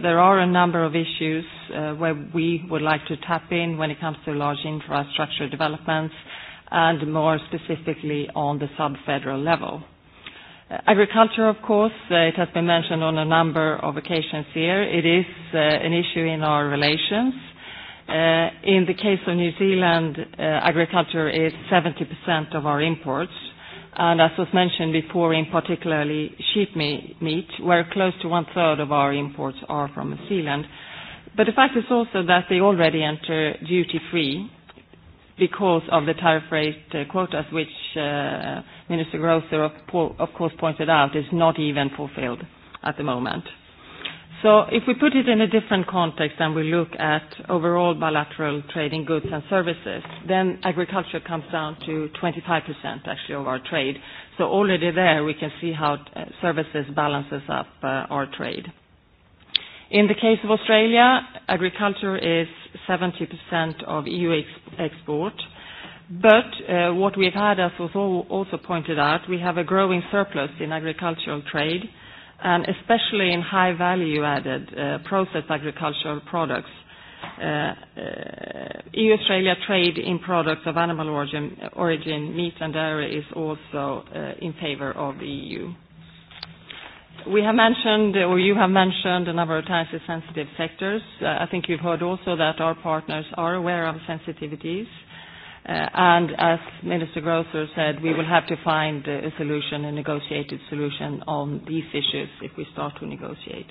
there are a number of issues uh, where we would like to tap in when it comes to large infrastructure developments and more specifically on the sub-federal level. Uh, agriculture, of course, uh, it has been mentioned on a number of occasions here. It is uh, an issue in our relations. Uh, in the case of New Zealand, uh, agriculture is 70% of our imports. And as was mentioned before, in particularly sheep meat, where close to one-third of our imports are from New Zealand. But the fact is also that they already enter duty-free because of the tariff rate uh, quotas, which uh, Minister Grosser, of, of course, pointed out is not even fulfilled at the moment. So if we put it in a different context and we look at overall bilateral trade in goods and services, then agriculture comes down to 25% actually of our trade. So already there we can see how uh, services balances up uh, our trade. In the case of Australia, agriculture is 70% of EU ex export. But uh, what we've had, as was also pointed out, we have a growing surplus in agricultural trade, and especially in high value-added uh, processed agricultural products. Uh, uh EU-Australia trade in products of animal origin, origin, meat and dairy is also uh, in favor of the EU. We have mentioned, or you have mentioned a number of times the sensitive sectors. Uh, I think you've heard also that our partners are aware of sensitivities. Uh, and as Minister Grosser said, we will have to find a solution, a negotiated solution on these issues if we start to negotiate.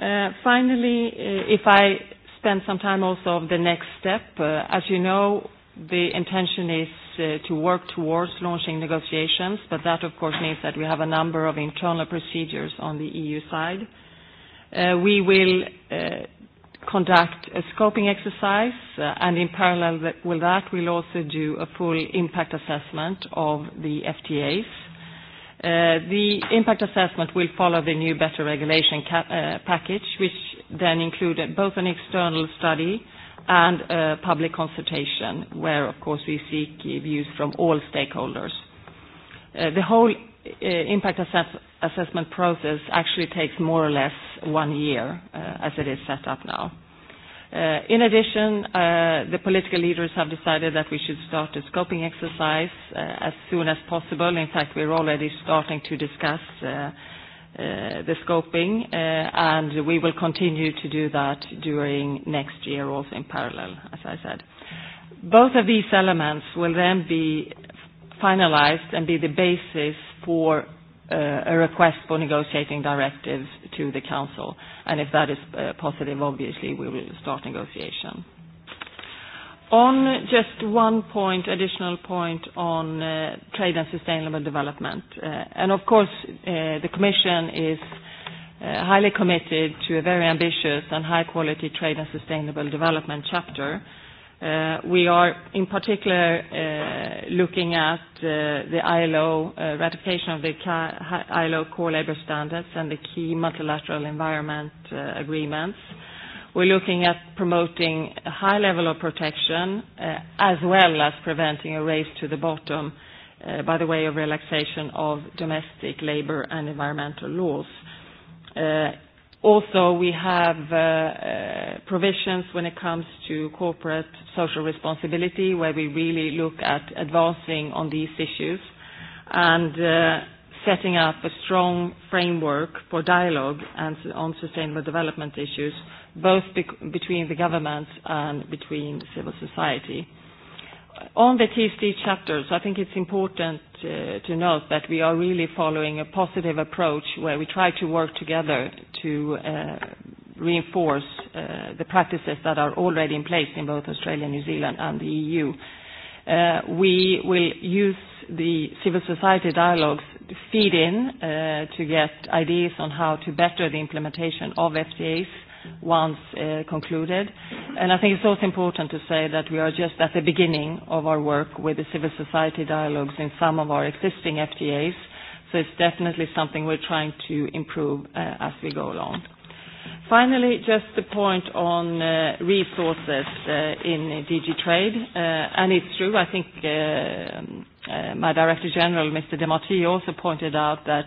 Uh, finally, uh, if I spend some time also on the next step, uh, as you know, the intention is uh, to work towards launching negotiations, but that, of course, means that we have a number of internal procedures on the EU side. Uh, we will uh, conduct a scoping exercise, uh, and in parallel with that, we'll also do a full impact assessment of the FTAs. Uh, the impact assessment will follow the new better regulation uh, package, which then included both an external study and a uh, public consultation, where, of course, we seek views from all stakeholders. Uh, the whole uh, impact assess assessment process actually takes more or less one year, uh, as it is set up now. Uh, in addition, uh, the political leaders have decided that we should start a scoping exercise uh, as soon as possible. In fact, we're already starting to discuss uh, Uh, the scoping, uh, and we will continue to do that during next year also in parallel, as I said. Both of these elements will then be finalized and be the basis for uh, a request for negotiating directives to the council. and If that is positive, obviously, we will start negotiation. On just one point, additional point on uh, trade and sustainable development. Uh, and Of course, uh, the Commission is uh, highly committed to a very ambitious and high-quality trade and sustainable development chapter. Uh, we are in particular uh, looking at the ILO ratification of the ILO core labor standards and the key multilateral environment agreements. We're looking at promoting a high level of protection uh, as well as preventing a race to the bottom uh, by the way of relaxation of domestic labor and environmental laws. Uh, also, we have uh, uh, provisions when it comes to corporate social responsibility, where we really look at advancing on these issues and uh, setting up a strong framework for dialogue and on sustainable development issues both bec- between the government and between civil society. On the TSD chapters, I think it's important uh, to note that we are really following a positive approach where we try to work together to uh, reinforce uh, the practices that are already in place in both Australia, New Zealand, and the EU. Uh, we will use the civil society dialogues to feed in uh, to get ideas on how to better the implementation of FTAs once uh, concluded. And I think it's also important to say that we are just at the beginning of our work with the civil society dialogues in some of our existing FTAs. So it's definitely something we're trying to improve uh, as we go along. Finally, just the point on uh, resources uh, in DG Trade. Uh, and it's true, I think uh, um, uh, my Director General, Mr. DeMartini, also pointed out that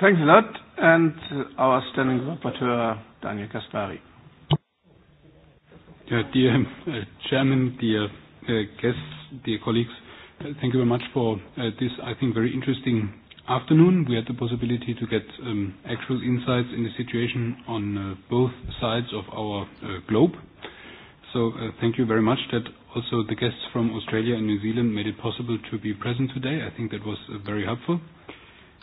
Thanks a lot, and our standing rapporteur, Daniel Kaspari. Yeah, dear uh, Chairman, dear uh, guests, dear colleagues, uh, thank you very much for uh, this, I think, very interesting afternoon. We had the possibility to get um, actual insights in the situation on uh, both sides of our uh, globe. So Thank you very much that also the guests from Australia and New Zealand made it possible to be present today. I think that was very helpful.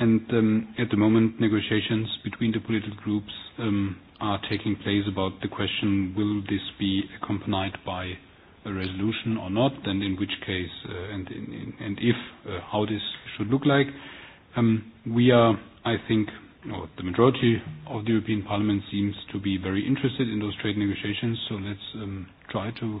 And um, at the moment, negotiations between the political groups um, are taking place about the question, will this be accompanied by a resolution or not, and in which case, uh, and, in, and if, uh, how this should look like. Um, we are, I think, or the majority of the European Parliament seems to be very interested in those trade negotiations, so let's um, try to